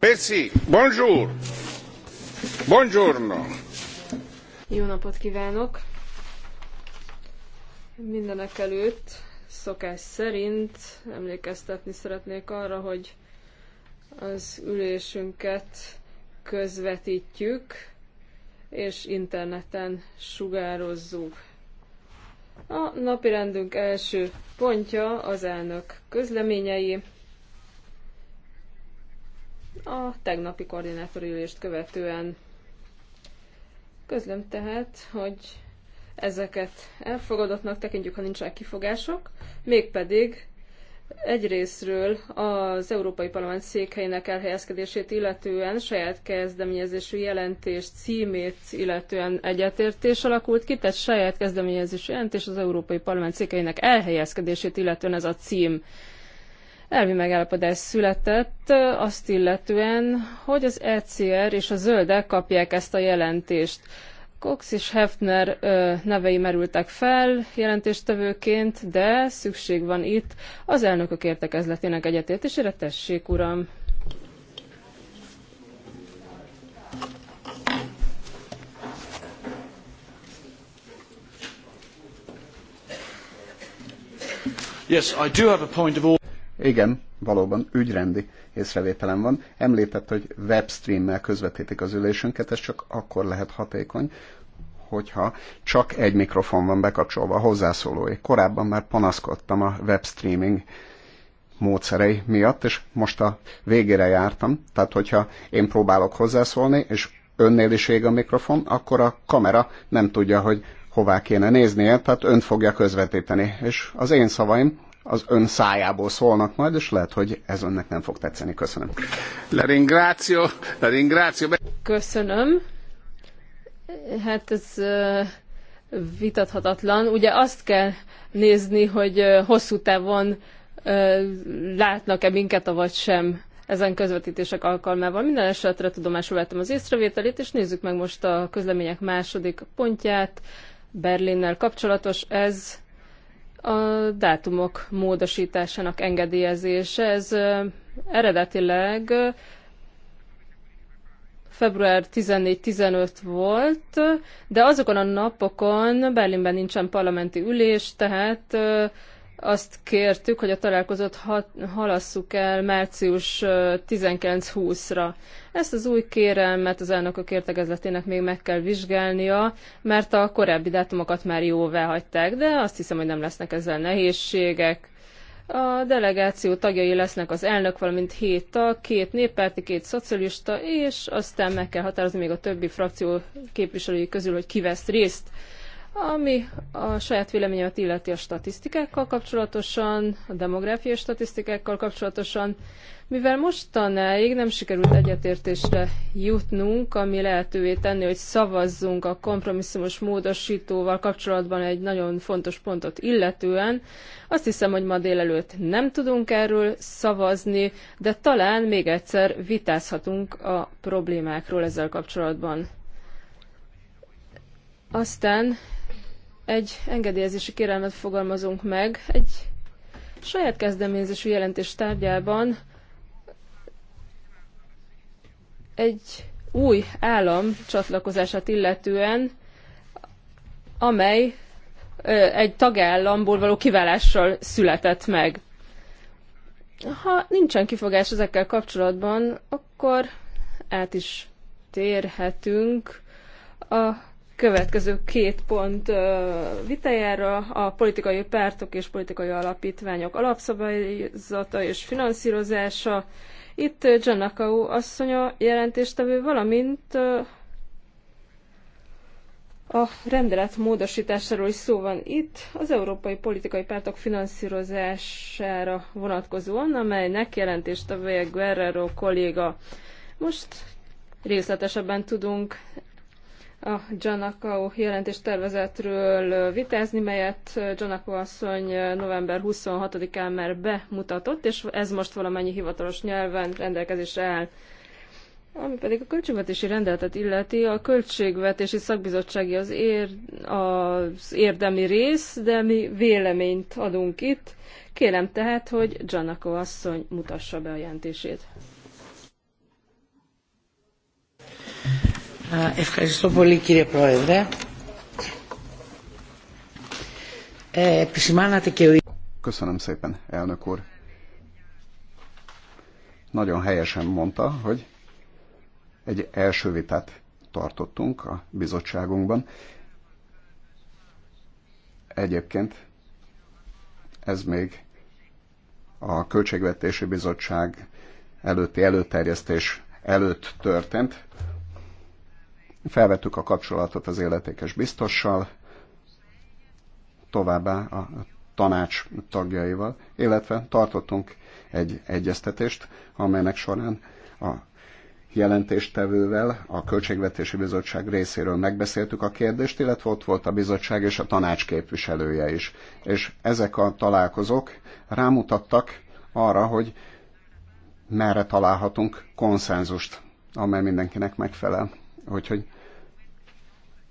Percy, eh bonjour! Jó napot kívánok! Mindenek előtt szokás szerint emlékeztetni szeretnék arra, hogy az ülésünket közvetítjük és interneten sugározzuk. A napirendünk első pontja az elnök közleményei. A tegnapi koordinátorülést követően közlöm tehát, hogy ezeket elfogadottnak tekintjük, ha nincsenek kifogások, mégpedig egyrésztről az Európai Parlament székhelyének elhelyezkedését illetően saját kezdeményezésű jelentés címét illetően egyetértés alakult ki, tehát saját kezdeményezésű jelentés az Európai Parlament székhelyének elhelyezkedését illetően ez a cím elvi megállapodás született azt illetően, hogy az ECR és a zöldek kapják ezt a jelentést. Cox és Hefner nevei merültek fel jelentéstevőként, de szükség van itt az elnökök értekezletének egyetértésére. Tessék, uram! Yes, I do have a point of igen, valóban ügyrendi észrevételem van. Említett, hogy webstreammel közvetítik az ülésünket, ez csak akkor lehet hatékony, hogyha csak egy mikrofon van bekapcsolva a hozzászólói. Korábban már panaszkodtam a webstreaming módszerei miatt, és most a végére jártam. Tehát, hogyha én próbálok hozzászólni, és önnél is ég a mikrofon, akkor a kamera nem tudja, hogy hová kéne néznie, tehát önt fogja közvetíteni. És az én szavaim az ön szájából szólnak majd, és lehet, hogy ez önnek nem fog tetszeni. Köszönöm. La ringrazio, la ringrazio. Köszönöm. Hát ez vitathatatlan. Ugye azt kell nézni, hogy hosszú távon látnak-e minket, vagy sem ezen közvetítések alkalmával. Minden esetre tudomásul vettem az észrevételét, és nézzük meg most a közlemények második pontját. Berlinnel kapcsolatos ez a dátumok módosításának engedélyezése. Ez eredetileg február 14-15 volt, de azokon a napokon Berlinben nincsen parlamenti ülés, tehát azt kértük, hogy a találkozót halasszuk el március 19-20-ra. Ezt az új kérelmet az elnökök értekezletének még meg kell vizsgálnia, mert a korábbi dátumokat már jóvá hagyták, de azt hiszem, hogy nem lesznek ezzel nehézségek. A delegáció tagjai lesznek az elnök, valamint hét tag, két néppárti, két szocialista, és aztán meg kell határozni még a többi frakció képviselői közül, hogy ki vesz részt. Ami a saját véleményemet illeti a statisztikákkal kapcsolatosan, a demográfiai statisztikákkal kapcsolatosan, mivel mostanáig nem sikerült egyetértésre jutnunk, ami lehetővé tenni, hogy szavazzunk a kompromisszumos módosítóval kapcsolatban egy nagyon fontos pontot illetően, azt hiszem, hogy ma délelőtt nem tudunk erről szavazni, de talán még egyszer vitázhatunk a problémákról ezzel kapcsolatban. Aztán egy engedélyezési kérelmet fogalmazunk meg egy saját kezdeményezésű jelentés tárgyában egy új állam csatlakozását illetően, amely egy tagállamból való kiválással született meg. Ha nincsen kifogás ezekkel kapcsolatban, akkor át is térhetünk a következő két pont vitájára a politikai pártok és politikai alapítványok alapszabályzata és finanszírozása. Itt Giannakau asszonya jelentéstevő, valamint a rendelet módosításáról is szó van itt, az európai politikai pártok finanszírozására vonatkozóan, amelynek jelentéstevője Guerrero kolléga. Most részletesebben tudunk a Janakao jelentés tervezetről vitázni, melyet Janakao asszony november 26-án már bemutatott, és ez most valamennyi hivatalos nyelven rendelkezésre áll. Ami pedig a költségvetési rendeletet illeti, a költségvetési szakbizottsági az, ér, az érdemi rész, de mi véleményt adunk itt. Kérem tehát, hogy Janako asszony mutassa be a jelentését. Ευχαριστώ πολύ κύριε Πρόεδρε. Επισημάνατε και ο Köszönöm szépen, elnök úr. Nagyon helyesen mondta, hogy egy első vitát tartottunk a bizottságunkban. Egyébként ez még a Költségvetési Bizottság előtti előterjesztés előtt történt, Felvettük a kapcsolatot az életékes biztossal, továbbá a tanács tagjaival, illetve tartottunk egy egyeztetést, amelynek során a jelentéstevővel a Költségvetési Bizottság részéről megbeszéltük a kérdést, illetve ott volt a bizottság és a tanács képviselője is. És ezek a találkozók rámutattak arra, hogy merre találhatunk konszenzust, amely mindenkinek megfelel. Hogy hogy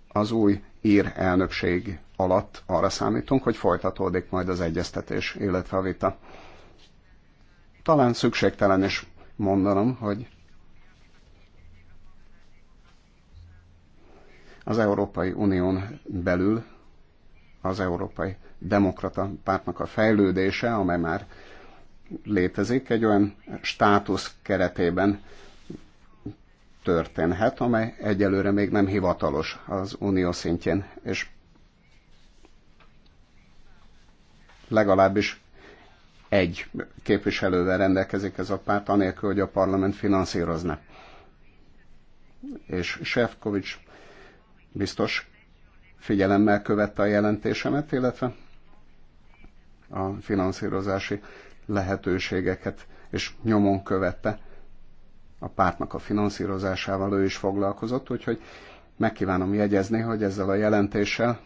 az új ír elnökség alatt arra számítunk, hogy folytatódik majd az egyeztetés, illetve a vita. Talán szükségtelen is mondanom, hogy az Európai Unión belül az Európai Demokrata Pártnak a fejlődése, amely már létezik, egy olyan státusz keretében történhet, amely egyelőre még nem hivatalos az unió szintjén, és legalábbis egy képviselővel rendelkezik ez a párt, anélkül, hogy a parlament finanszírozna. És Sefkovics biztos figyelemmel követte a jelentésemet, illetve a finanszírozási lehetőségeket, és nyomon követte a pártnak a finanszírozásával ő is foglalkozott, úgyhogy megkívánom jegyezni, hogy ezzel a jelentéssel,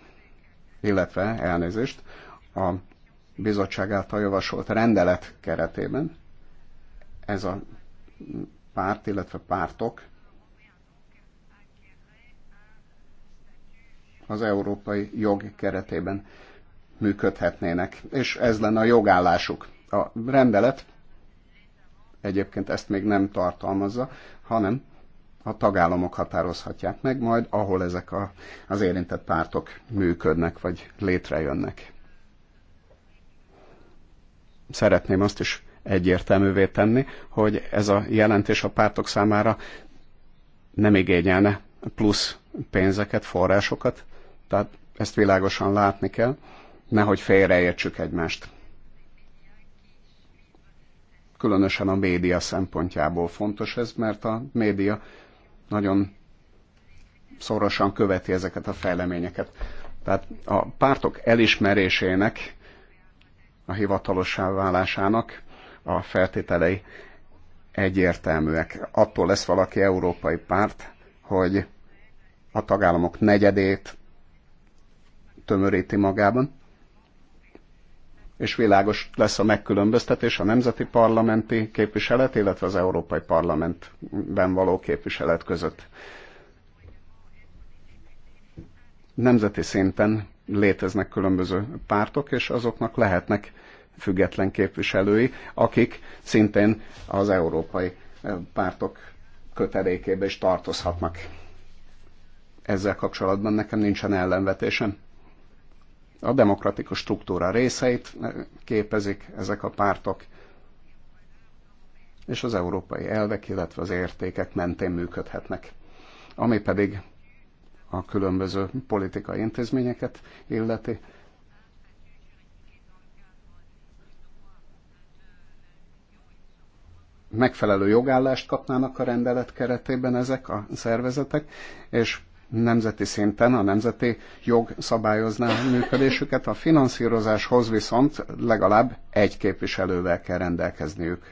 illetve elnézést, a bizottság által javasolt rendelet keretében ez a párt, illetve pártok az európai jog keretében működhetnének, és ez lenne a jogállásuk. A rendelet egyébként ezt még nem tartalmazza, hanem a tagállamok határozhatják meg majd, ahol ezek a, az érintett pártok működnek, vagy létrejönnek. Szeretném azt is egyértelművé tenni, hogy ez a jelentés a pártok számára nem igényelne plusz pénzeket, forrásokat, tehát ezt világosan látni kell, nehogy félreértsük egymást. Különösen a média szempontjából fontos ez, mert a média nagyon szorosan követi ezeket a fejleményeket. Tehát a pártok elismerésének, a hivatalossá válásának a feltételei egyértelműek. Attól lesz valaki európai párt, hogy a tagállamok negyedét tömöríti magában, és világos lesz a megkülönböztetés a nemzeti parlamenti képviselet, illetve az Európai Parlamentben való képviselet között. Nemzeti szinten léteznek különböző pártok, és azoknak lehetnek független képviselői, akik szintén az európai eh, pártok kötelékébe is tartozhatnak. Ezzel kapcsolatban nekem nincsen ellenvetésem a demokratikus struktúra részeit képezik ezek a pártok, és az európai elvek, illetve az értékek mentén működhetnek. Ami pedig a különböző politikai intézményeket illeti, megfelelő jogállást kapnának a rendelet keretében ezek a szervezetek, és nemzeti szinten a nemzeti jog szabályozná a működésüket, a finanszírozáshoz viszont legalább egy képviselővel kell rendelkezniük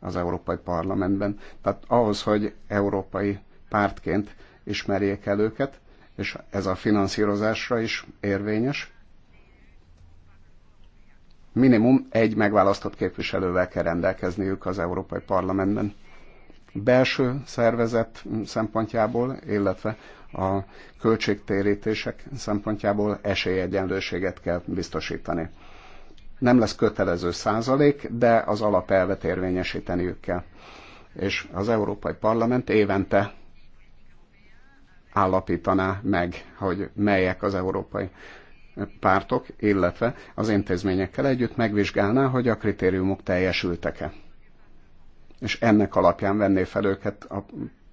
az Európai Parlamentben. Tehát ahhoz, hogy európai pártként ismerjék el őket, és ez a finanszírozásra is érvényes, minimum egy megválasztott képviselővel kell rendelkezniük az Európai Parlamentben belső szervezet szempontjából, illetve a költségtérítések szempontjából esélyegyenlőséget kell biztosítani. Nem lesz kötelező százalék, de az alapelvet érvényesíteniük kell. És az Európai Parlament évente állapítaná meg, hogy melyek az európai pártok, illetve az intézményekkel együtt megvizsgálná, hogy a kritériumok teljesültek-e és ennek alapján venné fel őket a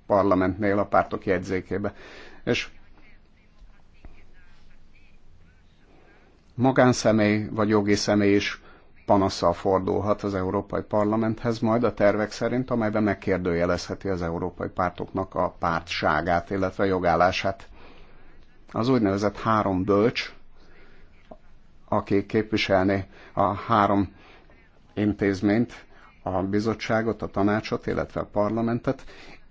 parlamentnél, a pártok jegyzékébe. És magánszemély vagy jogi személy is panaszsal fordulhat az Európai Parlamenthez majd a tervek szerint, amelyben megkérdőjelezheti az európai pártoknak a pártságát, illetve a jogállását. Az úgynevezett három bölcs, aki képviselni a három intézményt, a bizottságot, a tanácsot, illetve a parlamentet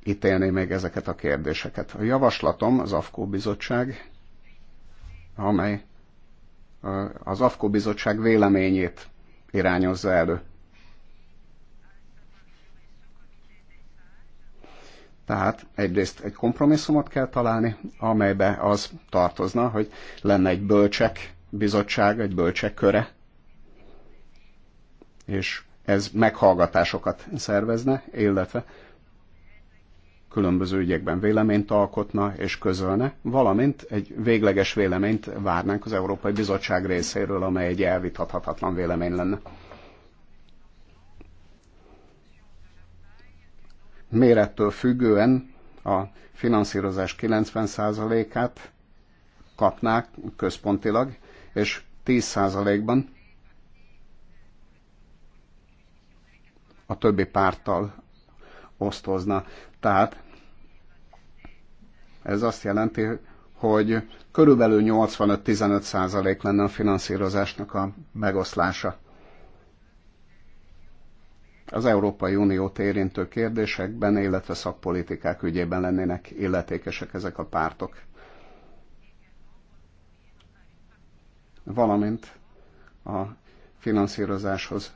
ítélni még ezeket a kérdéseket. A javaslatom az AFKó bizottság, amely az AFKO bizottság véleményét irányozza elő. Tehát egyrészt egy kompromisszumot kell találni, amelybe az tartozna, hogy lenne egy bölcsek bizottság, egy bölcsek köre, és ez meghallgatásokat szervezne, illetve különböző ügyekben véleményt alkotna és közölne, valamint egy végleges véleményt várnánk az Európai Bizottság részéről, amely egy elvitathatatlan vélemény lenne. Mérettől függően a finanszírozás 90%-át kapnák központilag, és 10%-ban a többi párttal osztozna. Tehát ez azt jelenti, hogy körülbelül 85-15 százalék lenne a finanszírozásnak a megoszlása. Az Európai Uniót érintő kérdésekben, illetve szakpolitikák ügyében lennének illetékesek ezek a pártok. Valamint a finanszírozáshoz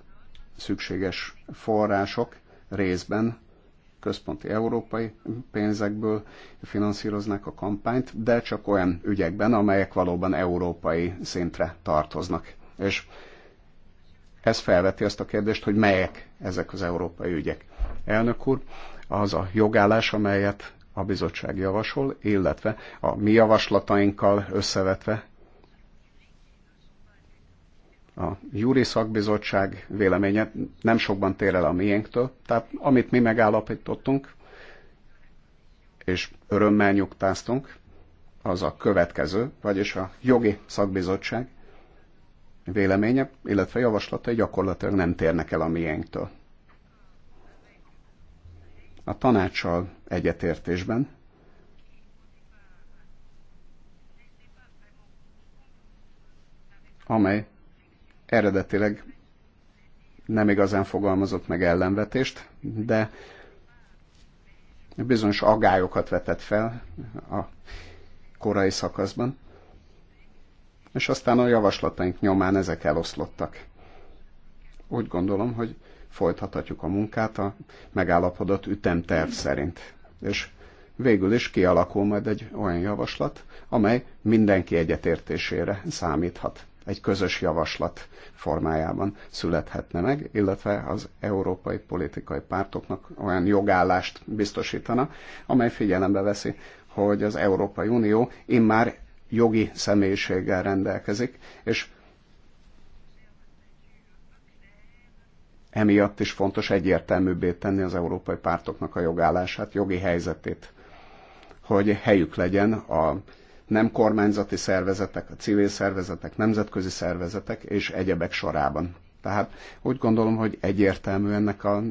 szükséges források részben központi európai pénzekből finanszíroznák a kampányt, de csak olyan ügyekben, amelyek valóban európai szintre tartoznak. És ez felveti azt a kérdést, hogy melyek ezek az európai ügyek. Elnök úr, az a jogállás, amelyet a bizottság javasol, illetve a mi javaslatainkkal összevetve a júri szakbizottság véleménye nem sokban tér el a miénktől, tehát amit mi megállapítottunk, és örömmel nyugtáztunk, az a következő, vagyis a jogi szakbizottság véleménye, illetve javaslatai gyakorlatilag nem térnek el a miénktől. A tanácssal egyetértésben amely eredetileg nem igazán fogalmazott meg ellenvetést, de bizonyos agályokat vetett fel a korai szakaszban, és aztán a javaslataink nyomán ezek eloszlottak. Úgy gondolom, hogy folytathatjuk a munkát a megállapodott ütemterv szerint. És végül is kialakul majd egy olyan javaslat, amely mindenki egyetértésére számíthat egy közös javaslat formájában születhetne meg, illetve az európai politikai pártoknak olyan jogállást biztosítana, amely figyelembe veszi, hogy az Európai Unió immár jogi személyiséggel rendelkezik, és emiatt is fontos egyértelműbbé tenni az európai pártoknak a jogállását, jogi helyzetét, hogy helyük legyen a nem kormányzati szervezetek, a civil szervezetek, nemzetközi szervezetek és egyebek sorában. Tehát úgy gondolom, hogy egyértelmű ennek a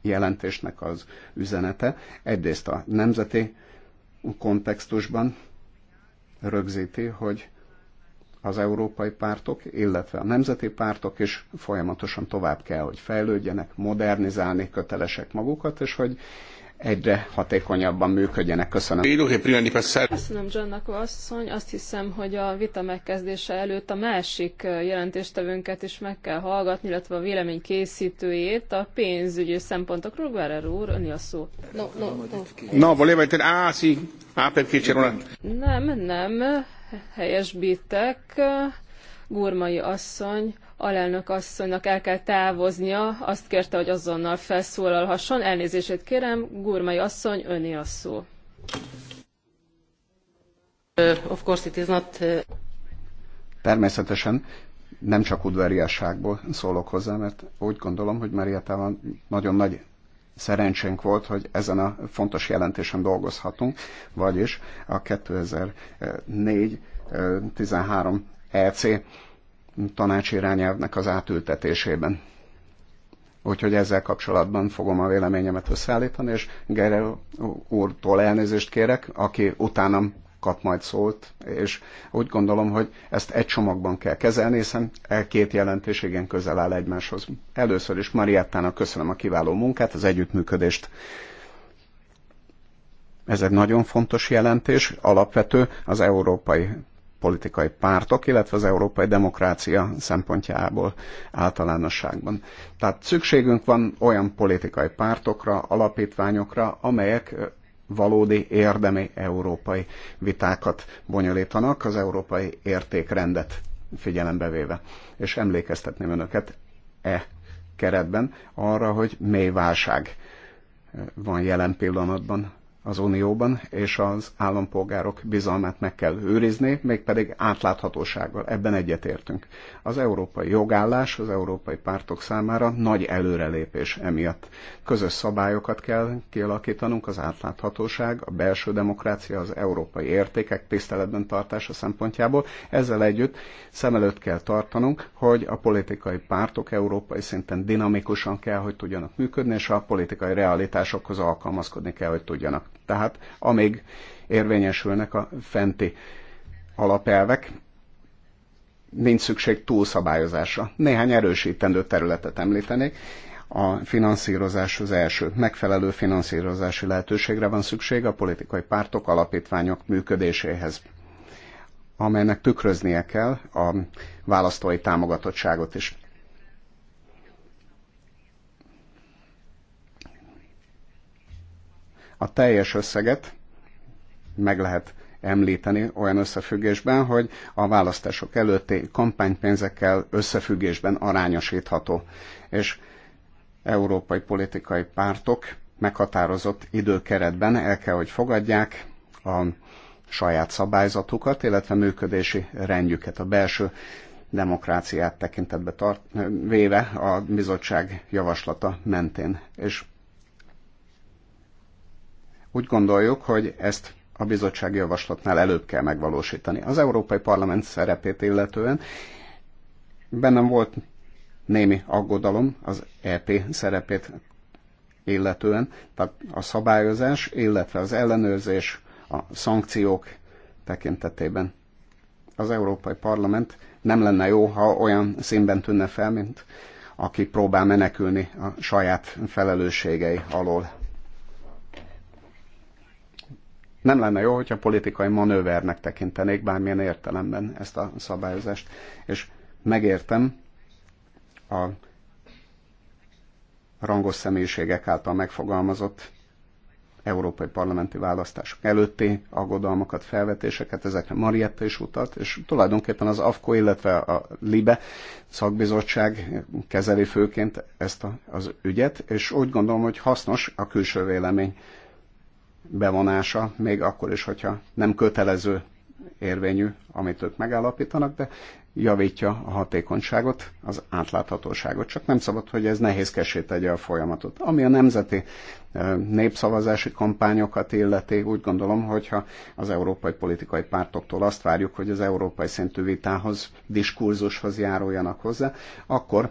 jelentésnek az üzenete. Egyrészt a nemzeti kontextusban rögzíti, hogy az európai pártok, illetve a nemzeti pártok is folyamatosan tovább kell, hogy fejlődjenek, modernizálni kötelesek magukat, és hogy egyre hatékonyabban működjenek. Köszönöm. Köszönöm Johnnak asszony. Azt hiszem, hogy a vita megkezdése előtt a másik jelentéstevőnket is meg kell hallgatni, illetve a vélemény készítőjét a pénzügyi szempontokról. Guerrero úr, öni a szó. No, no, no. no voleva intendere... Ah, Ah, Nem, nem. Helyesbítek. Gurmai asszony alelnök asszonynak el kell távoznia, azt kérte, hogy azonnal felszólalhasson. Elnézését kérem, Gurmai asszony, öné a szó. Uh, of course it is not... Uh, Természetesen nem csak udvariasságból szólok hozzá, mert úgy gondolom, hogy Marietában nagyon nagy szerencsénk volt, hogy ezen a fontos jelentésen dolgozhatunk, vagyis a 2004-13 EC tanács irányelvnek az átültetésében. Úgyhogy ezzel kapcsolatban fogom a véleményemet összeállítani, és Gere úrtól elnézést kérek, aki utánam kap majd szólt, és úgy gondolom, hogy ezt egy csomagban kell kezelni, hiszen e két jelentés igen közel áll egymáshoz. Először is Mariettának köszönöm a kiváló munkát, az együttműködést. Ez egy nagyon fontos jelentés, alapvető az európai politikai pártok, illetve az európai demokrácia szempontjából általánosságban. Tehát szükségünk van olyan politikai pártokra, alapítványokra, amelyek valódi érdemi európai vitákat bonyolítanak, az európai értékrendet figyelembe véve. És emlékeztetném önöket e keretben arra, hogy mély válság van jelen pillanatban az Unióban, és az állampolgárok bizalmát meg kell őrizni, mégpedig átláthatósággal. Ebben egyetértünk. Az európai jogállás az európai pártok számára nagy előrelépés emiatt. Közös szabályokat kell kialakítanunk, az átláthatóság, a belső demokrácia, az európai értékek tiszteletben tartása szempontjából. Ezzel együtt szem előtt kell tartanunk, hogy a politikai pártok európai szinten dinamikusan kell, hogy tudjanak működni, és a politikai realitásokhoz alkalmazkodni kell, hogy tudjanak tehát amíg érvényesülnek a fenti alapelvek, nincs szükség túlszabályozásra. Néhány erősítendő területet említenék. A finanszírozás az első. Megfelelő finanszírozási lehetőségre van szükség a politikai pártok, alapítványok működéséhez, amelynek tükröznie kell a választói támogatottságot is. A teljes összeget meg lehet említeni olyan összefüggésben, hogy a választások előtti kampánypénzekkel összefüggésben arányosítható. És európai politikai pártok meghatározott időkeretben el kell, hogy fogadják a saját szabályzatukat, illetve működési rendjüket, a belső demokráciát tekintetbe tart, véve a bizottság javaslata mentén. És úgy gondoljuk, hogy ezt a bizottsági javaslatnál előbb kell megvalósítani. Az Európai Parlament szerepét illetően bennem volt némi aggodalom az EP szerepét illetően, tehát a szabályozás, illetve az ellenőrzés, a szankciók tekintetében. Az Európai Parlament nem lenne jó, ha olyan színben tűnne fel, mint aki próbál menekülni a saját felelősségei alól. Nem lenne jó, hogyha politikai manővernek tekintenék bármilyen értelemben ezt a szabályozást. És megértem a rangos személyiségek által megfogalmazott európai parlamenti választások előtti aggodalmakat, felvetéseket, ezekre Marietta is utalt, és tulajdonképpen az AFKO, illetve a LIBE szakbizottság kezeli főként ezt a, az ügyet, és úgy gondolom, hogy hasznos a külső vélemény bevonása, még akkor is, hogyha nem kötelező érvényű, amit ők megállapítanak, de javítja a hatékonyságot, az átláthatóságot. Csak nem szabad, hogy ez nehézkesé tegye a folyamatot. Ami a nemzeti népszavazási kampányokat illeti, úgy gondolom, hogyha az európai politikai pártoktól azt várjuk, hogy az európai szintű vitához, diskurzushoz járuljanak hozzá, akkor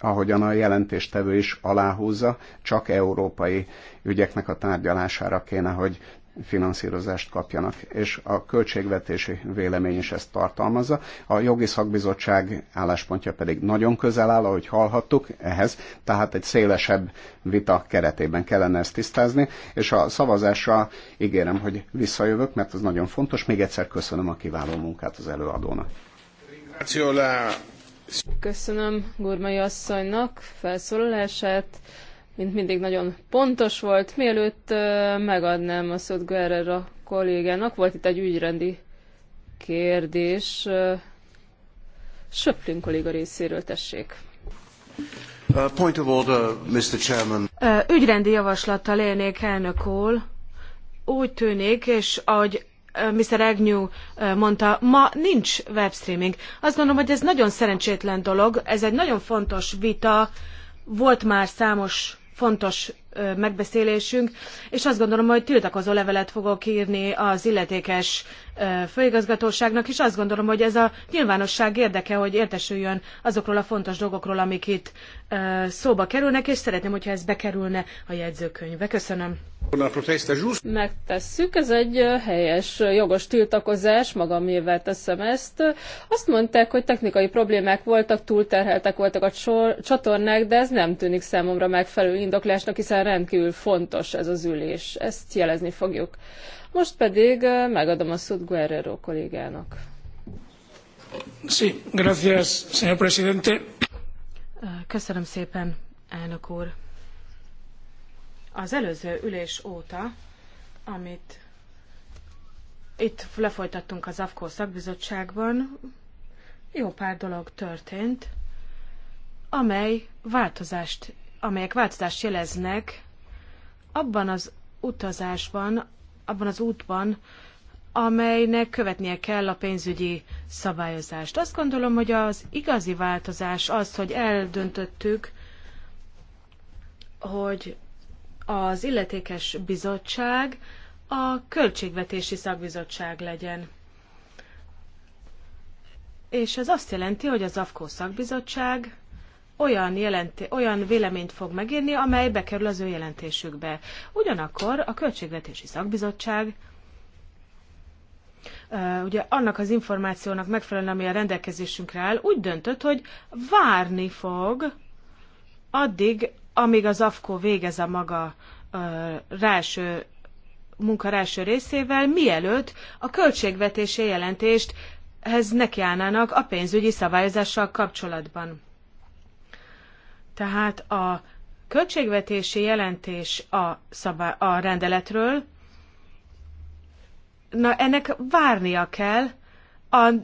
ahogyan a jelentéstevő is aláhúzza, csak európai ügyeknek a tárgyalására kéne, hogy finanszírozást kapjanak, és a költségvetési vélemény is ezt tartalmazza. A jogi szakbizottság álláspontja pedig nagyon közel áll, ahogy hallhattuk ehhez, tehát egy szélesebb vita keretében kellene ezt tisztázni, és a szavazásra ígérem, hogy visszajövök, mert az nagyon fontos. Még egyszer köszönöm a kiváló munkát az előadónak. Köszönöm Gurmai asszonynak felszólalását. Mint mindig nagyon pontos volt. Mielőtt megadnám a szót Guerrer kollégának, volt itt egy ügyrendi kérdés. Söplin kolléga részéről tessék. Uh, point of order, Mr. Chairman. Uh, ügyrendi javaslattal élnék, elnök úr. Úgy tűnik, és ahogy Mr. Agnew mondta, ma nincs webstreaming. Azt gondolom, hogy ez nagyon szerencsétlen dolog, ez egy nagyon fontos vita, volt már számos fontos megbeszélésünk, és azt gondolom, hogy tiltakozó levelet fogok írni az illetékes főigazgatóságnak, és azt gondolom, hogy ez a nyilvánosság érdeke, hogy értesüljön azokról a fontos dolgokról, amik itt szóba kerülnek, és szeretném, hogyha ez bekerülne a jegyzőkönyvbe. Köszönöm. Megtesszük, ez egy helyes, jogos tiltakozás, mivel teszem ezt. Azt mondták, hogy technikai problémák voltak, túlterheltek voltak a csatornák, de ez nem tűnik számomra megfelelő indoklásnak, hiszen rendkívül fontos ez az ülés. Ezt jelezni fogjuk. Most pedig megadom a szót Guerrero kollégának. Sí, gracias, señor presidente. Köszönöm szépen, elnök úr. Az előző ülés óta, amit itt lefolytattunk az AFKO szakbizottságban, jó pár dolog történt, amely változást, amelyek változást jeleznek abban az utazásban, abban az útban, amelynek követnie kell a pénzügyi szabályozást. Azt gondolom, hogy az igazi változás az, hogy eldöntöttük, hogy az illetékes bizottság a költségvetési szakbizottság legyen. És ez azt jelenti, hogy az AFKO szakbizottság olyan, jelenti, olyan véleményt fog megírni, amely bekerül az ő jelentésükbe. Ugyanakkor a Költségvetési Szakbizottság ugye annak az információnak megfelelően, ami a rendelkezésünkre áll, úgy döntött, hogy várni fog addig, amíg az AFKO végez a maga ráső munka ráső részével, mielőtt a költségvetési jelentést ehhez nekiállnának a pénzügyi szabályozással kapcsolatban. Tehát a költségvetési jelentés a, szabá- a rendeletről, na ennek várnia kell,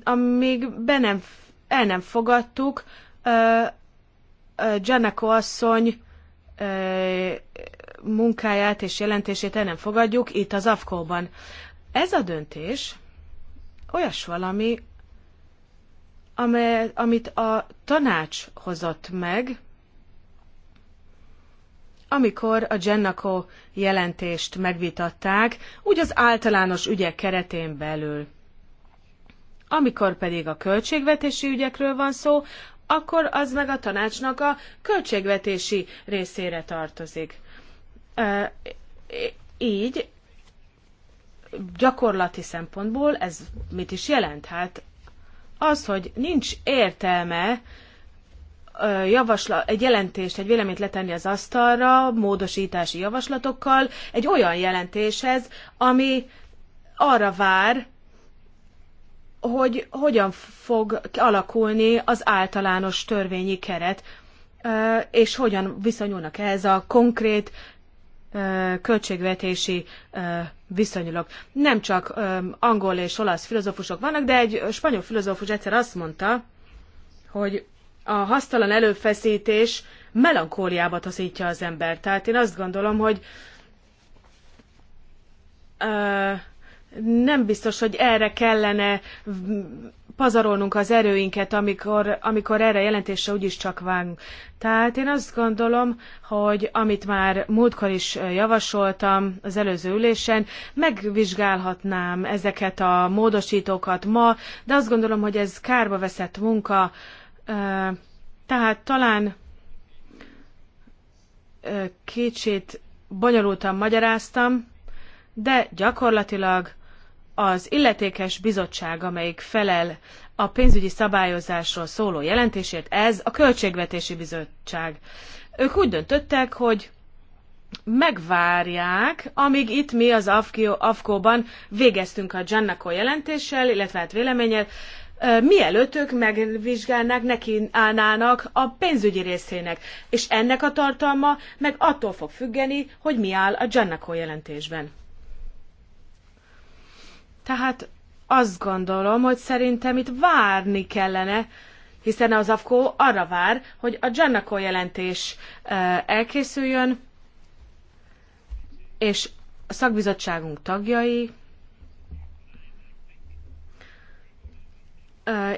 amíg be nem, el nem fogadtuk uh, uh, Janeko asszony munkáját és jelentését el nem fogadjuk itt az AFKO-ban. Ez a döntés olyas valami, amely, amit a tanács hozott meg, amikor a Gennako jelentést megvitatták, úgy az általános ügyek keretén belül. Amikor pedig a költségvetési ügyekről van szó, akkor az meg a tanácsnak a költségvetési részére tartozik. Így gyakorlati szempontból ez mit is jelent? Hát az, hogy nincs értelme javasla, egy jelentést, egy véleményt letenni az asztalra módosítási javaslatokkal egy olyan jelentéshez, ami arra vár, hogy hogyan fog alakulni az általános törvényi keret, és hogyan viszonyulnak ehhez a konkrét költségvetési viszonyulok. Nem csak angol és olasz filozófusok vannak, de egy spanyol filozófus egyszer azt mondta, hogy a hasztalan előfeszítés melankóliába taszítja az embert. Tehát én azt gondolom, hogy nem biztos, hogy erre kellene pazarolnunk az erőinket, amikor, amikor erre jelentésre úgyis csak vágunk. Tehát én azt gondolom, hogy amit már múltkor is javasoltam az előző ülésen, megvizsgálhatnám ezeket a módosítókat ma, de azt gondolom, hogy ez kárba veszett munka, tehát talán kicsit bonyolultan magyaráztam, de gyakorlatilag az illetékes bizottság, amelyik felel a pénzügyi szabályozásról szóló jelentésért, ez a Költségvetési Bizottság. Ők úgy döntöttek, hogy megvárják, amíg itt mi az AFKO-ban végeztünk a Giannako jelentéssel, illetve hát véleménnyel, mielőtt ők megvizsgálnák, neki állnának a pénzügyi részének. És ennek a tartalma meg attól fog függeni, hogy mi áll a Giannako jelentésben. Tehát azt gondolom, hogy szerintem itt várni kellene, hiszen az AFKO arra vár, hogy a Giannakó jelentés elkészüljön, és a szakbizottságunk tagjai.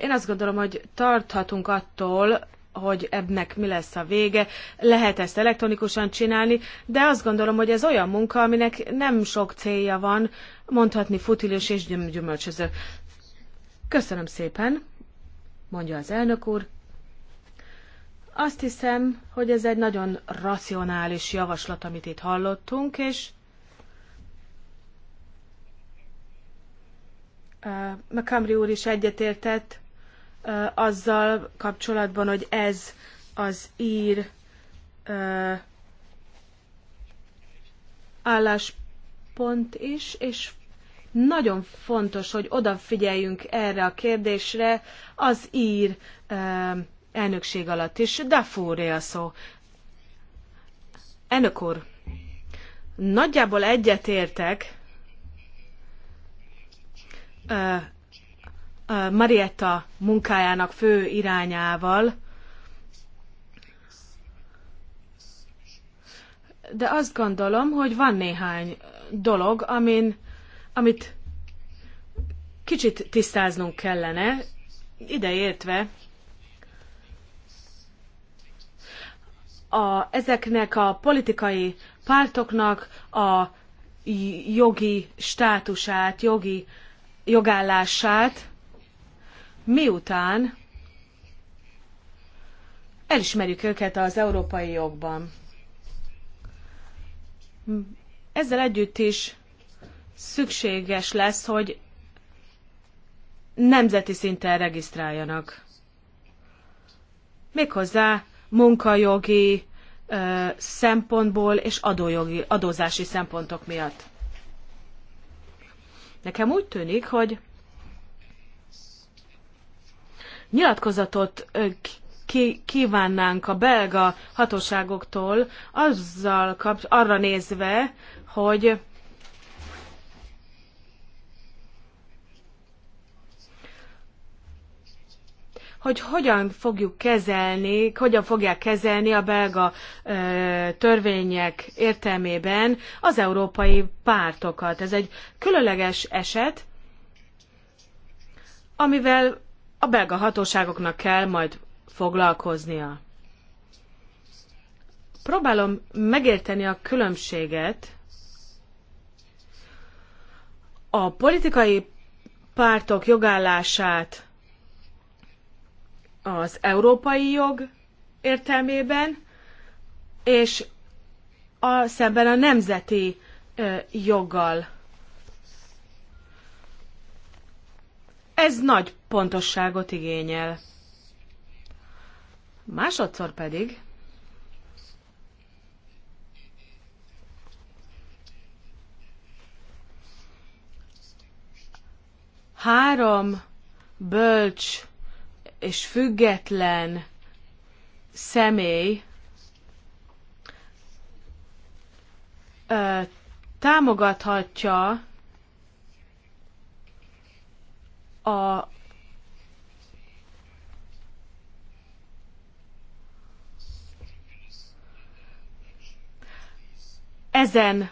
Én azt gondolom, hogy tarthatunk attól, hogy ebnek mi lesz a vége. Lehet ezt elektronikusan csinálni, de azt gondolom, hogy ez olyan munka, aminek nem sok célja van, mondhatni futilős és gyümölcsöző. Köszönöm szépen, mondja az elnök úr. Azt hiszem, hogy ez egy nagyon racionális javaslat, amit itt hallottunk, és McCamry úr is egyetértett azzal kapcsolatban, hogy ez az ír álláspont, pont is, és nagyon fontos, hogy odafigyeljünk erre a kérdésre az ír elnökség alatt is. Dafúré a szó. Elnök úr, nagyjából egyetértek Marietta munkájának fő irányával, de azt gondolom, hogy van néhány dolog, amin, amit kicsit tisztáznunk kellene, ideértve a, ezeknek a politikai pártoknak a jogi státusát, jogi jogállását, miután elismerjük őket az európai jogban. Ezzel együtt is szükséges lesz, hogy nemzeti szinten regisztráljanak. Méghozzá munkajogi ö, szempontból és adójogi, adózási szempontok miatt. Nekem úgy tűnik, hogy nyilatkozatot ki, kívánnánk a belga hatóságoktól azzal kap, arra nézve, hogy hogy hogyan fogjuk kezelni, hogyan fogják kezelni a belga ö, törvények értelmében az európai pártokat. Ez egy különleges eset, amivel a belga hatóságoknak kell majd foglalkoznia. Próbálom megérteni a különbséget a politikai pártok jogállását az európai jog értelmében, és a, szemben a nemzeti ö, joggal. Ez nagy pontosságot igényel. Másodszor pedig három bölcs és független személy ö, támogathatja a ezen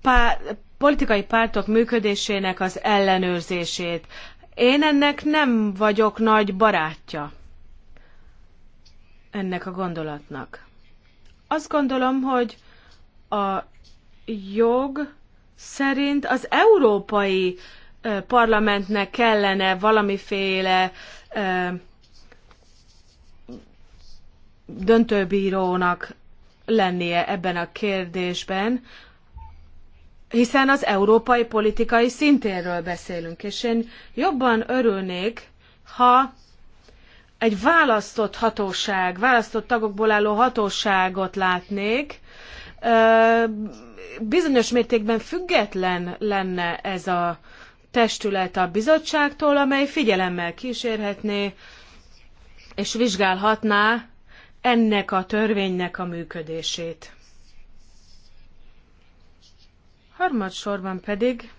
pá, politikai pártok működésének az ellenőrzését. Én ennek nem vagyok nagy barátja ennek a gondolatnak. Azt gondolom, hogy a jog szerint az európai parlamentnek kellene valamiféle döntőbírónak lennie ebben a kérdésben, hiszen az európai politikai szintéről beszélünk, és én jobban örülnék, ha egy választott hatóság, választott tagokból álló hatóságot látnék, bizonyos mértékben független lenne ez a testület a bizottságtól, amely figyelemmel kísérhetné és vizsgálhatná ennek a törvénynek a működését. Harmadsorban pedig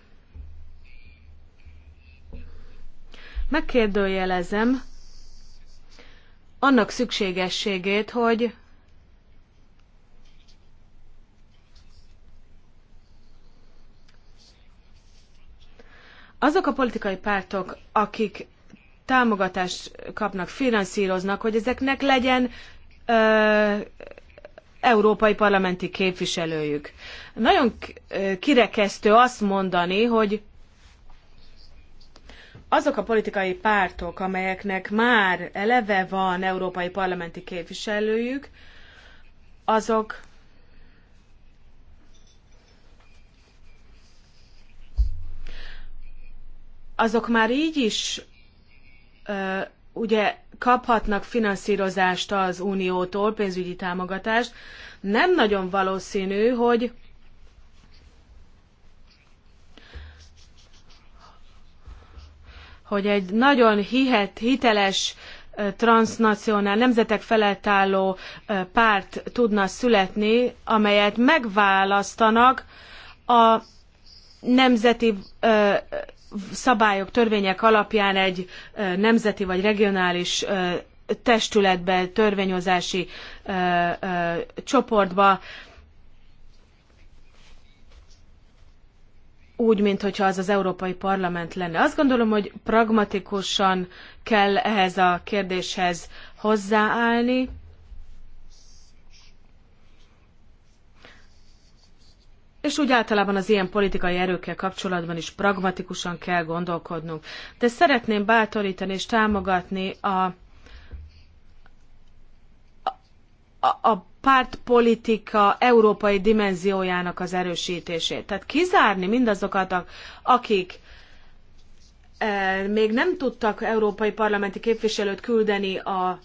megkérdőjelezem annak szükségességét, hogy azok a politikai pártok, akik támogatást kapnak, finanszíroznak, hogy ezeknek legyen ö, európai parlamenti képviselőjük. Nagyon kirekesztő azt mondani, hogy azok a politikai pártok, amelyeknek már eleve van európai parlamenti képviselőjük, azok azok már így is ö, ugye kaphatnak finanszírozást az Uniótól, pénzügyi támogatást, nem nagyon valószínű, hogy hogy egy nagyon hihet, hiteles transnacionál, nemzetek felett álló párt tudna születni, amelyet megválasztanak a nemzeti szabályok, törvények alapján egy nemzeti vagy regionális testületbe, törvényozási csoportba, úgy, mint hogyha az az Európai Parlament lenne. Azt gondolom, hogy pragmatikusan kell ehhez a kérdéshez hozzáállni, és úgy általában az ilyen politikai erőkkel kapcsolatban is pragmatikusan kell gondolkodnunk. De szeretném bátorítani és támogatni a, a, a pártpolitika európai dimenziójának az erősítését. Tehát kizárni mindazokat, akik e, még nem tudtak európai parlamenti képviselőt küldeni a,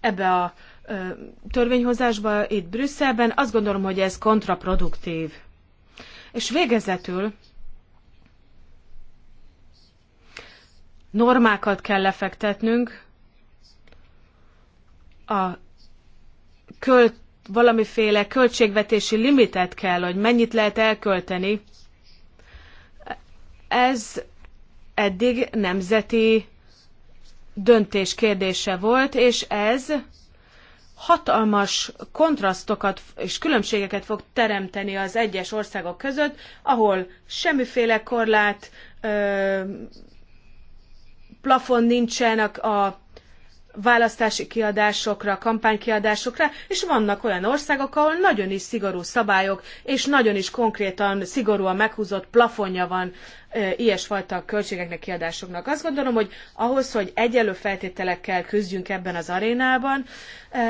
ebbe a e, törvényhozásba itt Brüsszelben, azt gondolom, hogy ez kontraproduktív. És végezetül normákat kell lefektetnünk a költ, valamiféle költségvetési limitet kell, hogy mennyit lehet elkölteni. Ez eddig nemzeti döntés kérdése volt, és ez hatalmas kontrasztokat és különbségeket fog teremteni az egyes országok között, ahol semmiféle korlát, plafon nincsen a választási kiadásokra, kampánykiadásokra, és vannak olyan országok, ahol nagyon is szigorú szabályok, és nagyon is konkrétan szigorúan meghúzott plafonja van ilyesfajta költségeknek, kiadásoknak. Azt gondolom, hogy ahhoz, hogy egyenlő feltételekkel küzdjünk ebben az arénában,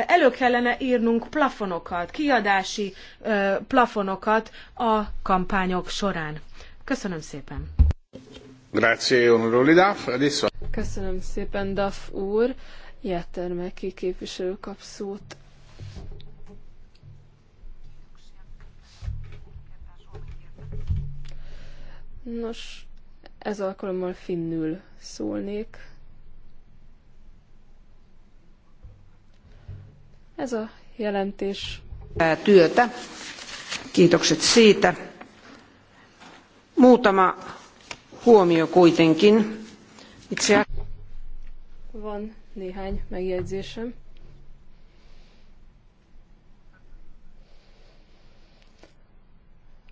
elő kellene írnunk plafonokat, kiadási plafonokat a kampányok során. Köszönöm szépen! Grazie, onorevoli Duff. Adesso... Köszönöm szépen, Duff úr jettermeki képviselő kap szót. Nos, ez alkalommal finnül szólnék. Ez a jelentés. Työtä. Kiitokset siitä. Muutama huomio kuitenkin. Itse Van néhány megjegyzésem.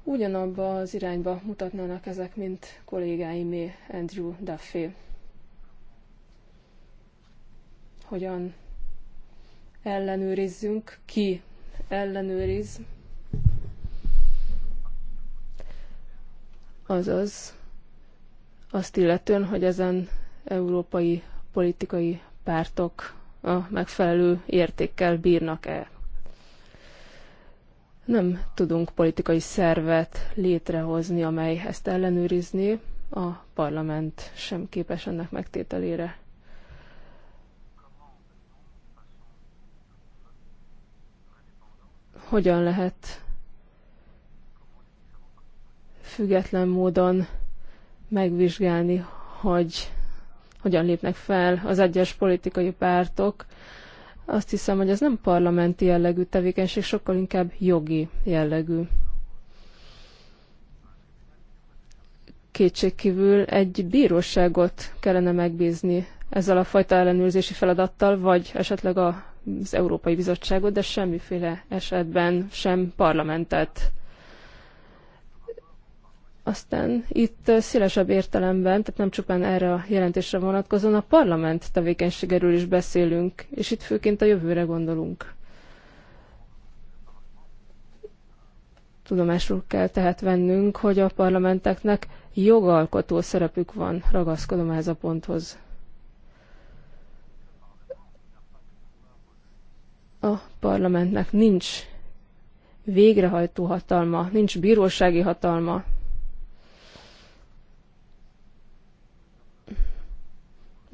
Ugyanabba az irányba mutatnának ezek, mint kollégáimé Andrew Duffy. Hogyan ellenőrizzünk, ki ellenőriz, azaz azt illetően, hogy ezen európai politikai pártok a megfelelő értékkel bírnak-e. Nem tudunk politikai szervet létrehozni, amely ezt ellenőrizni, a parlament sem képes ennek megtételére. Hogyan lehet független módon megvizsgálni, hogy hogyan lépnek fel az egyes politikai pártok. Azt hiszem, hogy ez nem parlamenti jellegű tevékenység, sokkal inkább jogi jellegű. Kétségkívül egy bíróságot kellene megbízni ezzel a fajta ellenőrzési feladattal, vagy esetleg az Európai Bizottságot, de semmiféle esetben sem parlamentet. Aztán itt szélesebb értelemben, tehát nem csupán erre a jelentésre vonatkozóan, a parlament tevékenységéről is beszélünk, és itt főként a jövőre gondolunk. Tudomásul kell tehát vennünk, hogy a parlamenteknek jogalkotó szerepük van, ragaszkodom ehhez a ponthoz. A parlamentnek nincs végrehajtó hatalma, nincs bírósági hatalma,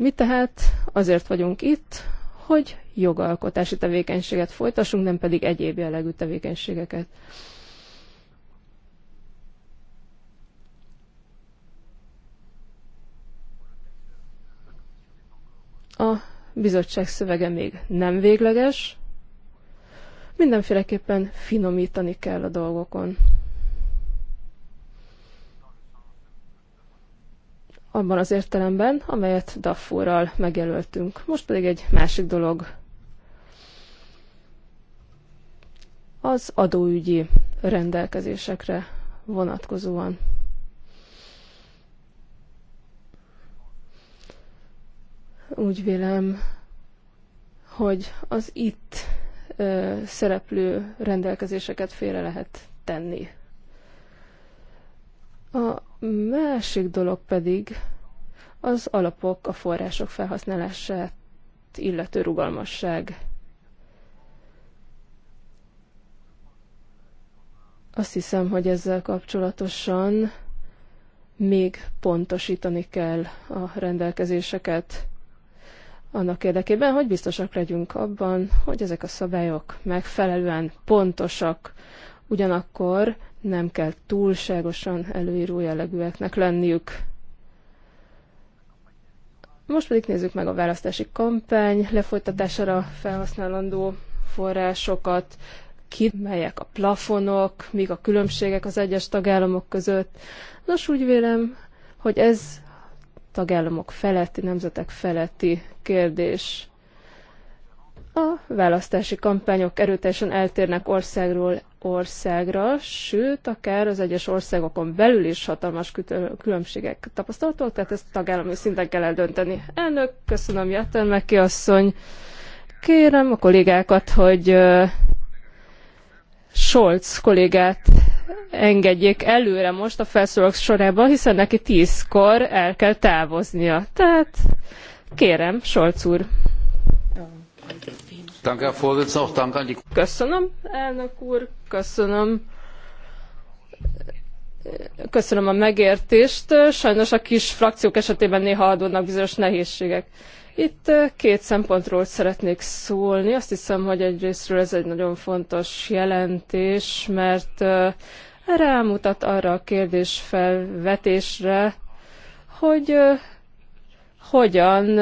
Mi tehát azért vagyunk itt, hogy jogalkotási tevékenységet folytassunk, nem pedig egyéb jellegű tevékenységeket. A bizottság szövege még nem végleges, mindenféleképpen finomítani kell a dolgokon. abban az értelemben, amelyet Daffurral megjelöltünk. Most pedig egy másik dolog. Az adóügyi rendelkezésekre vonatkozóan. Úgy vélem, hogy az itt ö, szereplő rendelkezéseket félre lehet tenni. A másik dolog pedig az alapok, a források felhasználását illető rugalmasság. Azt hiszem, hogy ezzel kapcsolatosan még pontosítani kell a rendelkezéseket annak érdekében, hogy biztosak legyünk abban, hogy ezek a szabályok megfelelően pontosak ugyanakkor nem kell túlságosan előíró jellegűeknek lenniük. Most pedig nézzük meg a választási kampány lefolytatására felhasználandó forrásokat, ki, melyek a plafonok, mik a különbségek az egyes tagállamok között. Nos, úgy vélem, hogy ez tagállamok feletti, nemzetek feletti kérdés. A választási kampányok erőteljesen eltérnek országról országra, sőt, akár az egyes országokon belül is hatalmas különbségek tapasztalatok, tehát ezt tagállami szinten kell eldönteni. Elnök, köszönöm, Jatten Meki asszony. Kérem a kollégákat, hogy Scholz kollégát engedjék előre most a felszólalók sorába, hiszen neki tízkor el kell távoznia. Tehát kérem, Scholz úr. Okay. Köszönöm, elnök úr, köszönöm. Köszönöm a megértést. Sajnos a kis frakciók esetében néha adódnak bizonyos nehézségek. Itt eh, két szempontról szeretnék szólni. Azt hiszem, hogy egyrésztről ez egy nagyon fontos jelentés, mert eh, rámutat arra a kérdésfelvetésre, hogy eh, hogyan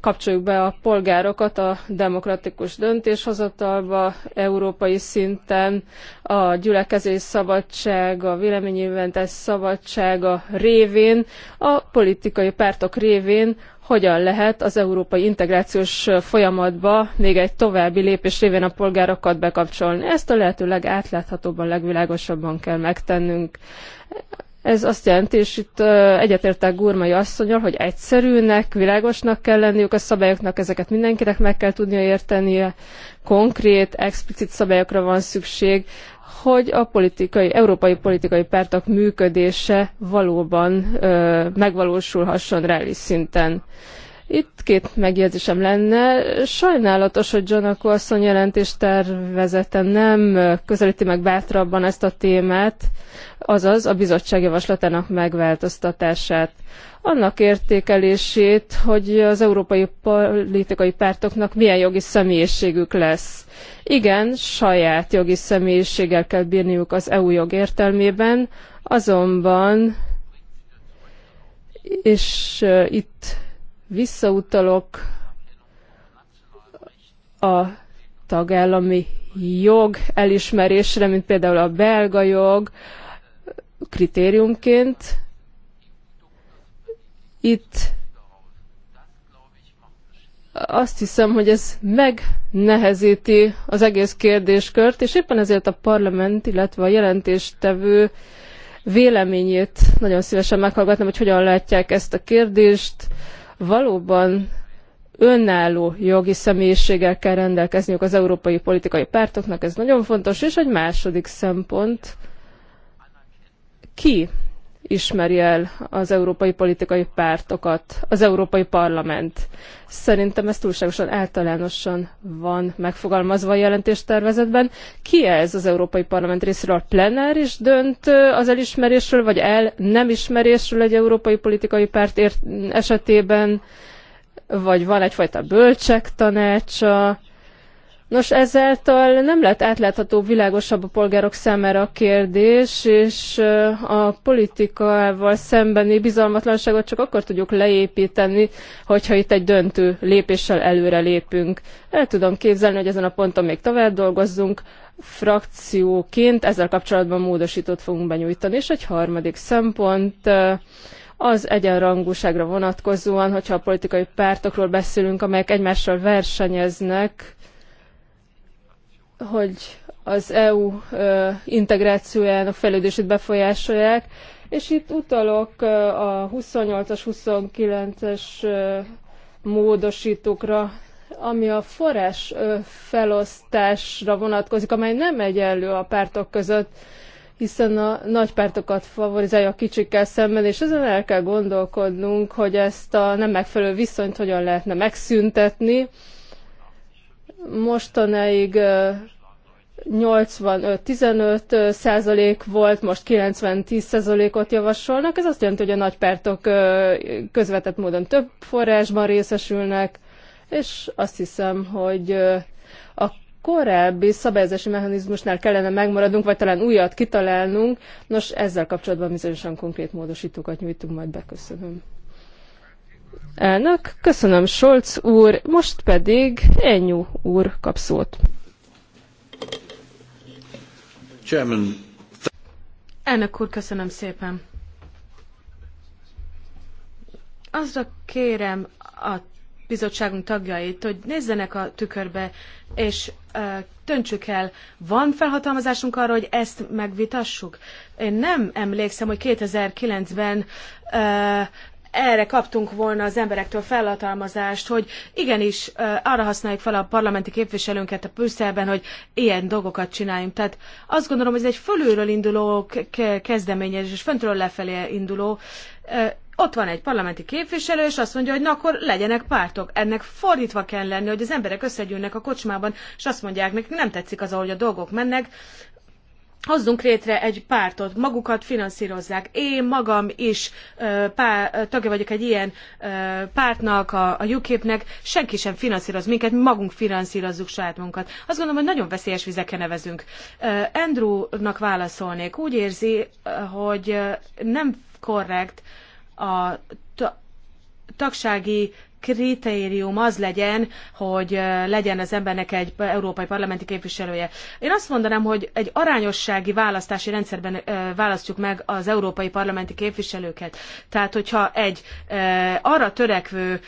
kapcsoljuk be a polgárokat a demokratikus döntéshozatalba európai szinten, a gyülekezés szabadság, a véleménynyilvántás szabadsága révén, a politikai pártok révén, hogyan lehet az európai integrációs folyamatba még egy további lépés révén a polgárokat bekapcsolni. Ezt a lehető legátláthatóbban, legvilágosabban kell megtennünk. Ez azt jelenti, és itt egyetértek Gurmai asszonyal, hogy egyszerűnek, világosnak kell lenniük a szabályoknak, ezeket mindenkinek meg kell tudnia értenie, konkrét, explicit szabályokra van szükség, hogy a politikai, európai politikai pártok működése valóban ö, megvalósulhasson reális szinten. Itt két megjegyzésem lenne. Sajnálatos, hogy John Colson jelentés tervezete nem közelíti meg bátrabban ezt a témát, azaz a bizottság javaslatának megváltoztatását. Annak értékelését, hogy az európai politikai pártoknak milyen jogi személyiségük lesz. Igen, saját jogi személyiséggel kell bírniuk az EU jog értelmében, azonban, és itt visszautalok a tagállami jog elismerésre, mint például a belga jog kritériumként. Itt azt hiszem, hogy ez megnehezíti az egész kérdéskört, és éppen ezért a parlament, illetve a jelentéstevő véleményét nagyon szívesen meghallgatnám, hogy hogyan látják ezt a kérdést, valóban önálló jogi személyiséggel kell rendelkezniük az európai politikai pártoknak, ez nagyon fontos, és egy második szempont, ki ismeri el az európai politikai pártokat, az Európai Parlament. Szerintem ez túlságosan általánosan van megfogalmazva a jelentéstervezetben. Ki ez az Európai Parlament részéről? A plenár is dönt az elismerésről, vagy el nem ismerésről egy európai politikai párt esetében, vagy van egyfajta bölcsek tanácsa, Nos, ezáltal nem lett átlátható, világosabb a polgárok számára a kérdés, és a politikával szembeni bizalmatlanságot csak akkor tudjuk leépíteni, hogyha itt egy döntő lépéssel előre lépünk. El tudom képzelni, hogy ezen a ponton még tovább dolgozzunk, frakcióként ezzel kapcsolatban módosítót fogunk benyújtani, és egy harmadik szempont az egyenrangúságra vonatkozóan, hogyha a politikai pártokról beszélünk, amelyek egymással versenyeznek, hogy az EU integrációjának fejlődését befolyásolják, és itt utalok a 28-as, 29-es módosítókra, ami a forrás felosztásra vonatkozik, amely nem egyenlő a pártok között, hiszen a nagy pártokat favorizálja a kicsikkel szemben, és ezen el kell gondolkodnunk, hogy ezt a nem megfelelő viszonyt hogyan lehetne megszüntetni, mostanáig 85-15 százalék volt, most 90-10 százalékot javasolnak. Ez azt jelenti, hogy a nagypártok közvetett módon több forrásban részesülnek, és azt hiszem, hogy a korábbi szabályozási mechanizmusnál kellene megmaradnunk, vagy talán újat kitalálnunk. Nos, ezzel kapcsolatban bizonyosan konkrét módosítókat nyújtunk majd be. Köszönöm. Elnök, köszönöm Scholz úr, most pedig Enyú úr kap szót. Chairman. Elnök úr, köszönöm szépen. Azra kérem a bizottságunk tagjait, hogy nézzenek a tükörbe, és ö, el, van felhatalmazásunk arra, hogy ezt megvitassuk? Én nem emlékszem, hogy 2009-ben erre kaptunk volna az emberektől felhatalmazást, hogy igenis arra használjuk fel a parlamenti képviselőnket a Brüsszelben, hogy ilyen dolgokat csináljunk. Tehát azt gondolom, hogy ez egy fölülről induló kezdeményezés, és föntről lefelé induló ott van egy parlamenti képviselő, és azt mondja, hogy na akkor legyenek pártok. Ennek fordítva kell lenni, hogy az emberek összegyűlnek a kocsmában, és azt mondják nekik, nem tetszik az, ahogy a dolgok mennek, hozzunk létre egy pártot, magukat finanszírozzák. Én magam is ö, pá, tagja vagyok egy ilyen ö, pártnak, a, a UKIP-nek, senki sem finanszíroz minket, mi magunk finanszírozzuk saját munkat. Azt gondolom, hogy nagyon veszélyes vizeken nevezünk. Andrewnak válaszolnék, úgy érzi, hogy nem korrekt a tagsági kritérium az legyen, hogy legyen az embernek egy európai parlamenti képviselője. Én azt mondanám, hogy egy arányossági választási rendszerben választjuk meg az európai parlamenti képviselőket. Tehát, hogyha egy arra törekvő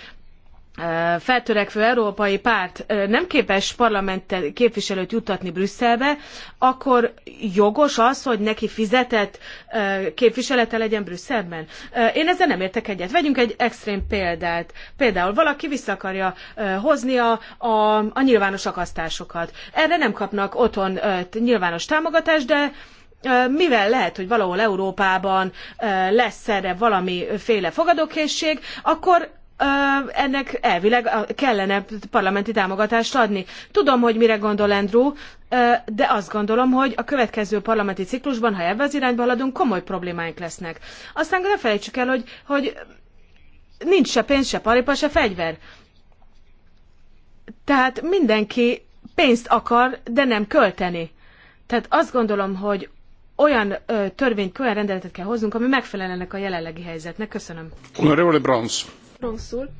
feltörekvő európai párt nem képes parlamenti képviselőt juttatni Brüsszelbe, akkor jogos az, hogy neki fizetett képviselete legyen Brüsszelben? Én ezzel nem értek egyet. Vegyünk egy extrém példát. Például valaki vissza akarja hozni a, a, a nyilvános akasztásokat. Erre nem kapnak otthon nyilvános támogatást, de mivel lehet, hogy valahol Európában lesz erre valamiféle fogadókészség, akkor ennek elvileg kellene parlamenti támogatást adni. Tudom, hogy mire gondol Andrew, de azt gondolom, hogy a következő parlamenti ciklusban, ha ebbe az irányba haladunk, komoly problémáink lesznek. Aztán ne felejtsük el, hogy, hogy nincs se pénz, se paripa, se fegyver. Tehát mindenki pénzt akar, de nem költeni. Tehát azt gondolom, hogy olyan ö, törvényt, olyan rendeletet kell hoznunk, ami megfelel ennek a jelenlegi helyzetnek. Köszönöm. Honorable Bronze. Rosszul.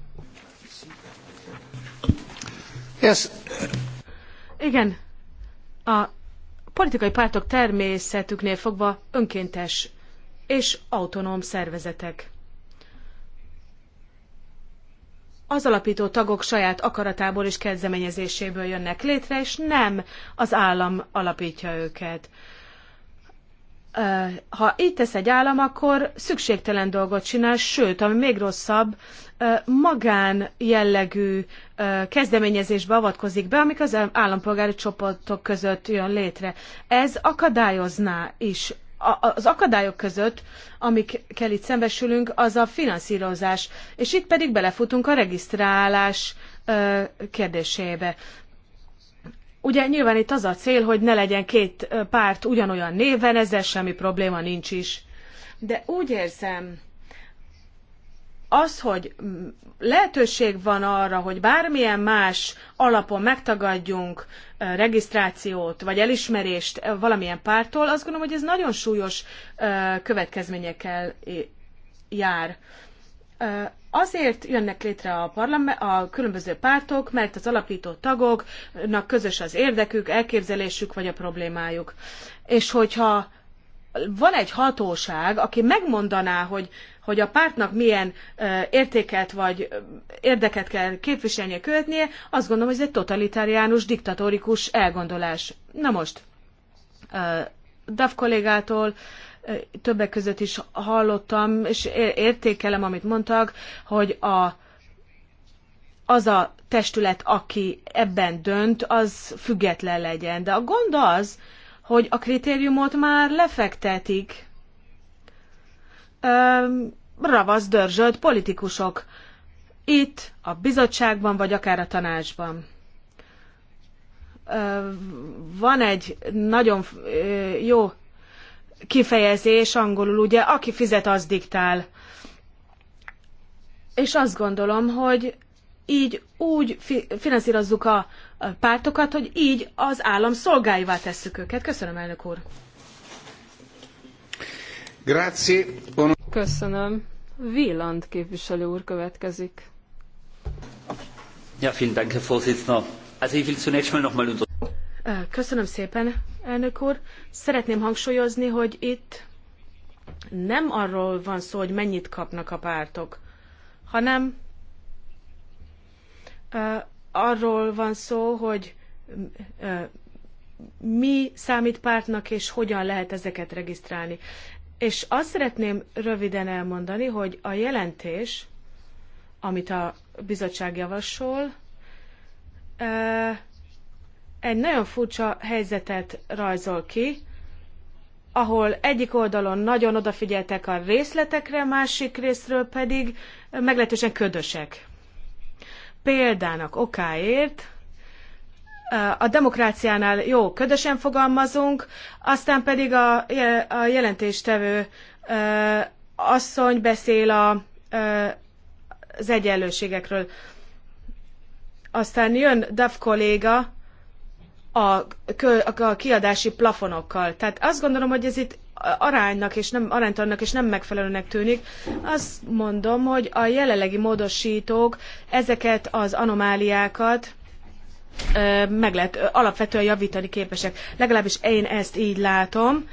Yes. Igen. A politikai pártok természetüknél fogva önkéntes és autonóm szervezetek. Az alapító tagok saját akaratából és kezdeményezéséből jönnek létre, és nem az állam alapítja őket ha így tesz egy állam, akkor szükségtelen dolgot csinál, sőt, ami még rosszabb, magán jellegű kezdeményezésbe avatkozik be, amik az állampolgári csoportok között jön létre. Ez akadályozná is az akadályok között, amikkel itt szembesülünk, az a finanszírozás, és itt pedig belefutunk a regisztrálás kérdésébe. Ugye nyilván itt az a cél, hogy ne legyen két párt ugyanolyan néven, ezzel semmi probléma nincs is. De úgy érzem, az, hogy mm, lehetőség van arra, hogy bármilyen más alapon megtagadjunk regisztrációt vagy elismerést valamilyen pártól, azt gondolom, hogy ez nagyon súlyos következményekkel jár. Azért jönnek létre a, a különböző pártok, mert az alapító tagoknak közös az érdekük, elképzelésük vagy a problémájuk. És hogyha van egy hatóság, aki megmondaná, hogy, hogy a pártnak milyen értéket vagy érdeket kell képviselnie, követnie, azt gondolom, hogy ez egy totalitáriánus, diktatórikus elgondolás. Na most, Daf kollégától többek között is hallottam, és értékelem, amit mondtak, hogy a, az a testület, aki ebben dönt, az független legyen. De a gond az, hogy a kritériumot már lefektetik ö, ravasz dörzsölt politikusok itt, a bizottságban, vagy akár a tanácsban. Van egy nagyon jó kifejezés angolul, ugye, aki fizet, az diktál. És azt gondolom, hogy így úgy fi- finanszírozzuk a pártokat, hogy így az állam szolgáivá tesszük őket. Köszönöm, elnök úr. Grazie. Köszönöm. Wieland képviselő úr következik. Ja, vielen Dank, Herr Vorsitzender. Also ich will zunächst mal nochmal unter Köszönöm szépen, elnök úr. Szeretném hangsúlyozni, hogy itt nem arról van szó, hogy mennyit kapnak a pártok, hanem arról van szó, hogy mi számít pártnak, és hogyan lehet ezeket regisztrálni. És azt szeretném röviden elmondani, hogy a jelentés, amit a bizottság javasol, egy nagyon furcsa helyzetet rajzol ki, ahol egyik oldalon nagyon odafigyeltek a részletekre, másik részről pedig meglehetősen ködösek. Példának okáért a demokráciánál jó, ködösen fogalmazunk, aztán pedig a, a jelentéstevő asszony beszél a, az egyenlőségekről. Aztán jön Duff kolléga, a, a kiadási plafonokkal. Tehát azt gondolom, hogy ez itt aránynak és nem, aránytalannak és nem megfelelőnek tűnik. Azt mondom, hogy a jelenlegi módosítók ezeket az anomáliákat ö, meg lehet alapvetően javítani képesek. Legalábbis én ezt így látom,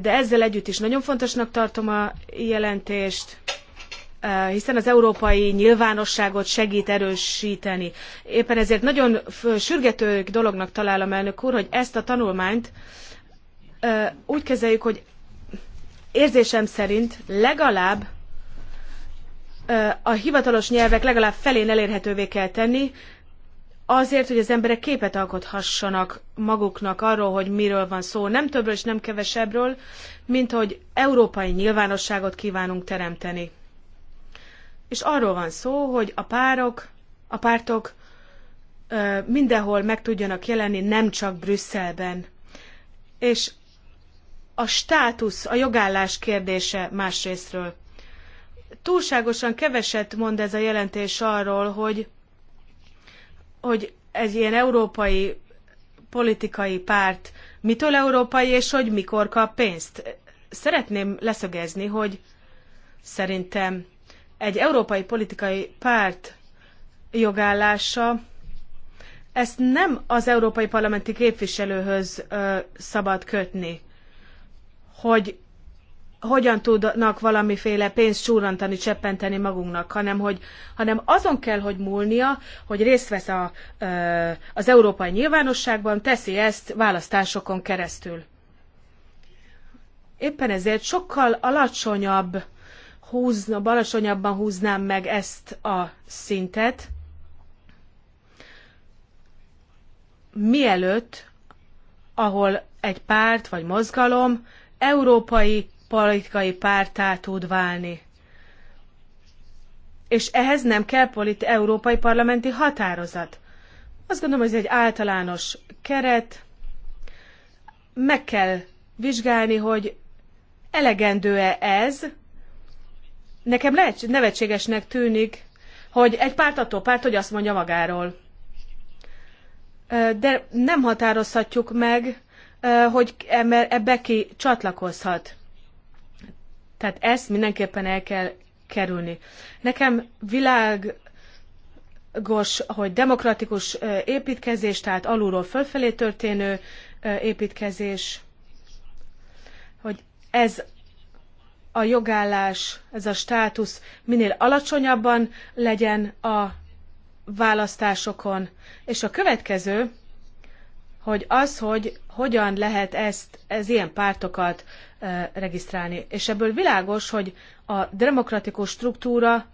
de ezzel együtt is nagyon fontosnak tartom a jelentést Eh, hiszen az európai nyilvánosságot segít erősíteni. Éppen ezért nagyon sürgető dolognak találom, elnök úr, hogy ezt a tanulmányt eh, úgy kezeljük, hogy érzésem szerint legalább eh, a hivatalos nyelvek legalább felén elérhetővé kell tenni, azért, hogy az emberek képet alkothassanak maguknak arról, hogy miről van szó, nem többről és nem kevesebbről, mint hogy európai nyilvánosságot kívánunk teremteni és arról van szó, hogy a párok, a pártok ö, mindenhol meg tudjanak jelenni, nem csak Brüsszelben. És a státusz, a jogállás kérdése másrésztről. Túlságosan keveset mond ez a jelentés arról, hogy, hogy ez ilyen európai politikai párt mitől európai, és hogy mikor kap pénzt. Szeretném leszögezni, hogy szerintem egy európai politikai párt jogállása, ezt nem az európai parlamenti képviselőhöz ö, szabad kötni, hogy hogyan tudnak valamiféle pénzt csúrantani, cseppenteni magunknak, hanem, hogy, hanem azon kell, hogy múlnia, hogy részt vesz a, ö, az európai nyilvánosságban, teszi ezt választásokon keresztül. Éppen ezért sokkal alacsonyabb húzna, balasonyabban húznám meg ezt a szintet, mielőtt, ahol egy párt vagy mozgalom európai politikai pártá tud válni. És ehhez nem kell politi- európai parlamenti határozat. Azt gondolom, hogy ez egy általános keret. Meg kell vizsgálni, hogy elegendő-e ez, nekem nevetségesnek tűnik, hogy egy párt attól párt, hogy azt mondja magáról. De nem határozhatjuk meg, hogy ebbe ki csatlakozhat. Tehát ezt mindenképpen el kell kerülni. Nekem világos, hogy demokratikus építkezés, tehát alulról fölfelé történő építkezés, hogy ez a jogállás, ez a státusz minél alacsonyabban legyen a választásokon. És a következő, hogy az, hogy hogyan lehet ezt, ez ilyen pártokat e, regisztrálni. És ebből világos, hogy a demokratikus struktúra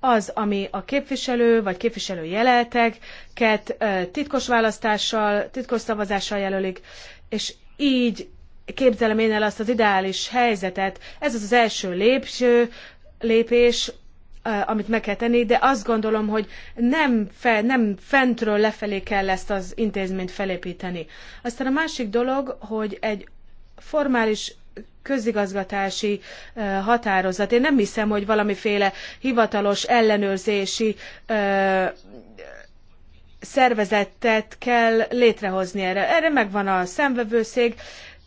az, ami a képviselő vagy képviselő jelelteket e, titkos választással, titkos szavazással jelölik, és így képzelem én el azt az ideális helyzetet. Ez az az első lépső, lépés, amit meg kell tenni, de azt gondolom, hogy nem, fe, nem fentről lefelé kell ezt az intézményt felépíteni. Aztán a másik dolog, hogy egy formális közigazgatási határozat. Én nem hiszem, hogy valamiféle hivatalos ellenőrzési szervezetet kell létrehozni erre. Erre megvan a szemvevőszék,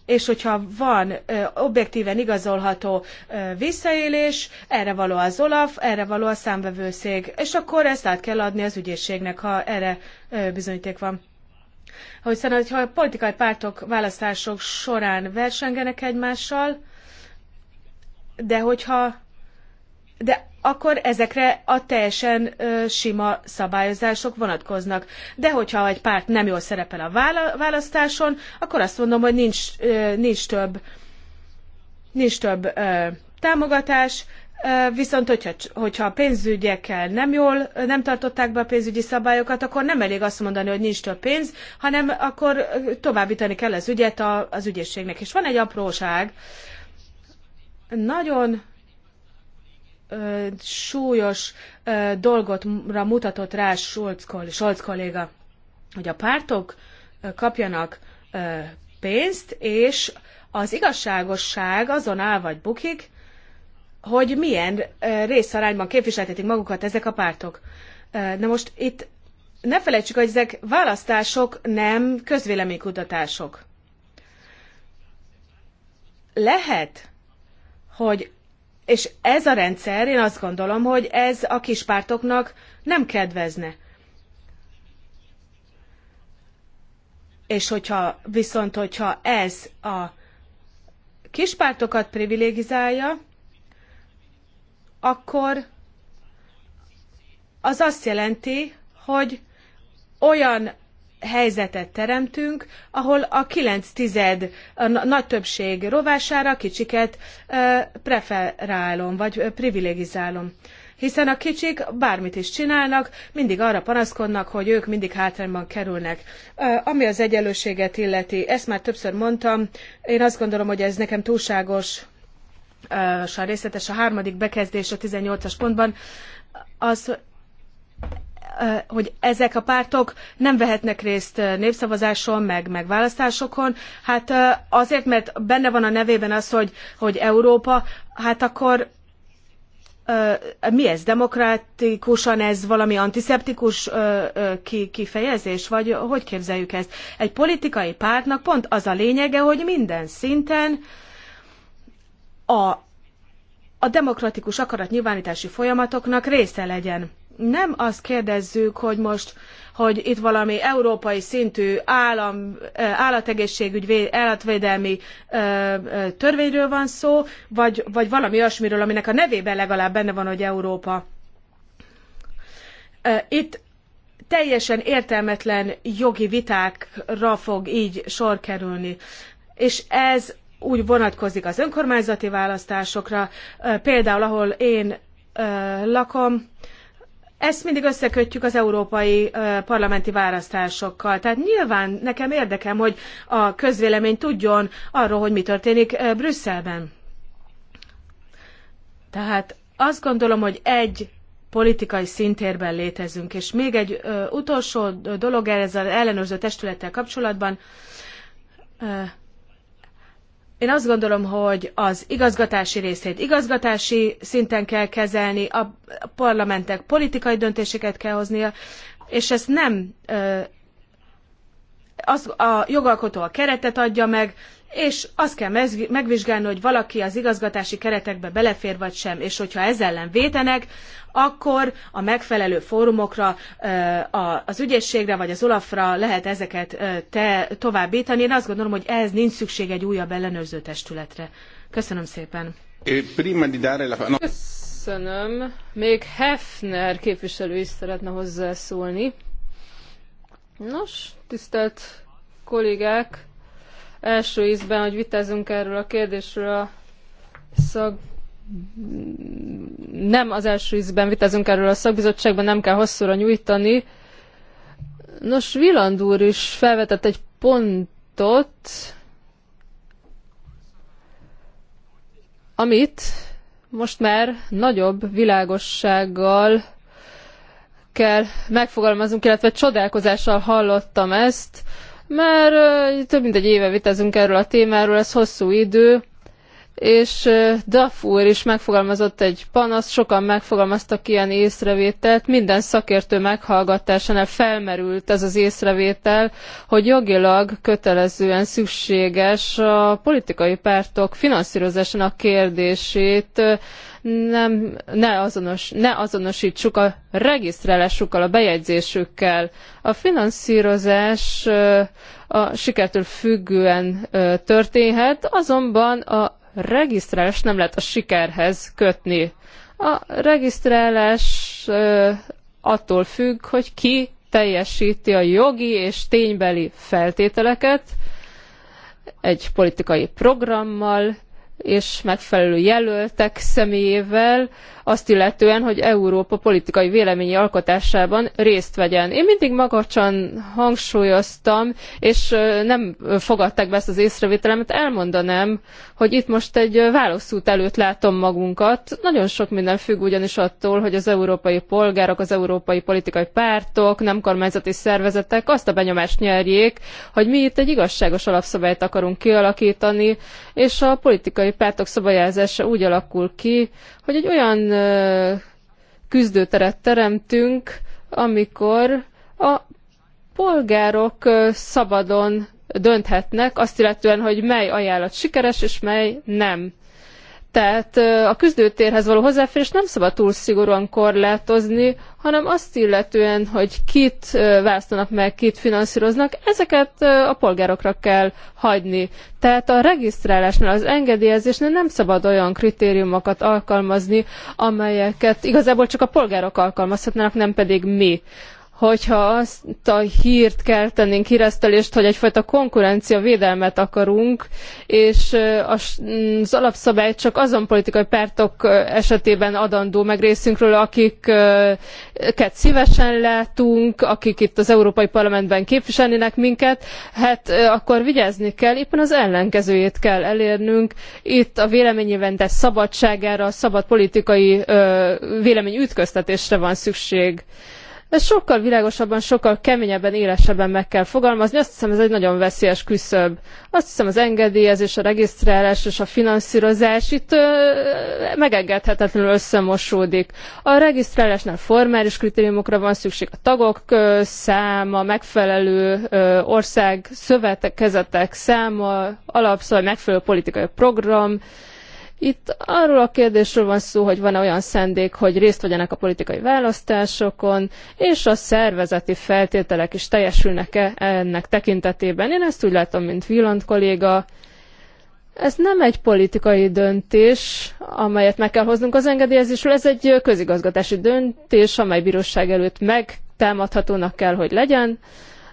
és hogyha van ö, objektíven igazolható ö, visszaélés, erre való az OLAF, erre való a számvevőszék, és akkor ezt át kell adni az ügyészségnek, ha erre ö, bizonyíték van. Hiszen, szóval, hogyha a politikai pártok választások során versengenek egymással, de hogyha de akkor ezekre a teljesen ö, sima szabályozások vonatkoznak. De hogyha egy párt nem jól szerepel a választáson, akkor azt mondom, hogy nincs, ö, nincs több, nincs több ö, támogatás, Viszont, hogyha, hogyha a pénzügyekkel nem jól, nem tartották be a pénzügyi szabályokat, akkor nem elég azt mondani, hogy nincs több pénz, hanem akkor továbbítani kell az ügyet az ügyészségnek. És van egy apróság, nagyon súlyos ö, dolgotra mutatott rá Scholz, kolléga, hogy a pártok ö, kapjanak ö, pénzt, és az igazságosság azon áll vagy bukik, hogy milyen ö, részarányban képviseltetik magukat ezek a pártok. Na most itt ne felejtsük, hogy ezek választások, nem közvéleménykutatások. Lehet, hogy és ez a rendszer, én azt gondolom, hogy ez a kispártoknak nem kedvezne. És hogyha, viszont hogyha ez a kispártokat privilegizálja, akkor az azt jelenti, hogy olyan helyzetet teremtünk, ahol a 9 tized a nagy többség rovására kicsiket preferálom, vagy privilegizálom. Hiszen a kicsik bármit is csinálnak, mindig arra panaszkodnak, hogy ők mindig hátrányban kerülnek. Ami az egyenlőséget illeti, ezt már többször mondtam, én azt gondolom, hogy ez nekem túlságos a részletes a harmadik bekezdés a 18-as pontban, az hogy ezek a pártok nem vehetnek részt népszavazáson, meg, meg választásokon, hát azért, mert benne van a nevében az, hogy, hogy Európa, hát akkor mi ez? Demokratikusan ez valami antiszeptikus kifejezés, vagy hogy képzeljük ezt? Egy politikai pártnak pont az a lényege, hogy minden szinten a, a demokratikus akaratnyilvánítási folyamatoknak része legyen nem azt kérdezzük, hogy most hogy itt valami európai szintű állam, állategészségügy, állatvédelmi törvényről van szó, vagy, vagy valami olyasmiről, aminek a nevében legalább benne van, hogy Európa. Itt teljesen értelmetlen jogi vitákra fog így sor kerülni. És ez úgy vonatkozik az önkormányzati választásokra, például ahol én lakom, ezt mindig összekötjük az európai parlamenti választásokkal. Tehát nyilván nekem érdekem, hogy a közvélemény tudjon arról, hogy mi történik Brüsszelben. Tehát azt gondolom, hogy egy politikai szintérben létezünk. És még egy ö, utolsó dolog ezzel ellenőrző testülettel kapcsolatban. Ö, én azt gondolom, hogy az igazgatási részét igazgatási szinten kell kezelni, a parlamentek politikai döntéseket kell hoznia, és ezt nem az, a jogalkotó a keretet adja meg, és azt kell megvizsgálni, hogy valaki az igazgatási keretekbe belefér vagy sem, és hogyha ez ellen vétenek, akkor a megfelelő fórumokra, az ügyészségre vagy az olafra lehet ezeket te továbbítani. Én azt gondolom, hogy ez nincs szükség egy újabb ellenőrző testületre. Köszönöm szépen. Eh, Köszönöm. Még Hefner képviselő is szeretne hozzászólni. Nos, tisztelt kollégák, első ízben, hogy vitezünk erről a kérdésről a szag nem az első ízben vitezünk erről a szakbizottságban, nem kell hosszúra nyújtani. Nos, Viland úr is felvetett egy pontot, amit most már nagyobb világossággal kell megfogalmazunk, illetve csodálkozással hallottam ezt, már több mint egy éve vitázunk erről a témáról, ez hosszú idő, és Duff úr is megfogalmazott egy panaszt, sokan megfogalmaztak ilyen észrevételt, minden szakértő meghallgatásánál felmerült ez az észrevétel, hogy jogilag kötelezően szükséges a politikai pártok finanszírozásának kérdését nem, ne, azonos, ne azonosítsuk a regisztrálásukkal, a bejegyzésükkel. A finanszírozás a sikertől függően történhet, azonban a regisztrálás nem lehet a sikerhez kötni. A regisztrálás attól függ, hogy ki teljesíti a jogi és ténybeli feltételeket egy politikai programmal és megfelelő jelöltek személyével, azt illetően, hogy Európa politikai véleményi alkotásában részt vegyen. Én mindig magacsan hangsúlyoztam, és nem fogadták be ezt az észrevételemet, elmondanám, hogy itt most egy válaszút előtt látom magunkat. Nagyon sok minden függ ugyanis attól, hogy az európai polgárok, az európai politikai pártok, nem kormányzati szervezetek azt a benyomást nyerjék, hogy mi itt egy igazságos alapszabályt akarunk kialakítani, és a politikai pártok szabályázása úgy alakul ki, hogy egy olyan küzdőteret teremtünk, amikor a polgárok szabadon dönthetnek azt illetően, hogy mely ajánlat sikeres és mely nem. Tehát a küzdőtérhez való hozzáférés nem szabad túl szigorúan korlátozni, hanem azt illetően, hogy kit választanak meg, kit finanszíroznak, ezeket a polgárokra kell hagyni. Tehát a regisztrálásnál, az engedélyezésnél nem szabad olyan kritériumokat alkalmazni, amelyeket igazából csak a polgárok alkalmazhatnának, nem pedig mi hogyha azt a hírt keltenénk, híresztelést, hogy egyfajta konkurencia védelmet akarunk, és mm, az alapszabály csak azon politikai pártok esetében adandó meg részünkről, akiket szívesen látunk, akik itt az Európai Parlamentben képviselnének minket, hát akkor vigyázni kell, éppen az ellenkezőjét kell elérnünk. Itt a véleményévente szabadságára, szabad politikai véleményütköztetésre van szükség. Ez sokkal világosabban, sokkal keményebben, élesebben meg kell fogalmazni. Azt hiszem, ez egy nagyon veszélyes küszöb. Azt hiszem, az engedélyezés, a regisztrálás és a finanszírozás itt ö, megengedhetetlenül összemosódik. A regisztrálásnál formális kritériumokra van szükség. A tagok ö, száma, megfelelő ö, ország szövetkezetek száma, alapszaj, megfelelő politikai program, ö, itt arról a kérdésről van szó, hogy van-e olyan szendék, hogy részt vegyenek a politikai választásokon, és a szervezeti feltételek is teljesülnek-e ennek tekintetében. Én ezt úgy látom, mint Villand kolléga, ez nem egy politikai döntés, amelyet meg kell hoznunk az engedélyezésről, ez egy közigazgatási döntés, amely bíróság előtt megtámadhatónak kell, hogy legyen,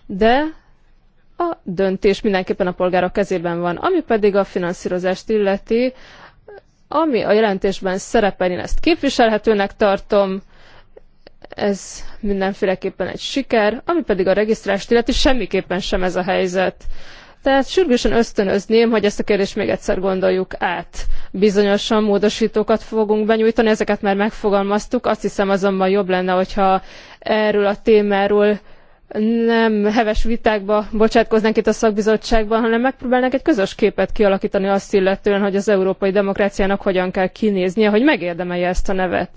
de a döntés mindenképpen a polgárok kezében van. Ami pedig a finanszírozást illeti, ami a jelentésben szerepel, én ezt képviselhetőnek tartom, ez mindenféleképpen egy siker, ami pedig a regisztrást illeti semmiképpen sem ez a helyzet. Tehát sürgősen ösztönözném, hogy ezt a kérdést még egyszer gondoljuk át. Bizonyosan módosítókat fogunk benyújtani, ezeket már megfogalmaztuk, azt hiszem azonban jobb lenne, hogyha erről a témáról nem heves vitákba bocsátkoznánk itt a szakbizottságban, hanem megpróbálnánk egy közös képet kialakítani azt illetően, hogy az európai demokráciának hogyan kell kinéznie, hogy megérdemelje ezt a nevet.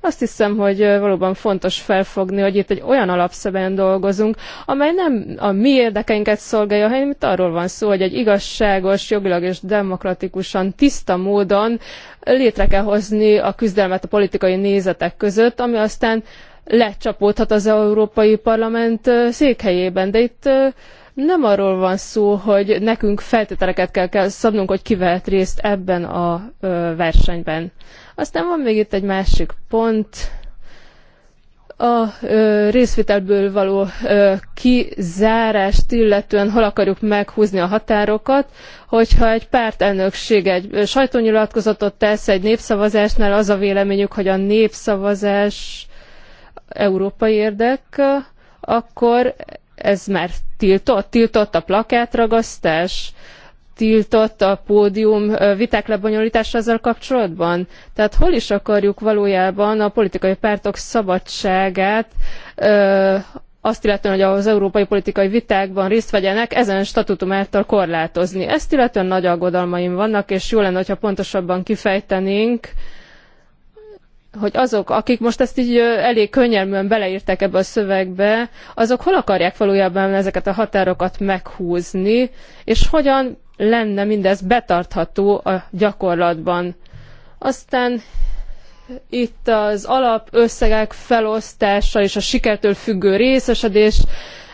Azt hiszem, hogy valóban fontos felfogni, hogy itt egy olyan alapszeben dolgozunk, amely nem a mi érdekeinket szolgálja, hanem itt arról van szó, hogy egy igazságos, jogilag és demokratikusan, tiszta módon létre kell hozni a küzdelmet a politikai nézetek között, ami aztán lecsapódhat az Európai Parlament székhelyében. De itt nem arról van szó, hogy nekünk feltételeket kell, kell szabnunk, hogy ki vehet részt ebben a versenyben. Aztán van még itt egy másik pont, a ö, részvételből való ö, kizárást, illetően hol akarjuk meghúzni a határokat, hogyha egy pártelnökség egy sajtónyilatkozatot tesz egy népszavazásnál, az a véleményük, hogy a népszavazás európai érdek, akkor ez már tiltott. Tiltott a plakátragasztás, tiltott a pódium viták lebonyolítása ezzel kapcsolatban? Tehát hol is akarjuk valójában a politikai pártok szabadságát ö, azt illetően, hogy az európai politikai vitákban részt vegyenek, ezen statutum által korlátozni. Ezt illetően nagy aggodalmaim vannak, és jó lenne, hogyha pontosabban kifejtenénk, hogy azok, akik most ezt így elég könnyelműen beleírták ebbe a szövegbe, azok hol akarják valójában ezeket a határokat meghúzni, és hogyan lenne mindez betartható a gyakorlatban. Aztán itt az alap összegek felosztása és a sikertől függő részesedés,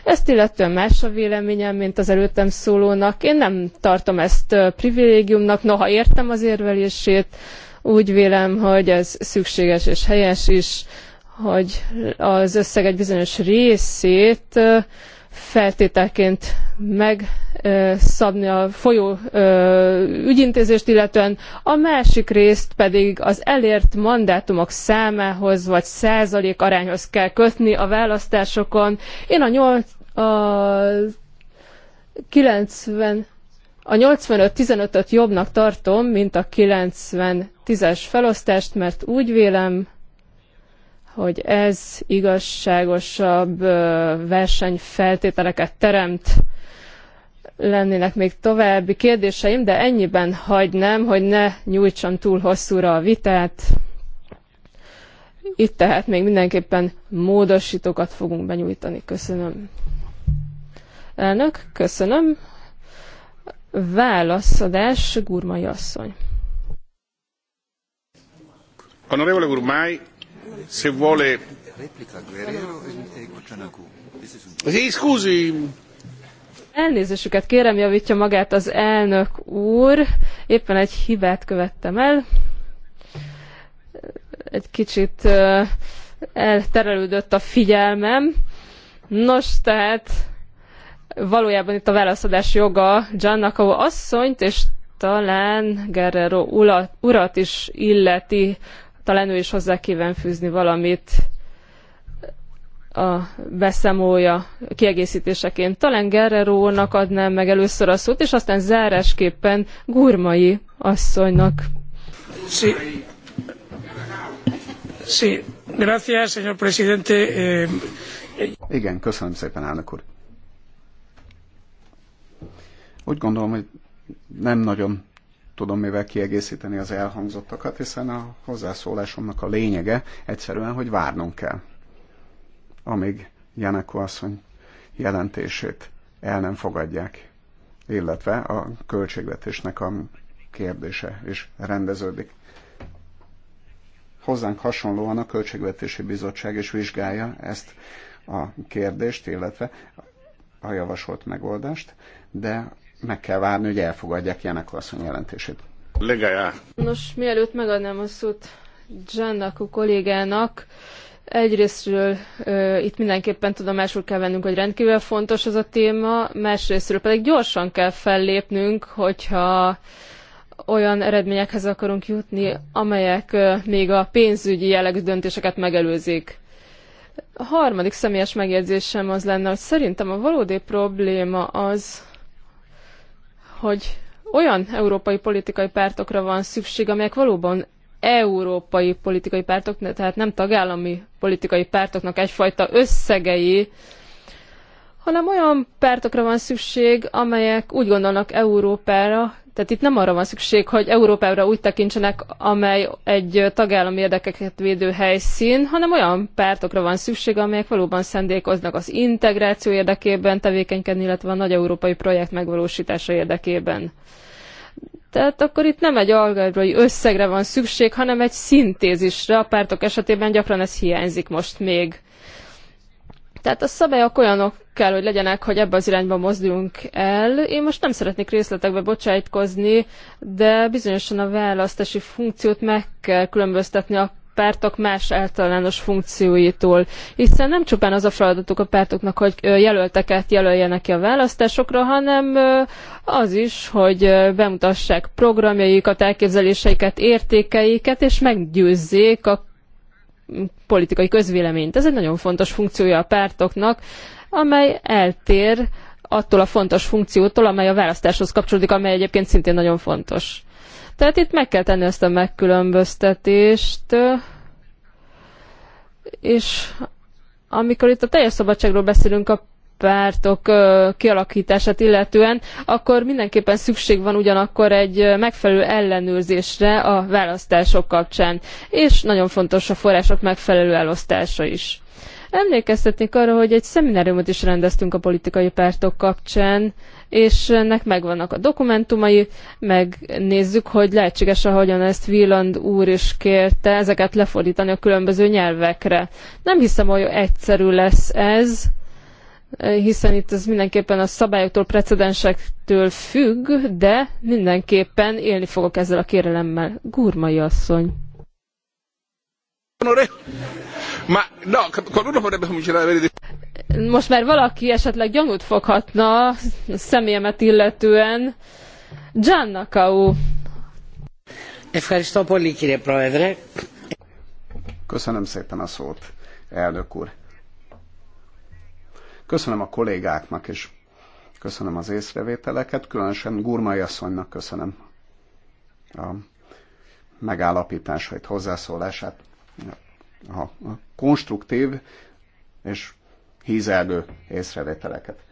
ezt illetően más a véleményem, mint az előttem szólónak. Én nem tartom ezt privilégiumnak, noha értem az érvelését, úgy vélem, hogy ez szükséges és helyes is, hogy az összeg egy bizonyos részét feltételként megszabni a folyó ügyintézést, illetően a másik részt pedig az elért mandátumok számához vagy százalék arányhoz kell kötni a választásokon. Én a, nyolc a 90 a 85-15-öt jobbnak tartom, mint a 90 tízes felosztást, mert úgy vélem, hogy ez igazságosabb versenyfeltételeket teremt. Lennének még további kérdéseim, de ennyiben hagynám, hogy ne nyújtsam túl hosszúra a vitát. Itt tehát még mindenképpen módosítókat fogunk benyújtani. Köszönöm. Elnök, köszönöm. Válaszadás, Gurmai asszony. Onorevole Gurmai, se vuole... E sì, scusi. Elnézésüket kérem, javítja magát az elnök úr. Éppen egy hibát követtem el. Egy kicsit elterelődött a figyelmem. Nos, tehát valójában itt a válaszadás joga Giannakau asszonyt és talán Guerrero urat is illeti talán ő is hozzá kíván fűzni valamit a beszámolja kiegészítéseként. Talán Guerrero-nak adnám meg először a szót, és aztán zárásképpen Gurmai asszonynak. Sí. Sí. Gracias, señor presidente. Eh, eh. Igen, köszönöm szépen, elnök úr. Úgy gondolom, hogy nem nagyon tudom mivel kiegészíteni az elhangzottakat, hiszen a hozzászólásomnak a lényege egyszerűen, hogy várnunk kell, amíg Janeko asszony jelentését el nem fogadják, illetve a költségvetésnek a kérdése is rendeződik. Hozzánk hasonlóan a Költségvetési Bizottság is vizsgálja ezt a kérdést, illetve a javasolt megoldást, de meg kell várni, hogy elfogadják ilyenek asszony jelentését. Legalább. Nos, mielőtt megadnám a szót a kollégának, Egyrésztről ö, itt mindenképpen tudomásul kell vennünk, hogy rendkívül fontos ez a téma, másrésztről pedig gyorsan kell fellépnünk, hogyha olyan eredményekhez akarunk jutni, amelyek ö, még a pénzügyi jellegű döntéseket megelőzik. A harmadik személyes megjegyzésem az lenne, hogy szerintem a valódi probléma az, hogy olyan európai politikai pártokra van szükség, amelyek valóban európai politikai pártok, tehát nem tagállami politikai pártoknak egyfajta összegei, hanem olyan pártokra van szükség, amelyek úgy gondolnak Európára, tehát itt nem arra van szükség, hogy Európára úgy tekintsenek, amely egy tagállami érdekeket védő helyszín, hanem olyan pártokra van szükség, amelyek valóban szendékoznak az integráció érdekében tevékenykedni, illetve a nagy európai projekt megvalósítása érdekében. Tehát akkor itt nem egy algebrai összegre van szükség, hanem egy szintézisre. A pártok esetében gyakran ez hiányzik most még. Tehát a szabályok olyanok kell, hogy legyenek, hogy ebbe az irányba mozduljunk el. Én most nem szeretnék részletekbe bocsájtkozni, de bizonyosan a választási funkciót meg kell különböztetni a pártok más általános funkcióitól, hiszen nem csupán az a feladatuk a pártoknak, hogy jelölteket jelöljenek ki a választásokra, hanem az is, hogy bemutassák programjaikat, elképzeléseiket, értékeiket, és meggyőzzék a politikai közvéleményt. Ez egy nagyon fontos funkciója a pártoknak, amely eltér attól a fontos funkciótól, amely a választáshoz kapcsolódik, amely egyébként szintén nagyon fontos. Tehát itt meg kell tenni ezt a megkülönböztetést, és amikor itt a teljes szabadságról beszélünk a pártok kialakítását illetően, akkor mindenképpen szükség van ugyanakkor egy megfelelő ellenőrzésre a választások kapcsán, és nagyon fontos a források megfelelő elosztása is. Emlékeztetnék arra, hogy egy szemináriumot is rendeztünk a politikai pártok kapcsán, és ennek megvannak a dokumentumai, megnézzük, hogy lehetséges, ahogyan ezt Wieland úr is kérte, ezeket lefordítani a különböző nyelvekre. Nem hiszem, hogy egyszerű lesz ez, Eh, hiszen itt ez mindenképpen a szabályoktól, precedensektől függ, de mindenképpen élni fogok ezzel a kérelemmel. Gurmai asszony. Most már valaki esetleg gyanút foghatna személyemet illetően. Kau. Köszönöm szépen a szót, elnök úr. Köszönöm a kollégáknak és Köszönöm az észrevételeket, különösen Gurmai asszonynak köszönöm a megállapításait, hozzászólását. A konstruktív és hízelgő észrevételeket.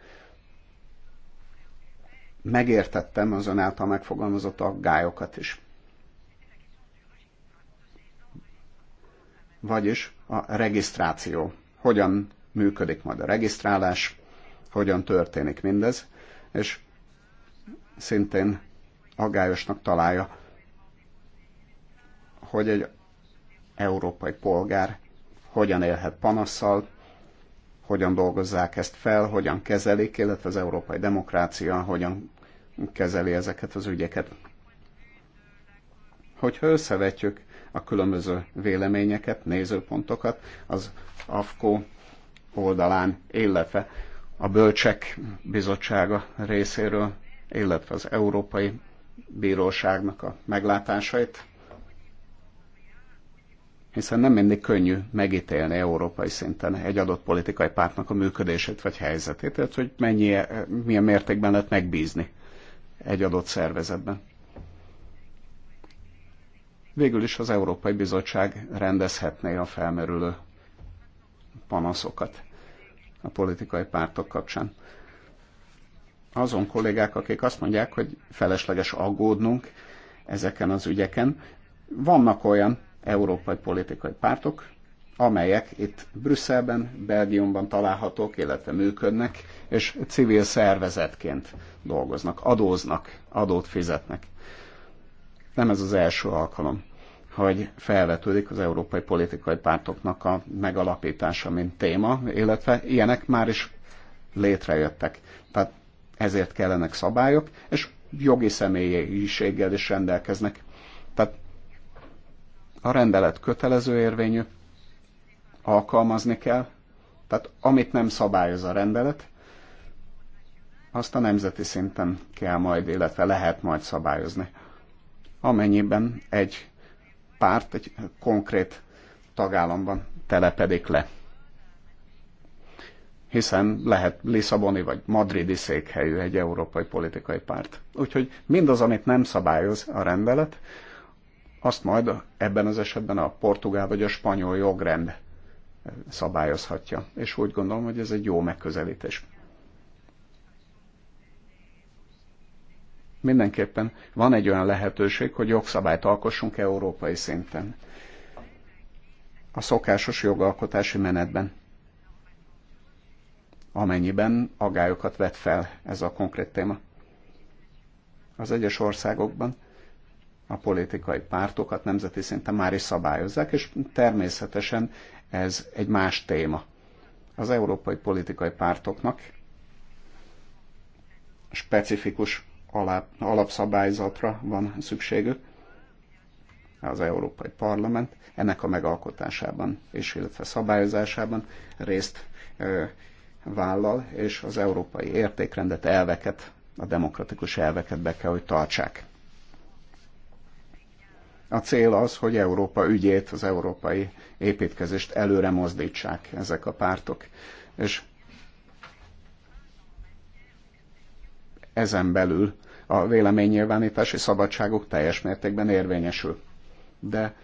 Megértettem az ön által megfogalmazott aggályokat is. Vagyis a regisztráció. Hogyan működik majd a regisztrálás, hogyan történik mindez, és szintén agályosnak találja, hogy egy európai polgár hogyan élhet panasszal, hogyan dolgozzák ezt fel, hogyan kezelik, illetve az európai demokrácia hogyan kezeli ezeket az ügyeket. Hogyha összevetjük a különböző véleményeket, nézőpontokat, az AFKO oldalán, illetve a Bölcsek Bizottsága részéről, illetve az Európai Bíróságnak a meglátásait, hiszen nem mindig könnyű megítélni európai szinten egy adott politikai pártnak a működését vagy helyzetét, tehát hogy mennyi, milyen mértékben lehet megbízni egy adott szervezetben. Végül is az Európai Bizottság rendezhetné a felmerülő panaszokat a politikai pártok kapcsán. Azon kollégák, akik azt mondják, hogy felesleges aggódnunk ezeken az ügyeken, vannak olyan európai politikai pártok, amelyek itt Brüsszelben, Belgiumban találhatók, illetve működnek, és civil szervezetként dolgoznak, adóznak, adót fizetnek. Nem ez az első alkalom hogy felvetődik az európai politikai pártoknak a megalapítása, mint téma, illetve ilyenek már is létrejöttek. Tehát ezért kellenek szabályok, és jogi személyiséggel is rendelkeznek. Tehát a rendelet kötelező érvényű, alkalmazni kell, tehát amit nem szabályoz a rendelet, azt a nemzeti szinten kell majd, illetve lehet majd szabályozni. Amennyiben egy párt egy konkrét tagállamban telepedik le. Hiszen lehet Lisszaboni vagy madridi székhelyű egy európai politikai párt. Úgyhogy mindaz, amit nem szabályoz a rendelet, azt majd ebben az esetben a portugál vagy a spanyol jogrend eh, szabályozhatja. És úgy gondolom, hogy ez egy jó megközelítés. mindenképpen van egy olyan lehetőség, hogy jogszabályt alkossunk európai szinten a szokásos jogalkotási menetben, amennyiben agályokat vet fel ez a konkrét téma. Az egyes országokban a politikai pártokat nemzeti szinten már is szabályozzák, és természetesen ez egy más téma. Az európai politikai pártoknak specifikus alap, alapszabályzatra van szükségük az Európai Parlament ennek a megalkotásában és illetve szabályozásában részt ö, vállal, és az európai értékrendet, elveket, a demokratikus elveket be kell, hogy tartsák. A cél az, hogy Európa ügyét, az európai építkezést előre mozdítsák ezek a pártok. És ezen belül a véleménynyilvánítási szabadságok teljes mértékben érvényesül. De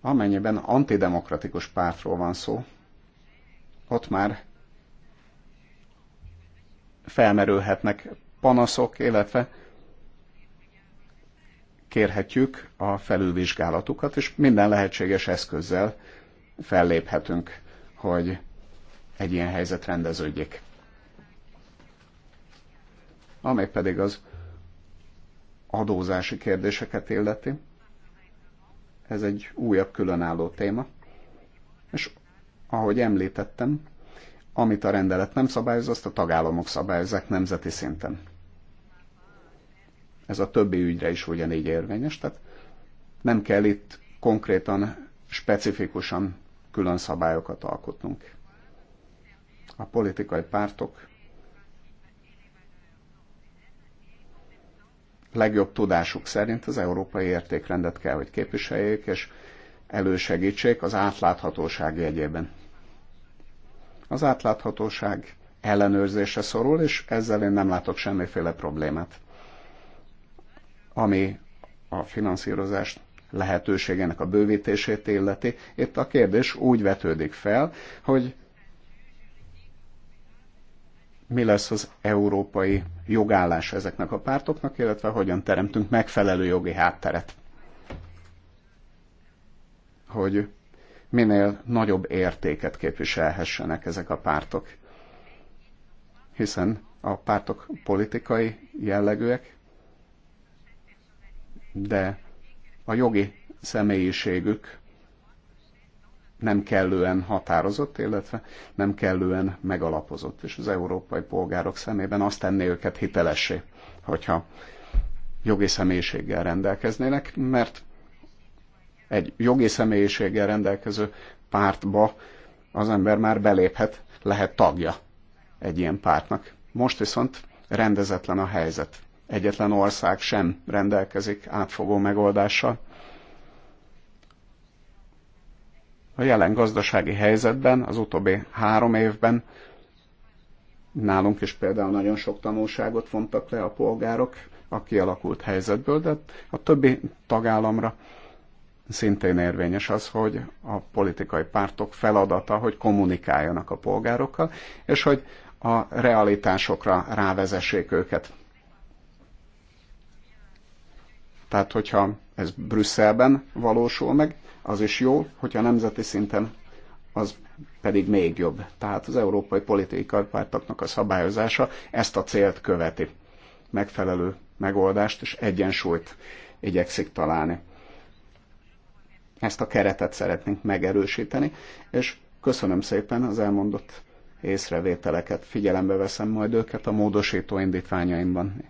amennyiben antidemokratikus pártról van szó, ott már felmerülhetnek panaszok, illetve kérhetjük a felülvizsgálatukat, és minden lehetséges eszközzel felléphetünk, hogy egy ilyen helyzet rendeződjék amely pedig az adózási kérdéseket illeti. Ez egy újabb különálló téma. És ahogy említettem, amit a rendelet nem szabályoz, azt a tagállamok szabályozzák nemzeti szinten. Ez a többi ügyre is ugyanígy érvényes, tehát nem kell itt konkrétan, specifikusan külön szabályokat alkotnunk. A politikai pártok legjobb tudásuk szerint az európai értékrendet kell, hogy képviseljék, és elősegítsék az átláthatóság jegyében. Az átláthatóság ellenőrzése szorul, és ezzel én nem látok semmiféle problémát. Ami a finanszírozást lehetőségének a bővítését illeti. Itt a kérdés úgy vetődik fel, hogy mi lesz az európai jogállás ezeknek a pártoknak, illetve hogyan teremtünk megfelelő jogi hátteret. Hogy minél nagyobb értéket képviselhessenek ezek a pártok. Hiszen a pártok politikai jellegűek, de a jogi személyiségük nem kellően határozott, illetve nem kellően megalapozott, és az európai polgárok szemében azt tenné őket hitelessé, hogyha jogi személyiséggel rendelkeznének, mert egy jogi személyiséggel rendelkező pártba az ember már beléphet, lehet tagja egy ilyen pártnak. Most viszont rendezetlen a helyzet. Egyetlen ország sem rendelkezik átfogó megoldással A jelen gazdasági helyzetben az utóbbi három évben nálunk is például nagyon sok tanulságot vontak le a polgárok a kialakult helyzetből, de a többi tagállamra szintén érvényes az, hogy a politikai pártok feladata, hogy kommunikáljanak a polgárokkal, és hogy a realitásokra rávezessék őket. Tehát, hogyha ez Brüsszelben valósul meg, az is jó, hogyha nemzeti szinten az pedig még jobb. Tehát az európai politikai pártoknak a szabályozása ezt a célt követi. Megfelelő megoldást és egyensúlyt igyekszik találni. Ezt a keretet szeretnénk megerősíteni, és köszönöm szépen az elmondott észrevételeket. Figyelembe veszem majd őket a módosító indítványaimban.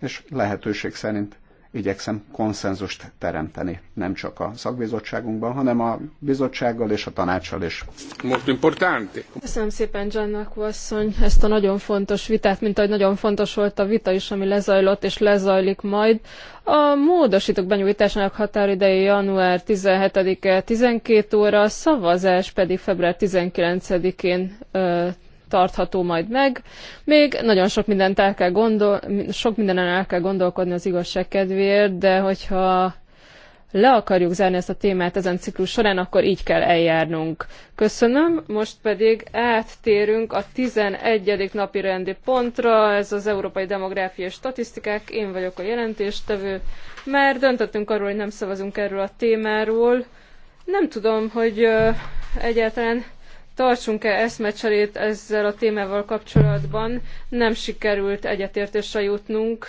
És lehetőség szerint igyekszem konszenzust teremteni, nem csak a szakbizottságunkban, hanem a bizottsággal és a tanácssal is. Most importante. Köszönöm szépen Giannak asszony ezt a nagyon fontos vitát, mint ahogy nagyon fontos volt a vita is, ami lezajlott és lezajlik majd. A módosítók benyújtásának határideje január 17-e 12 óra, a szavazás pedig február 19-én tartható majd meg. Még nagyon sok mindent el kell gondol, sok mindenen el kell gondolkodni az igazság kedvéért, de hogyha le akarjuk zárni ezt a témát ezen ciklus során, akkor így kell eljárnunk. Köszönöm, most pedig áttérünk a 11. napi rendi pontra, ez az Európai Demográfiai Statisztikák, én vagyok a jelentéstevő. Mert döntöttünk arról, hogy nem szavazunk erről a témáról. Nem tudom, hogy egyáltalán tartsunk-e eszmecserét ezzel a témával kapcsolatban. Nem sikerült egyetértésre jutnunk.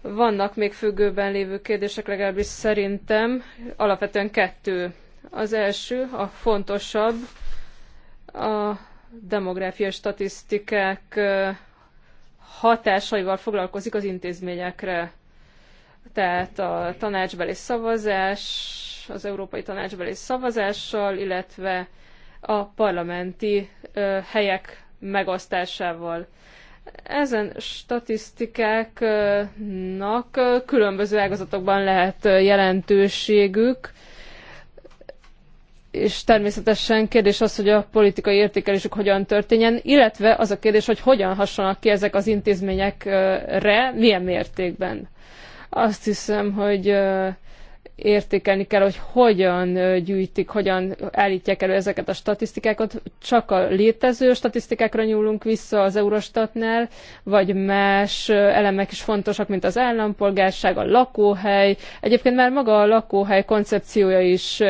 Vannak még függőben lévő kérdések, legalábbis szerintem alapvetően kettő. Az első, a fontosabb, a demográfiai statisztikák hatásaival foglalkozik az intézményekre. Tehát a tanácsbeli szavazás, az Európai Tanácsbeli szavazással, illetve a parlamenti helyek megosztásával. Ezen statisztikáknak különböző ágazatokban lehet jelentőségük, és természetesen kérdés az, hogy a politikai értékelésük hogyan történjen, illetve az a kérdés, hogy hogyan hasonlnak ki ezek az intézményekre, milyen mértékben. Azt hiszem, hogy értékelni kell, hogy hogyan gyűjtik, hogyan állítják elő ezeket a statisztikákat. Csak a létező statisztikákra nyúlunk vissza az Eurostatnál, vagy más elemek is fontosak, mint az állampolgárság, a lakóhely. Egyébként már maga a lakóhely koncepciója is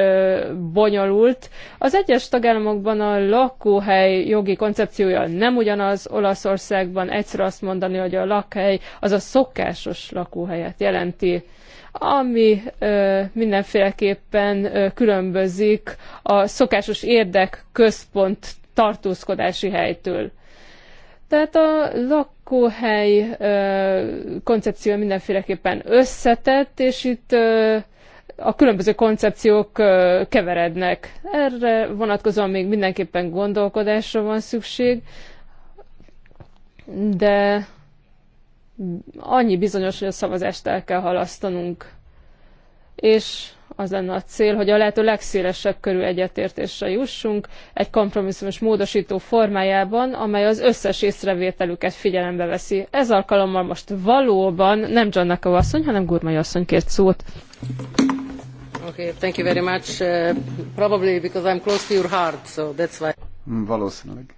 bonyolult. Az egyes tagállamokban a lakóhely jogi koncepciója nem ugyanaz. Olaszországban egyszerű azt mondani, hogy a lakhely az a szokásos lakóhelyet jelenti ami mindenféleképpen különbözik a szokásos központ tartózkodási helytől. Tehát a lakóhely koncepció mindenféleképpen összetett, és itt a különböző koncepciók keverednek. Erre vonatkozóan még mindenképpen gondolkodásra van szükség, de annyi bizonyos, hogy a szavazást el kell halasztanunk. És az lenne a cél, hogy a lehető legszélesebb körű egyetértésre jussunk egy kompromisszumos módosító formájában, amely az összes észrevételüket figyelembe veszi. Ez alkalommal most valóban nem John a asszony, hanem Gurmai asszony kért szót. Okay, thank you very much. Uh, probably because I'm close to your heart, so that's why. Valószínűleg.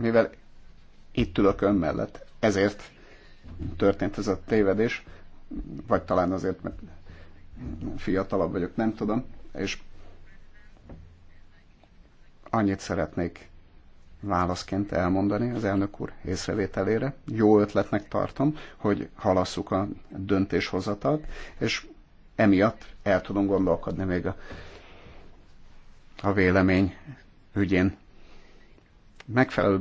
Mivel itt ülök ön mellett, ezért történt ez a tévedés, vagy talán azért, mert fiatalabb vagyok, nem tudom, és annyit szeretnék válaszként elmondani az elnök úr észrevételére. Jó ötletnek tartom, hogy halasszuk a döntéshozatat, és emiatt el tudom gondolkodni még a, a vélemény ügyén megfelelő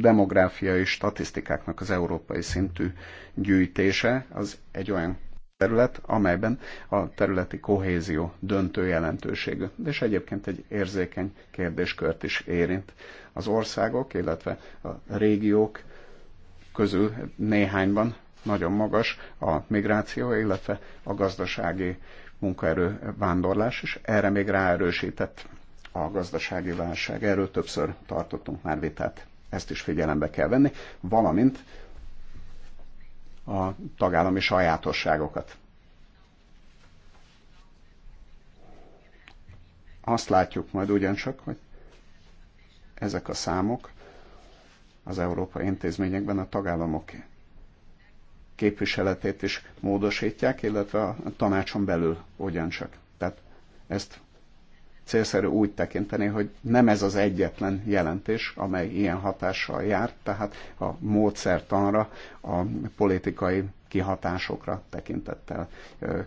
demográfiai statisztikáknak az európai szintű gyűjtése az egy olyan terület, amelyben a területi kohézió döntő jelentőségű, és egyébként egy érzékeny kérdéskört is érint. Az országok, illetve a régiók közül néhányban nagyon magas a migráció, illetve a gazdasági munkaerő vándorlás, és erre még ráerősített a gazdasági válság. Erről többször tartottunk már vitát, ezt is figyelembe kell venni, valamint a tagállami sajátosságokat. Azt látjuk majd ugyancsak, hogy ezek a számok az európai intézményekben a tagállamok képviseletét is módosítják, illetve a tanácson belül ugyancsak. Tehát ezt célszerű úgy tekinteni, hogy nem ez az egyetlen jelentés, amely ilyen hatással járt, tehát a módszertanra, a politikai kihatásokra tekintettel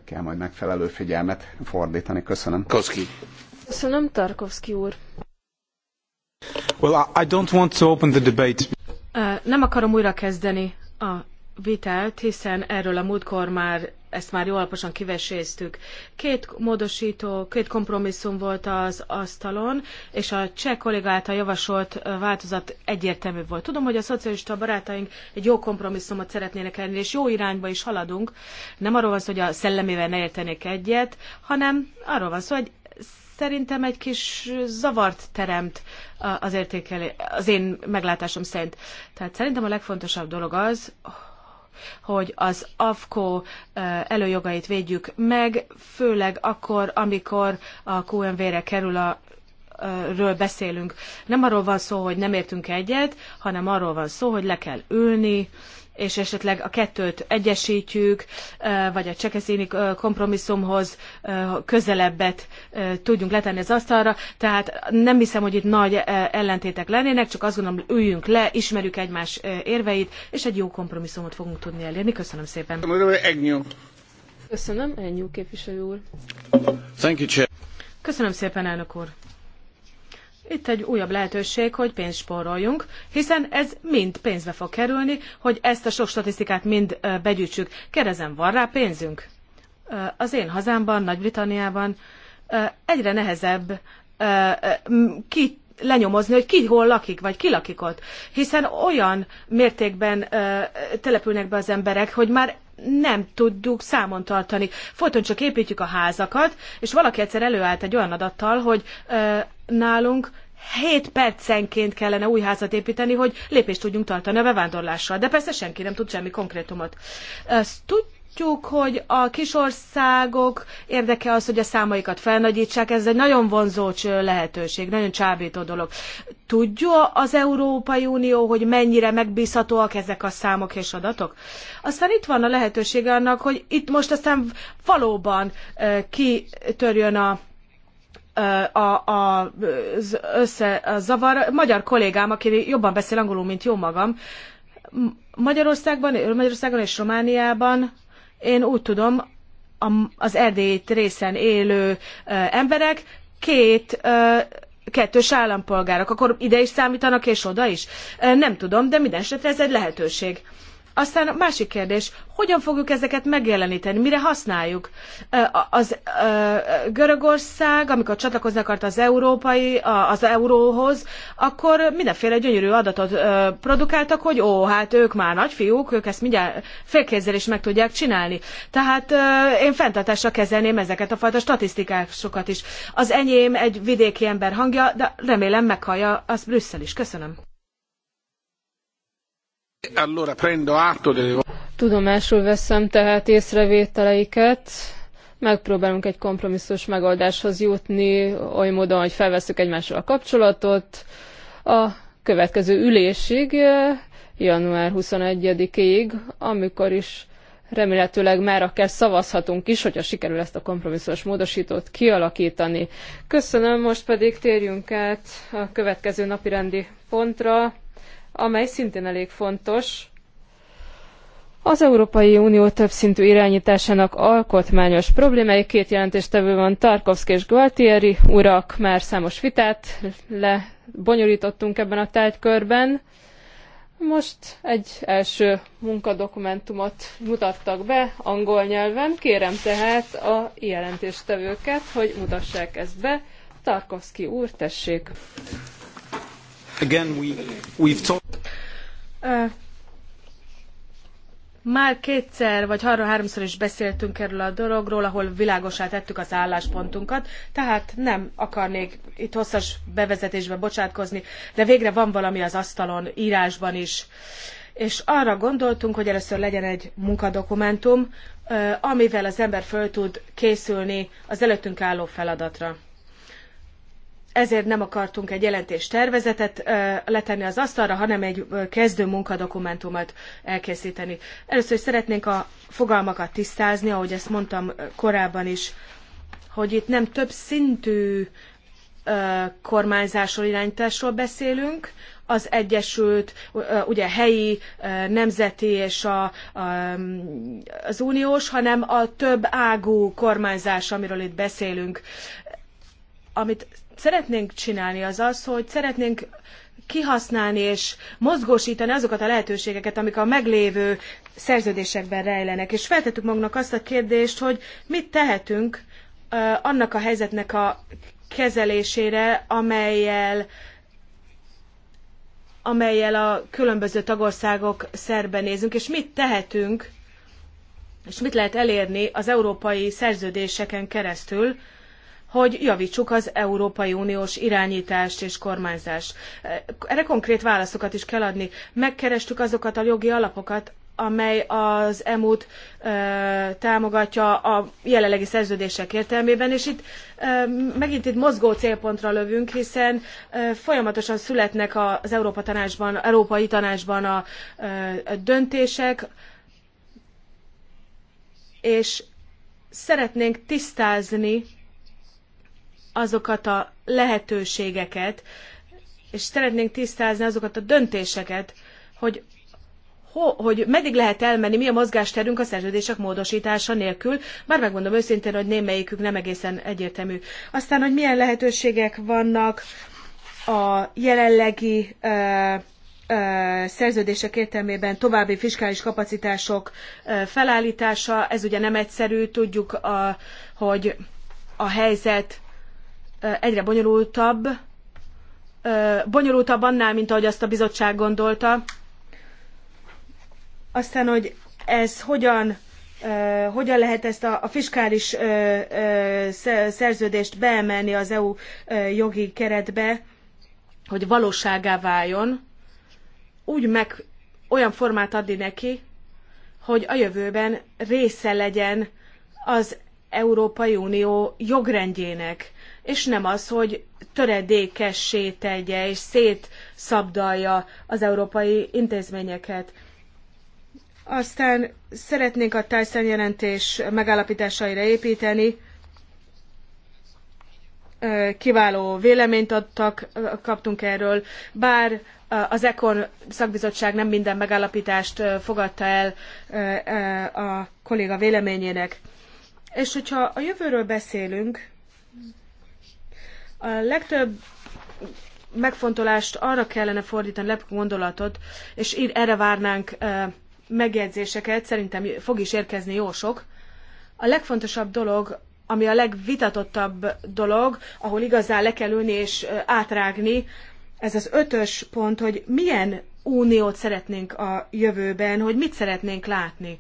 kell majd megfelelő figyelmet fordítani. Köszönöm. Koszki. Köszönöm, Tarkovsky úr. Well, I don't want to open the debate. Nem akarom újra kezdeni a vitát, hiszen erről a múltkor már ezt már jó alaposan kiveséztük. Két módosító, két kompromisszum volt az asztalon, és a cseh kolléga által javasolt változat egyértelmű volt. Tudom, hogy a szocialista barátaink egy jó kompromisszumot szeretnének elérni, és jó irányba is haladunk. Nem arról van szó, hogy a szellemével ne értenék egyet, hanem arról van szó, hogy szerintem egy kis zavart teremt az értékelés, az én meglátásom szerint. Tehát szerintem a legfontosabb dolog az, hogy az AFKO előjogait védjük meg, főleg akkor, amikor a QMV-re kerül a ről beszélünk. Nem arról van szó, hogy nem értünk egyet, hanem arról van szó, hogy le kell ülni, és esetleg a kettőt egyesítjük, vagy a csekeszéni kompromisszumhoz közelebbet tudjunk letenni az asztalra. Tehát nem hiszem, hogy itt nagy ellentétek lennének, csak azt gondolom, üljünk le, ismerjük egymás érveit, és egy jó kompromisszumot fogunk tudni elérni. Köszönöm szépen. Köszönöm, Ennyú képviselő úr. Köszönöm szépen, elnök úr. Itt egy újabb lehetőség, hogy pénzt spóroljunk, hiszen ez mind pénzbe fog kerülni, hogy ezt a sok statisztikát mind begyűjtsük. Kérdezem, van rá pénzünk? Az én hazámban, Nagy-Britanniában egyre nehezebb ki lenyomozni, hogy ki hol lakik, vagy ki lakik ott. Hiszen olyan mértékben ö, települnek be az emberek, hogy már nem tudjuk számon tartani. Folyton csak építjük a házakat, és valaki egyszer előállt egy olyan adattal, hogy ö, nálunk 7 percenként kellene új házat építeni, hogy lépést tudjunk tartani a bevándorlással. De persze senki nem tud semmi konkrétumot. Ezt tud, látjuk, hogy a kisországok érdeke az, hogy a számaikat felnagyítsák, ez egy nagyon vonzó lehetőség, nagyon csábító dolog. Tudja az Európai Unió, hogy mennyire megbízhatóak ezek a számok és adatok? Aztán itt van a lehetősége annak, hogy itt most aztán valóban kitörjön a a, a, az össze, a zavar. magyar kollégám, aki jobban beszél angolul, mint jó magam, Magyarországban, Magyarországon és Romániában én úgy tudom, az erdélyt részen élő emberek két kettős állampolgárok, akkor ide is számítanak, és oda is? Nem tudom, de minden esetre ez egy lehetőség. Aztán a másik kérdés, hogyan fogjuk ezeket megjeleníteni, mire használjuk? Az Görögország, amikor csatlakozni akart az európai, az euróhoz, akkor mindenféle gyönyörű adatot produkáltak, hogy ó, hát ők már nagyfiúk, ők ezt mindjárt félkézzel is meg tudják csinálni. Tehát én fenntartásra kezelném ezeket a fajta statisztikásokat is. Az enyém egy vidéki ember hangja, de remélem meghallja azt Brüsszel is. Köszönöm. Allora prendo atto delle... Tudomásul veszem tehát észrevételeiket. Megpróbálunk egy kompromisszus megoldáshoz jutni, oly módon, hogy felveszük egymással a kapcsolatot. A következő ülésig, eh, január 21-ig, amikor is remélhetőleg már akár szavazhatunk is, hogyha sikerül ezt a kompromisszós módosítót kialakítani. Köszönöm, most pedig térjünk át a következő napirendi pontra amely szintén elég fontos. Az Európai Unió többszintű irányításának alkotmányos problémái két jelentéstevő van, Tarkovsky és Gualtieri urak, már számos vitát lebonyolítottunk ebben a tárgykörben. Most egy első munkadokumentumot mutattak be angol nyelven. Kérem tehát a jelentéstevőket, hogy mutassák ezt be. Tarkovsky úr, tessék! Again, we, we've talked... Már kétszer vagy harra-háromszor is beszéltünk erről a dologról, ahol világosá tettük az álláspontunkat, tehát nem akarnék itt hosszas bevezetésbe bocsátkozni, de végre van valami az asztalon, írásban is. És arra gondoltunk, hogy először legyen egy munkadokumentum, amivel az ember föl tud készülni az előttünk álló feladatra ezért nem akartunk egy jelentéstervezetet letenni az asztalra, hanem egy kezdő munkadokumentumot elkészíteni. Először is szeretnénk a fogalmakat tisztázni, ahogy ezt mondtam korábban is, hogy itt nem több szintű kormányzásról, irányításról beszélünk, az egyesült, ugye helyi, nemzeti és a, az uniós, hanem a több ágú kormányzás, amiről itt beszélünk, amit szeretnénk csinálni, az az, hogy szeretnénk kihasználni és mozgósítani azokat a lehetőségeket, amik a meglévő szerződésekben rejlenek. És feltettük magunknak azt a kérdést, hogy mit tehetünk annak a helyzetnek a kezelésére, amelyel amelyel a különböző tagországok szerbenézünk, és mit tehetünk, és mit lehet elérni az európai szerződéseken keresztül, hogy javítsuk az Európai Uniós irányítást és kormányzást. Erre konkrét válaszokat is kell adni. Megkerestük azokat a jogi alapokat, amely az EMU-t támogatja a jelenlegi szerződések értelmében, és itt ö, megint itt mozgó célpontra lövünk, hiszen ö, folyamatosan születnek az Európa tanácsban, Európai Tanácsban a, ö, a döntések, és szeretnénk tisztázni azokat a lehetőségeket, és szeretnénk tisztázni azokat a döntéseket, hogy ho, hogy meddig lehet elmenni, mi a mozgásterünk a szerződések módosítása nélkül. Már megmondom őszintén, hogy némelyikük nem egészen egyértelmű. Aztán, hogy milyen lehetőségek vannak a jelenlegi ö, ö, szerződések értelmében további fiskális kapacitások ö, felállítása, ez ugye nem egyszerű, tudjuk, a, hogy a helyzet egyre bonyolultabb, bonyolultabb annál, mint ahogy azt a bizottság gondolta. Aztán, hogy ez hogyan, hogyan lehet ezt a, fiskális szerződést beemelni az EU jogi keretbe, hogy valóságá váljon, úgy meg olyan formát adni neki, hogy a jövőben része legyen az Európai Unió jogrendjének és nem az, hogy töredékessé tegye és szétszabdalja az európai intézményeket. Aztán szeretnénk a Tyson jelentés megállapításaira építeni. Kiváló véleményt adtak, kaptunk erről, bár az ECON szakbizottság nem minden megállapítást fogadta el a kolléga véleményének. És hogyha a jövőről beszélünk, a legtöbb megfontolást arra kellene fordítani, legtöbb gondolatot, és így erre várnánk megjegyzéseket, szerintem fog is érkezni jó sok. A legfontosabb dolog, ami a legvitatottabb dolog, ahol igazán le kell ülni és átrágni, ez az ötös pont, hogy milyen uniót szeretnénk a jövőben, hogy mit szeretnénk látni.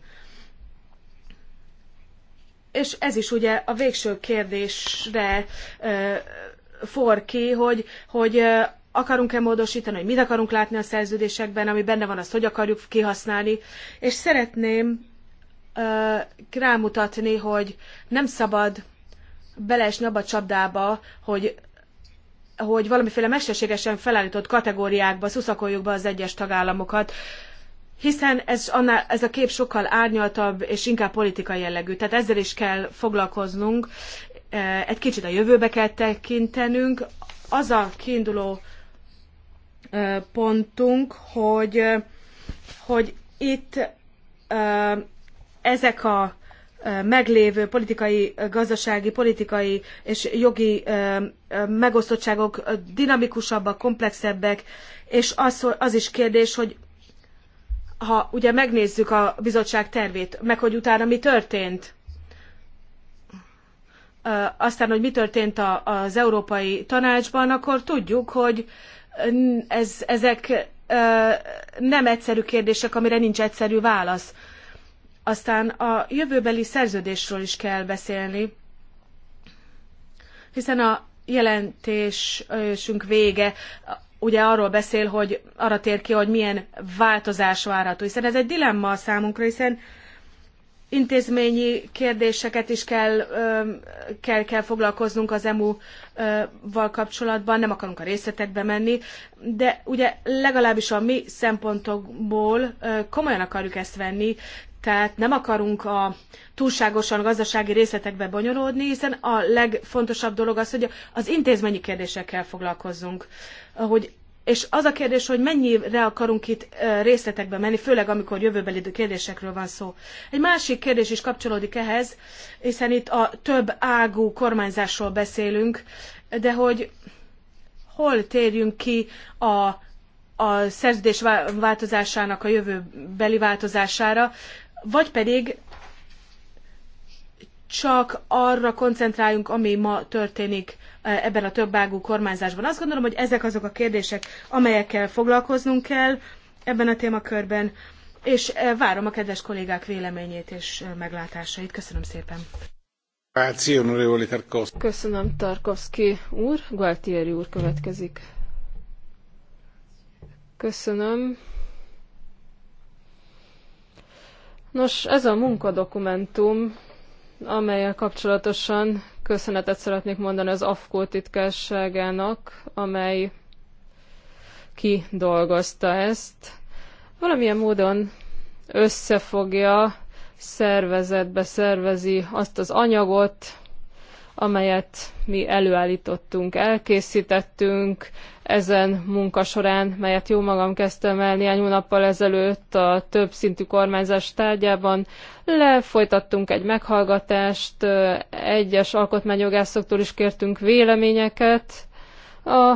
És ez is ugye a végső kérdésre for ki, hogy, hogy akarunk-e módosítani, hogy mit akarunk látni a szerződésekben, ami benne van, azt hogy akarjuk kihasználni. És szeretném rámutatni, hogy nem szabad beleesni abba a csapdába, hogy hogy valamiféle mesterségesen felállított kategóriákba szuszakoljuk be az egyes tagállamokat, hiszen ez, annál, ez a kép sokkal árnyaltabb és inkább politikai jellegű. Tehát ezzel is kell foglalkoznunk, egy kicsit a jövőbe kell tekintenünk. Az a kiinduló pontunk, hogy, hogy itt ezek a meglévő politikai, gazdasági, politikai és jogi megosztottságok dinamikusabbak, komplexebbek, és az, az is kérdés, hogy ha ugye megnézzük a bizottság tervét, meg hogy utána mi történt, aztán, hogy mi történt a, az Európai Tanácsban, akkor tudjuk, hogy ez, ezek nem egyszerű kérdések, amire nincs egyszerű válasz. Aztán a jövőbeli szerződésről is kell beszélni, hiszen a jelentésünk vége ugye arról beszél, hogy arra tér ki, hogy milyen változás várható, hiszen ez egy dilemma a számunkra, hiszen intézményi kérdéseket is kell, kell, kell foglalkoznunk az EMU-val kapcsolatban, nem akarunk a részletekbe menni, de ugye legalábbis a mi szempontokból komolyan akarjuk ezt venni, tehát nem akarunk a túlságosan gazdasági részletekbe bonyolódni, hiszen a legfontosabb dolog az, hogy az intézményi kérdésekkel foglalkozzunk, hogy és az a kérdés, hogy mennyire akarunk itt részletekbe menni, főleg amikor jövőbeli kérdésekről van szó. Egy másik kérdés is kapcsolódik ehhez, hiszen itt a több ágú kormányzásról beszélünk, de hogy hol térjünk ki a, a szerződés változásának a jövőbeli változására, vagy pedig csak arra koncentráljunk, ami ma történik ebben a többágú kormányzásban. Azt gondolom, hogy ezek azok a kérdések, amelyekkel foglalkoznunk kell ebben a témakörben, és eh, várom a kedves kollégák véleményét és eh, meglátásait. Köszönöm szépen! Köszönöm, Tarkovszki úr. Gualtieri úr következik. Köszönöm. Nos, ez a munkadokumentum, amelyel kapcsolatosan köszönetet szeretnék mondani az AFKO titkárságának, amely kidolgozta ezt. Valamilyen módon összefogja, szervezetbe szervezi azt az anyagot, amelyet mi előállítottunk, elkészítettünk ezen munka során, melyet jó magam kezdtem el néhány hónappal ezelőtt a többszintű kormányzás tárgyában. Lefolytattunk egy meghallgatást, egyes alkotmányjogászoktól is kértünk véleményeket. A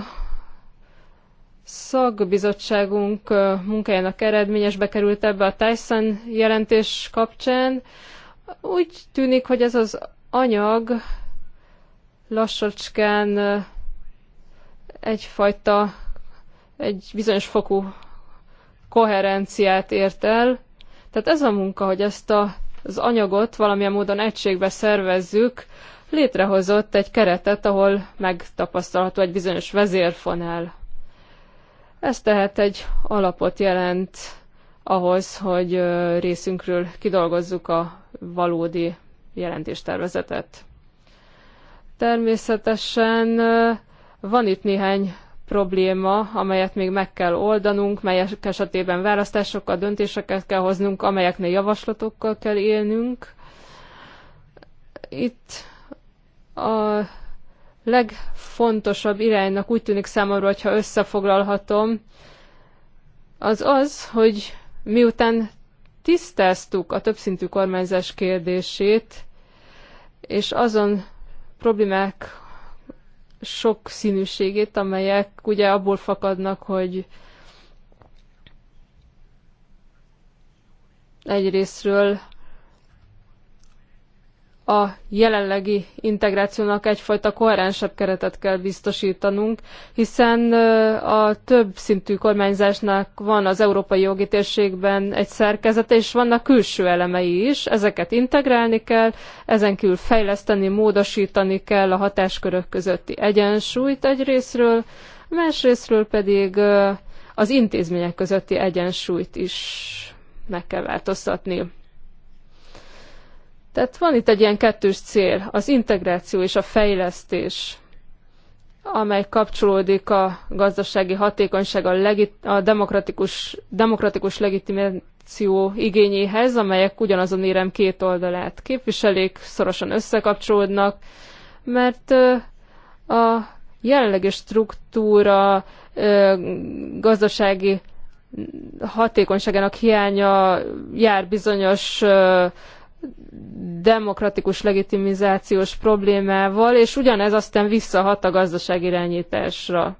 szakbizottságunk munkájának eredményes bekerült ebbe a Tyson jelentés kapcsán. Úgy tűnik, hogy ez az anyag lassacskán egyfajta, egy bizonyos fokú koherenciát ért el. Tehát ez a munka, hogy ezt a, az anyagot valamilyen módon egységbe szervezzük, létrehozott egy keretet, ahol megtapasztalható egy bizonyos vezérfonál. Ez tehát egy alapot jelent ahhoz, hogy részünkről kidolgozzuk a valódi jelentéstervezetet. Természetesen van itt néhány probléma, amelyet még meg kell oldanunk, melyek esetében választásokkal, döntéseket kell hoznunk, amelyeknél javaslatokkal kell élnünk. Itt a legfontosabb iránynak úgy tűnik számomra, hogyha összefoglalhatom, az az, hogy miután tisztáztuk a többszintű kormányzás kérdését, és azon problémák sok színűségét, amelyek ugye abból fakadnak, hogy egyrésztről a jelenlegi integrációnak egyfajta koherensebb keretet kell biztosítanunk, hiszen a több szintű kormányzásnak van az európai jogi térségben egy szerkezete, és vannak külső elemei is, ezeket integrálni kell, ezen kívül fejleszteni, módosítani kell a hatáskörök közötti egyensúlyt egyrésztről, másrésztről pedig az intézmények közötti egyensúlyt is meg kell változtatni. Tehát van itt egy ilyen kettős cél, az integráció és a fejlesztés, amely kapcsolódik a gazdasági hatékonyság, a, legit- a demokratikus, demokratikus legitimáció igényéhez, amelyek ugyanazon érem két oldalát képviselik, szorosan összekapcsolódnak, mert a jelenlegi struktúra gazdasági hatékonyságának hiánya jár bizonyos demokratikus legitimizációs problémával, és ugyanez aztán visszahat a gazdaságirányításra.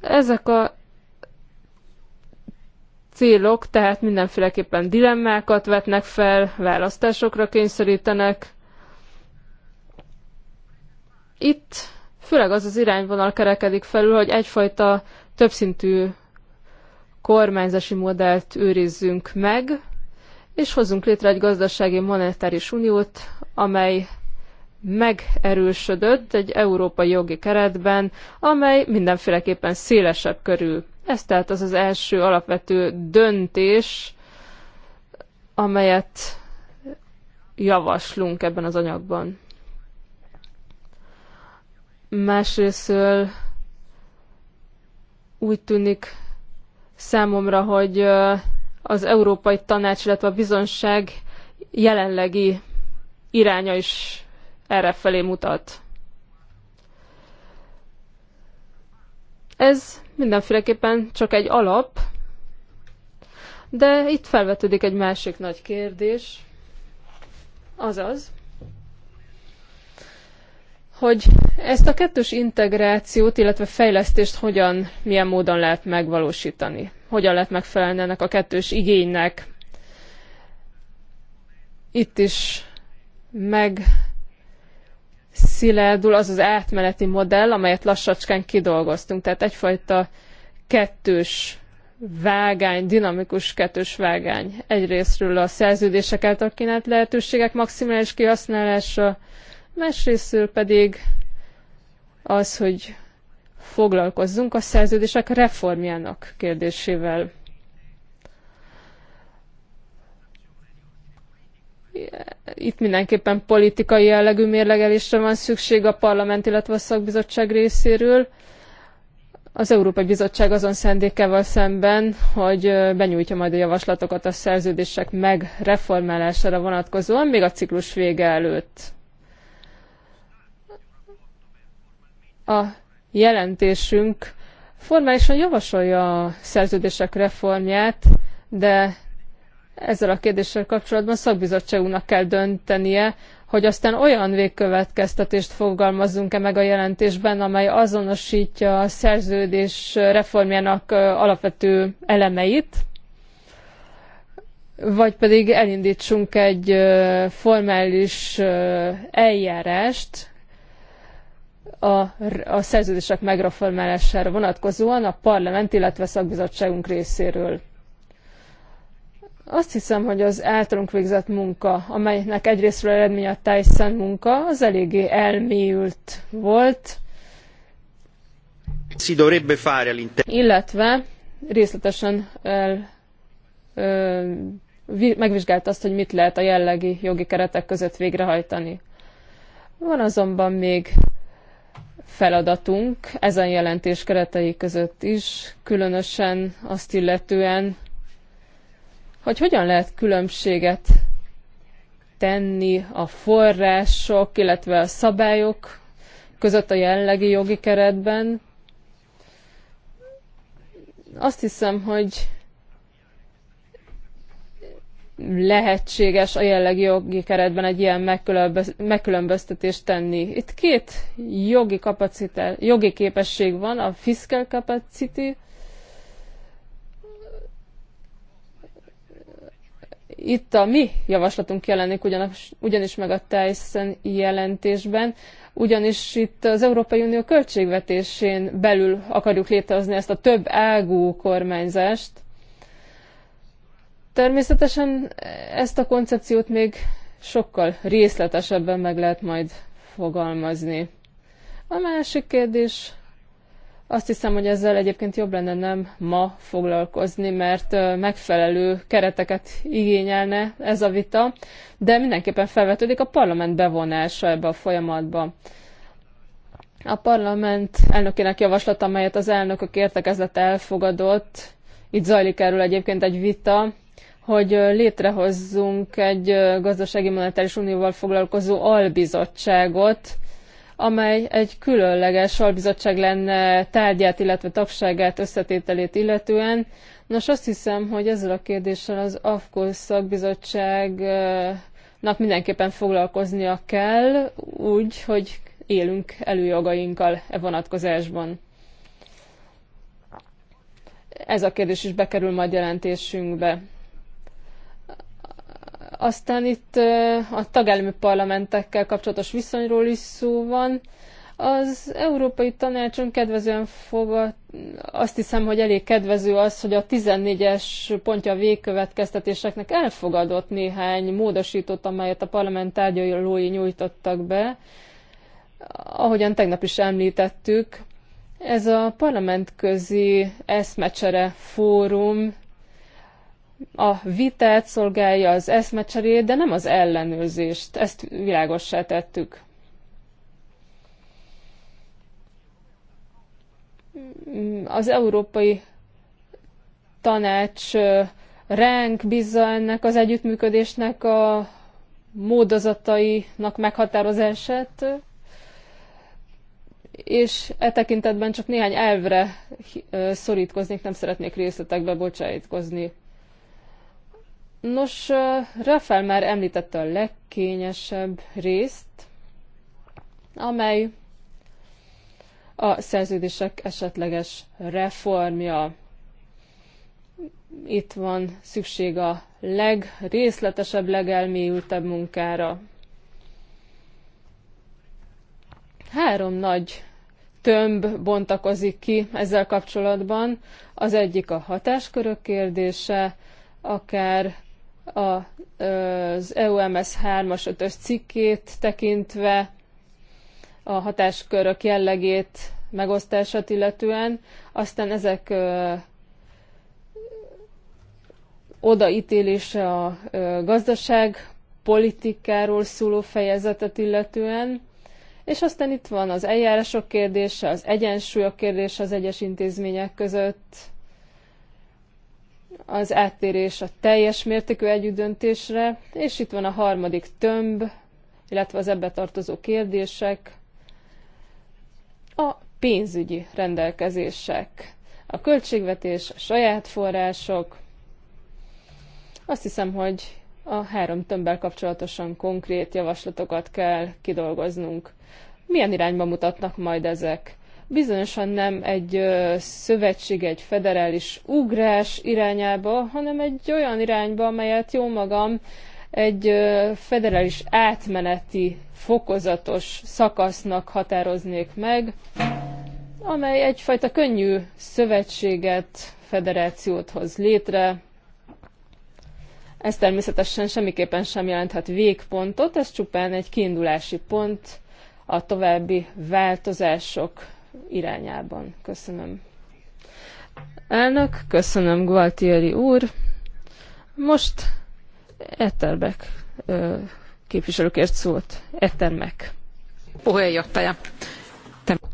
Ezek a célok tehát mindenféleképpen dilemmákat vetnek fel, választásokra kényszerítenek. Itt főleg az az irányvonal kerekedik felül, hogy egyfajta többszintű kormányzási modellt őrizzünk meg, és hozzunk létre egy gazdasági monetáris uniót, amely megerősödött egy európai jogi keretben, amely mindenféleképpen szélesebb körül. Ez tehát az az első alapvető döntés, amelyet javaslunk ebben az anyagban. Másrésztől úgy tűnik számomra, hogy az Európai Tanács, illetve a bizonság jelenlegi iránya is erre felé mutat. Ez mindenféleképpen csak egy alap, de itt felvetődik egy másik nagy kérdés, azaz, hogy ezt a kettős integrációt, illetve fejlesztést hogyan, milyen módon lehet megvalósítani. Hogyan lehet megfelelni ennek a kettős igénynek. Itt is meg szilárdul az az átmeneti modell, amelyet lassacskán kidolgoztunk. Tehát egyfajta kettős vágány, dinamikus kettős vágány. Egyrésztről a szerződések által kínált lehetőségek maximális kihasználása, másrésztről pedig az, hogy foglalkozzunk a szerződések reformjának kérdésével. Itt mindenképpen politikai jellegű mérlegelésre van szükség a parlament, illetve a szakbizottság részéről. Az Európai Bizottság azon szendékával szemben, hogy benyújtja majd a javaslatokat a szerződések megreformálására vonatkozóan, még a ciklus vége előtt. A jelentésünk formálisan javasolja a szerződések reformját, de ezzel a kérdéssel kapcsolatban szakbizottságunknak kell döntenie, hogy aztán olyan végkövetkeztetést fogalmazzunk-e meg a jelentésben, amely azonosítja a szerződés reformjának alapvető elemeit, vagy pedig elindítsunk egy formális eljárást, a, a szerződések megreformálására vonatkozóan a parlament, illetve szakbizottságunk részéről. Azt hiszem, hogy az általunk végzett munka, amelynek egyrésztről eredménye a Tyson munka, az eléggé elmélyült volt, illetve részletesen el, ö, megvizsgált azt, hogy mit lehet a jellegi jogi keretek között végrehajtani. Van azonban még feladatunk ezen jelentés keretei között is, különösen azt illetően, hogy hogyan lehet különbséget tenni a források, illetve a szabályok között a jellegi jogi keretben. Azt hiszem, hogy lehetséges a jelenlegi jogi keretben egy ilyen megkülönböztetést tenni. Itt két jogi, kapacitás, jogi képesség van, a fiscal capacity, itt a mi javaslatunk jelenik ugyanis, ugyanis meg a Tyson jelentésben, ugyanis itt az Európai Unió költségvetésén belül akarjuk létrehozni ezt a több ágú kormányzást, Természetesen ezt a koncepciót még sokkal részletesebben meg lehet majd fogalmazni. A másik kérdés, azt hiszem, hogy ezzel egyébként jobb lenne nem ma foglalkozni, mert megfelelő kereteket igényelne ez a vita, de mindenképpen felvetődik a parlament bevonása ebbe a folyamatba. A parlament elnökének javaslata, amelyet az elnökök értekezlet elfogadott, itt zajlik erről egyébként egy vita, hogy létrehozzunk egy gazdasági monetáris unióval foglalkozó albizottságot, amely egy különleges albizottság lenne tárgyát, illetve tagságát, összetételét illetően. Nos, azt hiszem, hogy ezzel a kérdéssel az AFKO szakbizottságnak mindenképpen foglalkoznia kell, úgy, hogy élünk előjogainkkal e vonatkozásban. Ez a kérdés is bekerül majd jelentésünkbe. Aztán itt a tagállami parlamentekkel kapcsolatos viszonyról is szó van. Az Európai Tanácson kedvezően fogad, azt hiszem, hogy elég kedvező az, hogy a 14-es pontja a végkövetkeztetéseknek elfogadott néhány módosítót, amelyet a parlament tárgyalói nyújtottak be. Ahogyan tegnap is említettük, ez a parlamentközi eszmecsere fórum a vitát szolgálja az eszmecserét, de nem az ellenőrzést. Ezt világossá tettük. Az Európai Tanács ránk bízza ennek az együttműködésnek a módozatainak meghatározását, és e tekintetben csak néhány elvre szorítkoznék, nem szeretnék részletekbe bocsájtkozni. Nos, Rafael már említette a legkényesebb részt, amely a szerződések esetleges reformja. Itt van szükség a legrészletesebb, legelmélyültebb munkára. Három nagy tömb bontakozik ki ezzel kapcsolatban. Az egyik a hatáskörök kérdése, akár a, az EUMS 3-as 5-ös cikkét tekintve, a hatáskörök jellegét, megosztását illetően, aztán ezek odaítélése a ö, gazdaság politikáról szóló fejezetet illetően, és aztán itt van az eljárások kérdése, az egyensúlyok kérdése az egyes intézmények között, az áttérés a teljes mértékű együttdöntésre, és itt van a harmadik tömb, illetve az ebbe tartozó kérdések, a pénzügyi rendelkezések, a költségvetés, a saját források. Azt hiszem, hogy a három tömbbel kapcsolatosan konkrét javaslatokat kell kidolgoznunk. Milyen irányba mutatnak majd ezek? bizonyosan nem egy szövetség, egy federális ugrás irányába, hanem egy olyan irányba, amelyet jó magam egy federális átmeneti fokozatos szakasznak határoznék meg, amely egyfajta könnyű szövetséget, federációt hoz létre. Ez természetesen semmiképpen sem jelenthet végpontot, ez csupán egy kiindulási pont a további változások irányában. Köszönöm. Elnök, köszönöm Gualtieri úr. Most Etterbeck képviselőkért szólt. Ettermek. Puheenjohtaja.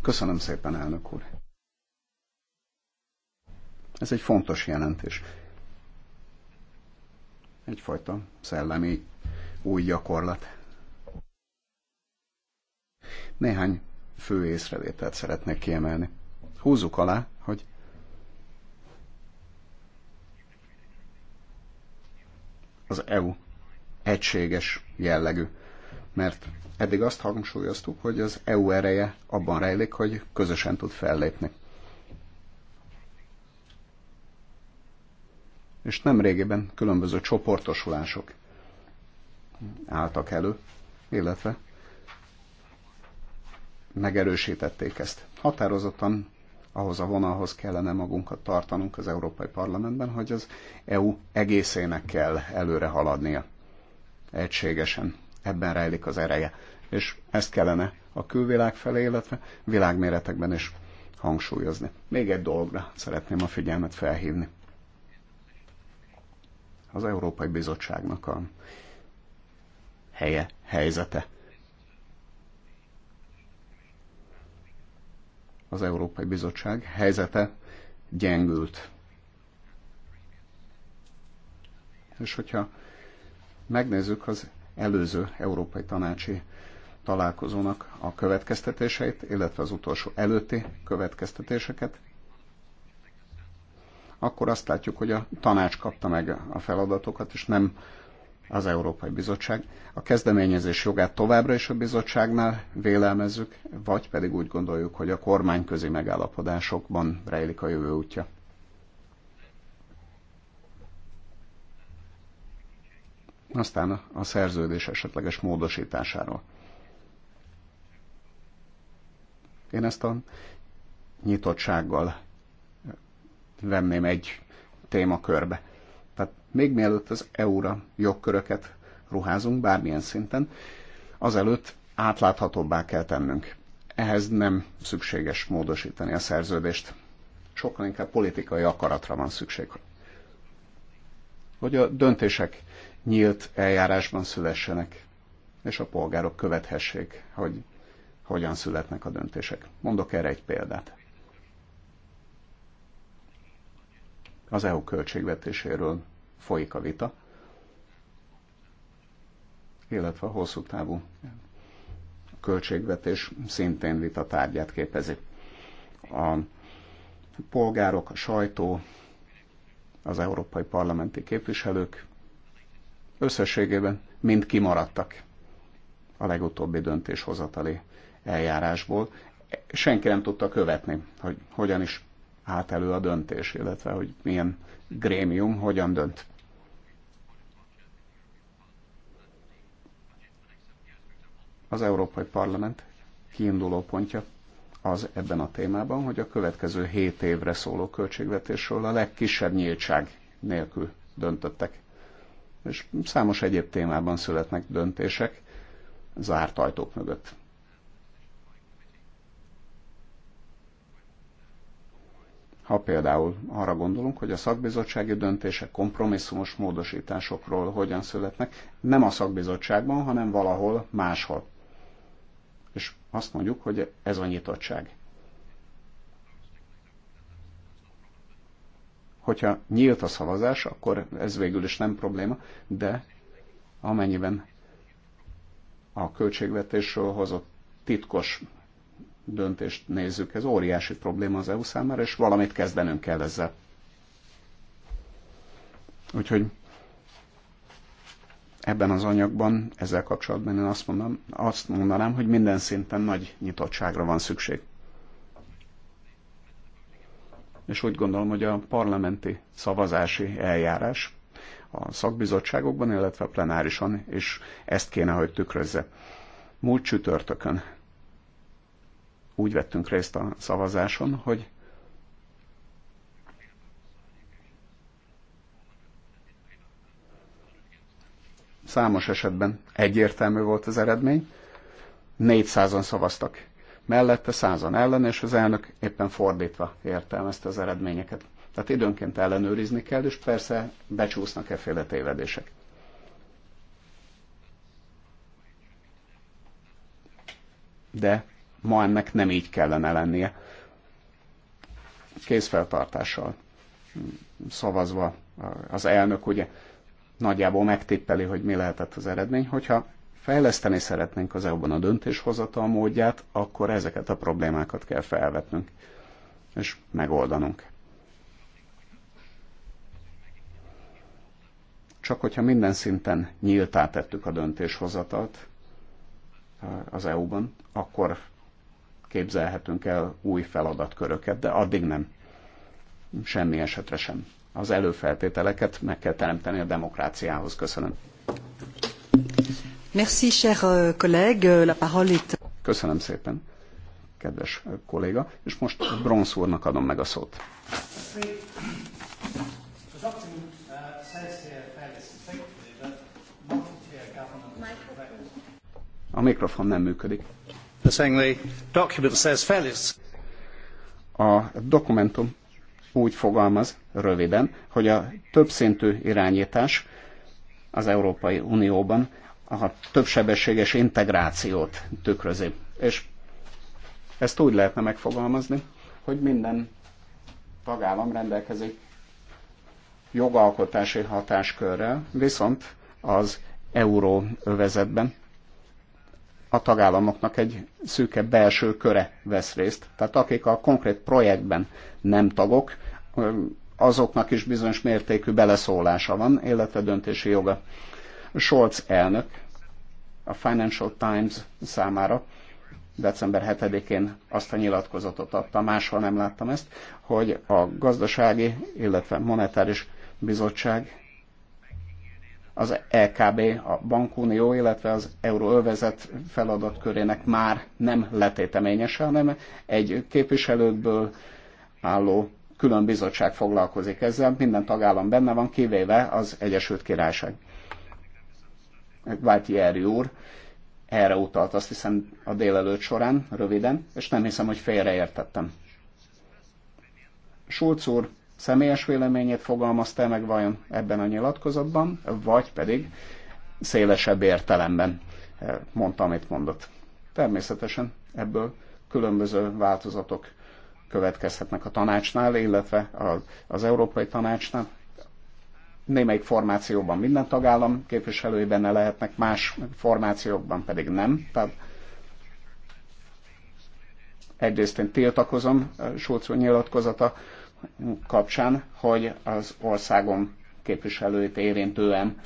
Köszönöm szépen, elnök úr. Ez egy fontos jelentés. Egyfajta szellemi új gyakorlat. Néhány fő észrevételt szeretnék kiemelni. Húzzuk alá, hogy az EU egységes jellegű. Mert eddig azt hangsúlyoztuk, hogy az EU ereje abban rejlik, hogy közösen tud fellépni. És nem régiben különböző csoportosulások álltak elő, illetve megerősítették ezt. Határozottan ahhoz a vonalhoz kellene magunkat tartanunk az Európai Parlamentben, hogy az EU egészének kell előre haladnia. Egységesen. Ebben rejlik az ereje. És ezt kellene a külvilág felé, illetve világméretekben is hangsúlyozni. Még egy dologra szeretném a figyelmet felhívni. Az Európai Bizottságnak a helye, helyzete az Európai Bizottság helyzete gyengült. És hogyha megnézzük az előző Európai Tanácsi találkozónak a következtetéseit, illetve az utolsó előtti következtetéseket, akkor azt látjuk, hogy a tanács kapta meg a feladatokat, és nem az Európai Bizottság. A kezdeményezés jogát továbbra is a bizottságnál vélelmezzük, vagy pedig úgy gondoljuk, hogy a kormányközi megállapodásokban rejlik a jövő útja. Aztán a szerződés esetleges módosításáról. Én ezt a nyitottsággal venném egy témakörbe még mielőtt az EU-ra jogköröket ruházunk bármilyen szinten, azelőtt átláthatóbbá kell tennünk. Ehhez nem szükséges módosítani a szerződést. Sokkal inkább politikai akaratra van szükség. Hogy a döntések nyílt eljárásban szülessenek, és a polgárok követhessék, hogy hogyan születnek a döntések. Mondok erre egy példát. Az EU költségvetéséről folyik a vita, illetve a hosszú távú költségvetés szintén vita tárgyát képezi. A polgárok, a sajtó, az európai parlamenti képviselők összességében mind kimaradtak a legutóbbi döntéshozatali eljárásból. Senki nem tudta követni, hogy hogyan is állt elő a döntés, illetve hogy milyen grémium hogyan dönt. az Európai Parlament kiinduló pontja az ebben a témában, hogy a következő 7 évre szóló költségvetésről a legkisebb nyíltság nélkül döntöttek. És számos egyéb témában születnek döntések zárt ajtók mögött. Ha például arra gondolunk, hogy a szakbizottsági döntések kompromisszumos módosításokról hogyan születnek, nem a szakbizottságban, hanem valahol máshol. És azt mondjuk, hogy ez a nyitottság. Hogyha nyílt a szavazás, akkor ez végül is nem probléma, de amennyiben a költségvetésről hozott titkos döntést nézzük, ez óriási probléma az EU számára, és valamit kezdenünk kell ezzel. Úgyhogy ebben az anyagban ezzel kapcsolatban én azt, mondom, azt mondanám, hogy minden szinten nagy nyitottságra van szükség. És úgy gondolom, hogy a parlamenti szavazási eljárás a szakbizottságokban, illetve a plenárisan, és ezt kéne, hogy tükrözze. Múlt csütörtökön úgy vettünk részt a szavazáson, hogy Számos esetben egyértelmű volt az eredmény, 400-an szavaztak mellette, 100-an ellen, és az elnök éppen fordítva értelmezte az eredményeket. Tehát időnként ellenőrizni kell, és persze becsúsznak efféle tévedések. De ma ennek nem így kellene lennie. Kézfeltartással szavazva az elnök ugye nagyjából megtippeli, hogy mi lehetett az eredmény. Hogyha fejleszteni szeretnénk az EU-ban a döntéshozatal módját, akkor ezeket a problémákat kell felvetnünk és megoldanunk. Csak hogyha minden szinten nyíltá tettük a döntéshozatalt az EU-ban, akkor képzelhetünk el új feladatköröket, de addig nem. Semmi esetre sem az előfeltételeket meg kell teremteni a demokráciához. Köszönöm. Merci, cher euh, collègue. Euh, la parole est... Köszönöm szépen, kedves kolléga. És most Bronsz úrnak adom meg a szót. Uh, a mikrofon nem működik. A dokumentum úgy fogalmaz röviden, hogy a többszintű irányítás az Európai Unióban a többsebességes integrációt tükrözi. És ezt úgy lehetne megfogalmazni, hogy minden tagállam rendelkezik jogalkotási hatáskörrel, viszont az euróövezetben a tagállamoknak egy szűke belső köre vesz részt. Tehát akik a konkrét projektben nem tagok, azoknak is bizonyos mértékű beleszólása van, illetve döntési joga. Scholz elnök a Financial Times számára december 7-én azt a nyilatkozatot adta, máshol nem láttam ezt, hogy a gazdasági, illetve monetáris bizottság az LKB, e a bankunió, illetve az euróövezet feladatkörének már nem letéteményese, hanem egy képviselőkből álló külön bizottság foglalkozik ezzel, minden tagállam benne van, kivéve az Egyesült Királyság. Gualtieri úr erre utalt, azt hiszem a délelőtt során, röviden, és nem hiszem, hogy félreértettem. Schulz úr személyes véleményét fogalmazta -e meg vajon ebben a nyilatkozatban, vagy pedig szélesebb értelemben eh, mondta, amit mondott. Természetesen ebből különböző változatok következhetnek a tanácsnál, illetve az Európai Tanácsnál. Némelyik formációban minden tagállam képviselői benne lehetnek, más formációkban pedig nem. Tehát egyrészt én tiltakozom eh, Sulcú nyilatkozata kapcsán, hogy az országom képviselőit érintően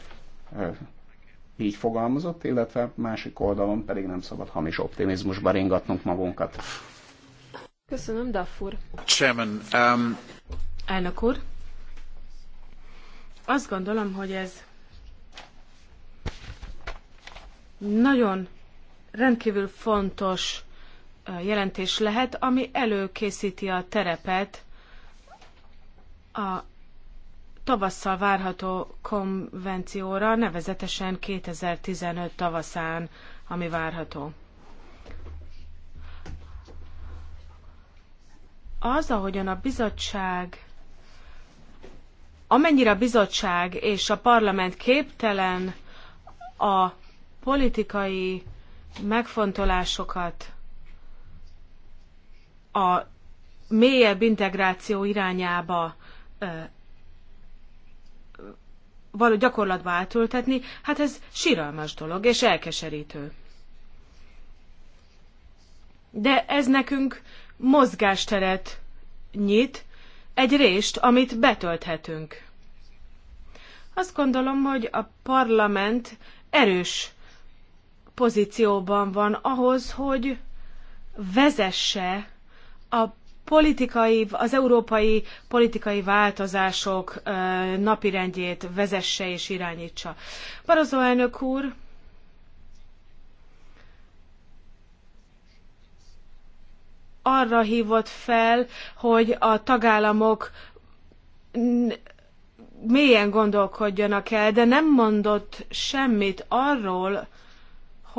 így fogalmazott, illetve másik oldalon pedig nem szabad hamis optimizmusba ringatnunk magunkat. Köszönöm, Daffur. Chairman, um... Elnök úr, azt gondolom, hogy ez nagyon rendkívül fontos jelentés lehet, ami előkészíti a terepet a tavasszal várható konvencióra, nevezetesen 2015 tavaszán, ami várható. Az, ahogyan a bizottság, amennyire a bizottság és a parlament képtelen a politikai megfontolásokat a mélyebb integráció irányába való gyakorlatba átültetni, hát ez síralmas dolog és elkeserítő. De ez nekünk mozgásteret nyit, egy rést, amit betölthetünk. Azt gondolom, hogy a parlament erős pozícióban van ahhoz, hogy vezesse a politikai, az európai politikai változások napirendjét vezesse és irányítsa. Barozó elnök úr, arra hívott fel, hogy a tagállamok mélyen gondolkodjanak el, de nem mondott semmit arról,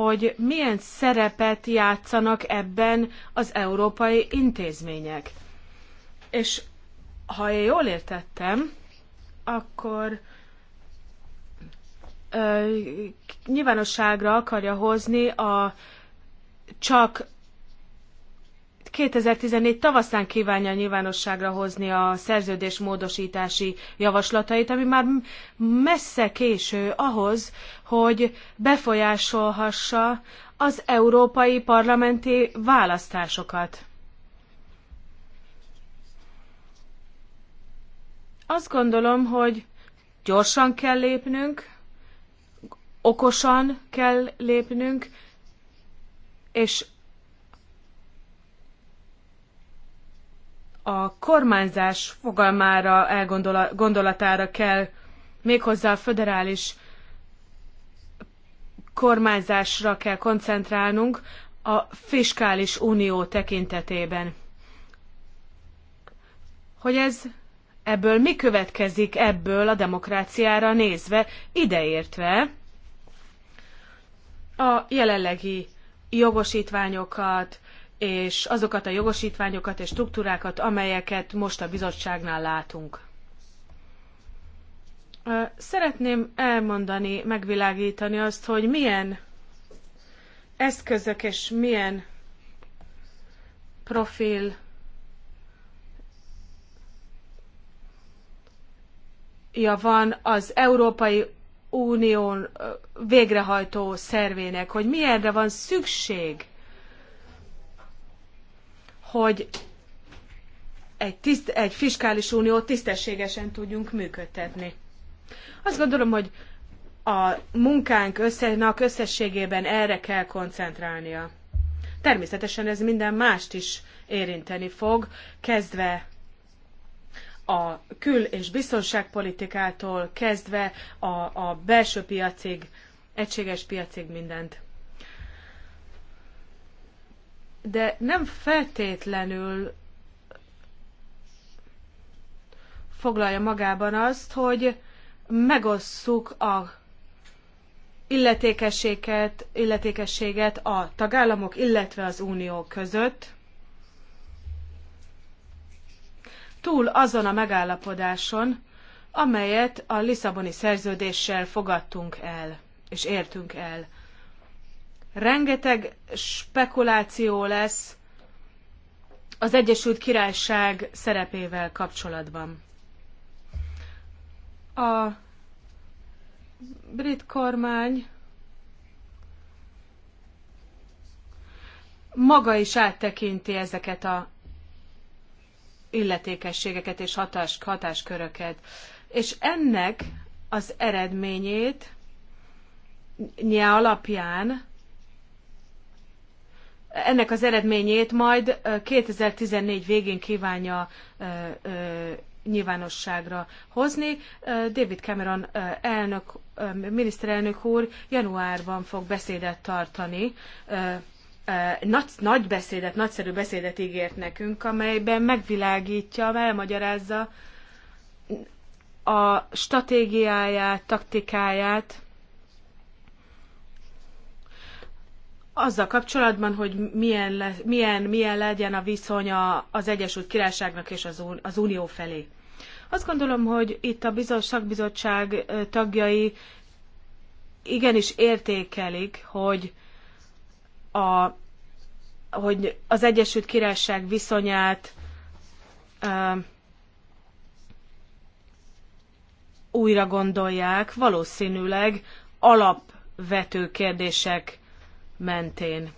hogy milyen szerepet játszanak ebben az európai intézmények. És ha én jól értettem, akkor ö, nyilvánosságra akarja hozni a csak 2014 tavaszán kívánja nyilvánosságra hozni a szerződés módosítási javaslatait, ami már messze késő ahhoz, hogy befolyásolhassa az európai parlamenti választásokat. Azt gondolom, hogy gyorsan kell lépnünk, okosan kell lépnünk, és a kormányzás fogalmára, gondolatára kell méghozzá a föderális kormányzásra kell koncentrálnunk a fiskális unió tekintetében. Hogy ez ebből mi következik ebből a demokráciára nézve, ideértve a jelenlegi jogosítványokat, és azokat a jogosítványokat és struktúrákat, amelyeket most a bizottságnál látunk. Szeretném elmondani, megvilágítani azt, hogy milyen eszközök és milyen profil ja van az Európai Unión végrehajtó szervének, hogy milyenre van szükség hogy egy, tiszt, egy fiskális uniót tisztességesen tudjunk működtetni. Azt gondolom, hogy a munkánk összenak összességében erre kell koncentrálnia. Természetesen ez minden mást is érinteni fog, kezdve a kül- és biztonságpolitikától, kezdve a, a belső piacig, egységes piacig mindent de nem feltétlenül foglalja magában azt, hogy megosszuk a illetékességet, illetékességet a tagállamok, illetve az unió között, túl azon a megállapodáson, amelyet a Lisszaboni szerződéssel fogadtunk el, és értünk el. Rengeteg spekuláció lesz az Egyesült Királyság szerepével kapcsolatban. A brit kormány maga is áttekinti ezeket a illetékességeket és hatás, hatásköröket. És ennek az eredményét alapján ennek az eredményét majd 2014 végén kívánja nyilvánosságra hozni. David Cameron elnök, miniszterelnök úr januárban fog beszédet tartani, nagy, nagy beszédet, nagyszerű beszédet ígért nekünk, amelyben megvilágítja, elmagyarázza a stratégiáját, taktikáját, azzal kapcsolatban, hogy milyen, le, milyen, milyen legyen a viszony az Egyesült Királyságnak és az, az Unió felé. Azt gondolom, hogy itt a bizonyos szakbizottság tagjai igenis értékelik, hogy, a, hogy az Egyesült Királyság viszonyát uh, újra gondolják, valószínűleg alapvető kérdések mentén.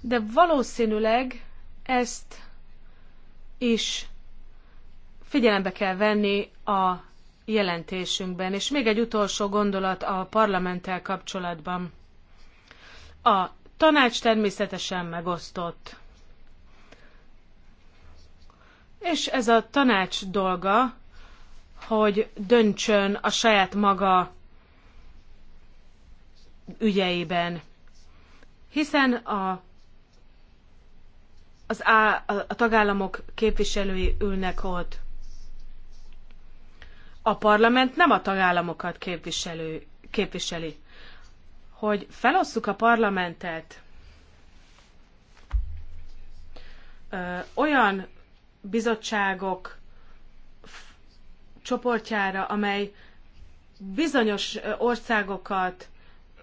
De valószínűleg ezt is figyelembe kell venni a jelentésünkben. És még egy utolsó gondolat a parlamenttel kapcsolatban. A tanács természetesen megosztott. És ez a tanács dolga, hogy döntsön a saját maga ügyeiben. Hiszen a, az á, a, a tagállamok képviselői ülnek ott. A parlament nem a tagállamokat képviselő, képviseli. Hogy felosszuk a parlamentet ö, olyan bizottságok csoportjára, amely bizonyos országokat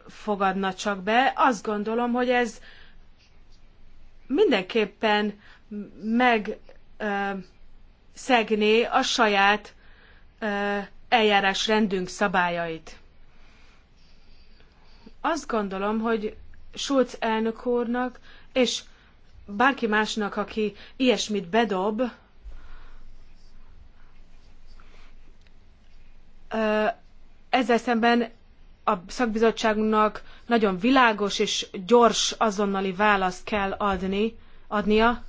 fogadna csak be. Azt gondolom, hogy ez mindenképpen megszegné a saját eljárásrendünk szabályait. Azt gondolom, hogy Schulz elnök úrnak és bárki másnak, aki ilyesmit bedob, ezzel szemben a szakbizottságunknak nagyon világos és gyors, azonnali választ kell adni, adnia,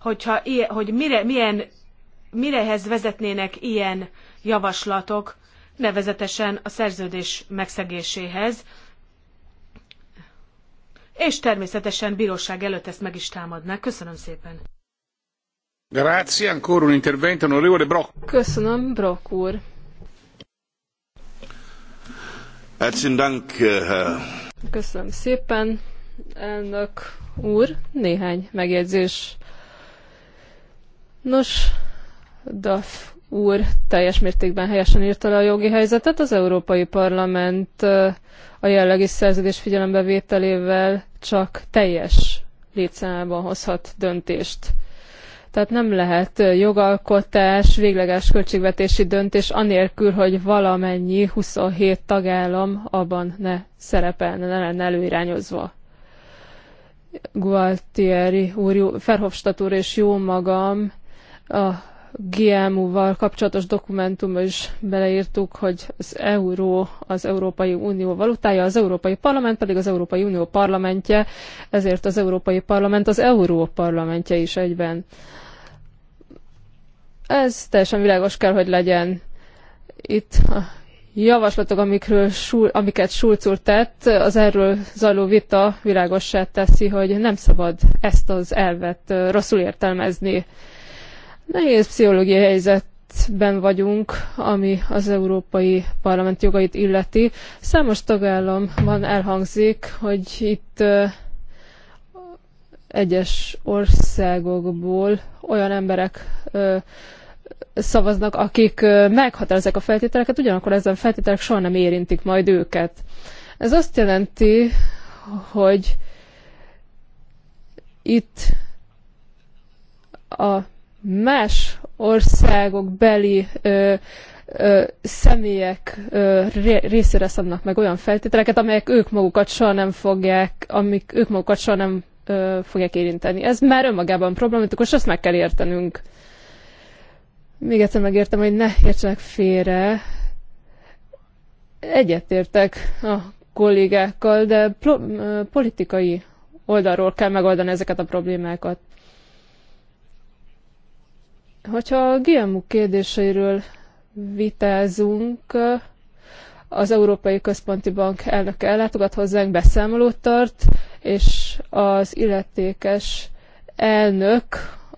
hogyha ilyen, hogy mire, milyen, mirehez vezetnének ilyen javaslatok, nevezetesen a szerződés megszegéséhez, és természetesen bíróság előtt ezt meg is támadnák. Köszönöm szépen! Köszönöm, úr. Eh, Köszönöm szépen, elnök úr. Néhány megjegyzés. Nos, DAF úr teljes mértékben helyesen írta le a jogi helyzetet. Az Európai Parlament eh, a jelenlegi szerződés figyelembevételével csak teljes létszámában hozhat döntést. Tehát nem lehet jogalkotás, végleges költségvetési döntés anélkül, hogy valamennyi 27 tagállam abban ne szerepelne, ne lenne előirányozva. Gualtieri úr, Ferhofstadt úr és jó magam a GMU-val kapcsolatos dokumentumban is beleírtuk, hogy az euró az Európai Unió valutája, az Európai Parlament pedig az Európai Unió parlamentje, ezért az Európai Parlament az Euró parlamentje is egyben. Ez teljesen világos kell, hogy legyen. Itt a javaslatok, amikről, amiket Schulz úr tett, az erről zajló vita világossá teszi, hogy nem szabad ezt az elvet rosszul értelmezni. Nehéz pszichológiai helyzet ben vagyunk, ami az Európai Parlament jogait illeti. Számos tagállamban elhangzik, hogy itt egyes országokból olyan emberek szavaznak, akik meghatározzák a feltételeket, ugyanakkor ezen feltételek soha nem érintik majd őket. Ez azt jelenti, hogy itt a más országok beli ö, ö, személyek ö, részére szabnak meg olyan feltételeket, amelyek ők magukat soha nem fogják, amik ők magukat soha nem ö, fogják érinteni. Ez már önmagában problematikus, ezt meg kell értenünk. Még egyszer megértem, hogy ne értsenek félre. Egyetértek a kollégákkal, de politikai oldalról kell megoldani ezeket a problémákat. Hogyha a GMU kérdéseiről vitázunk, az Európai Központi Bank elnöke ellátogat hozzánk, beszámolót tart, és az illetékes elnök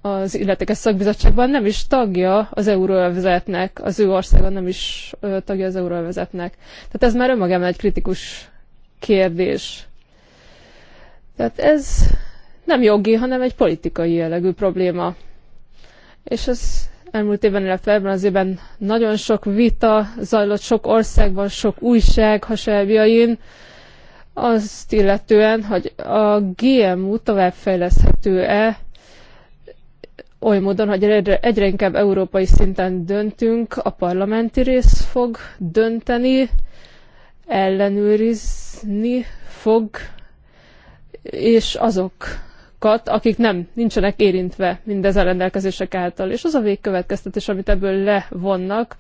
az illetékes szakbizottságban nem is tagja az euróövezetnek, az ő országa nem is tagja az euróövezetnek. Tehát ez már önmagában egy kritikus kérdés. Tehát ez nem jogi, hanem egy politikai jellegű probléma. És ez elmúlt évben, illetve ebben az évben nagyon sok vita zajlott sok országban, sok újság hasábjain, azt illetően, hogy a GMU továbbfejleszthető-e, oly módon, hogy egyre, inkább európai szinten döntünk, a parlamenti rész fog dönteni, ellenőrizni fog, és azokat, akik nem nincsenek érintve a rendelkezések által. És az a végkövetkeztetés, amit ebből levonnak,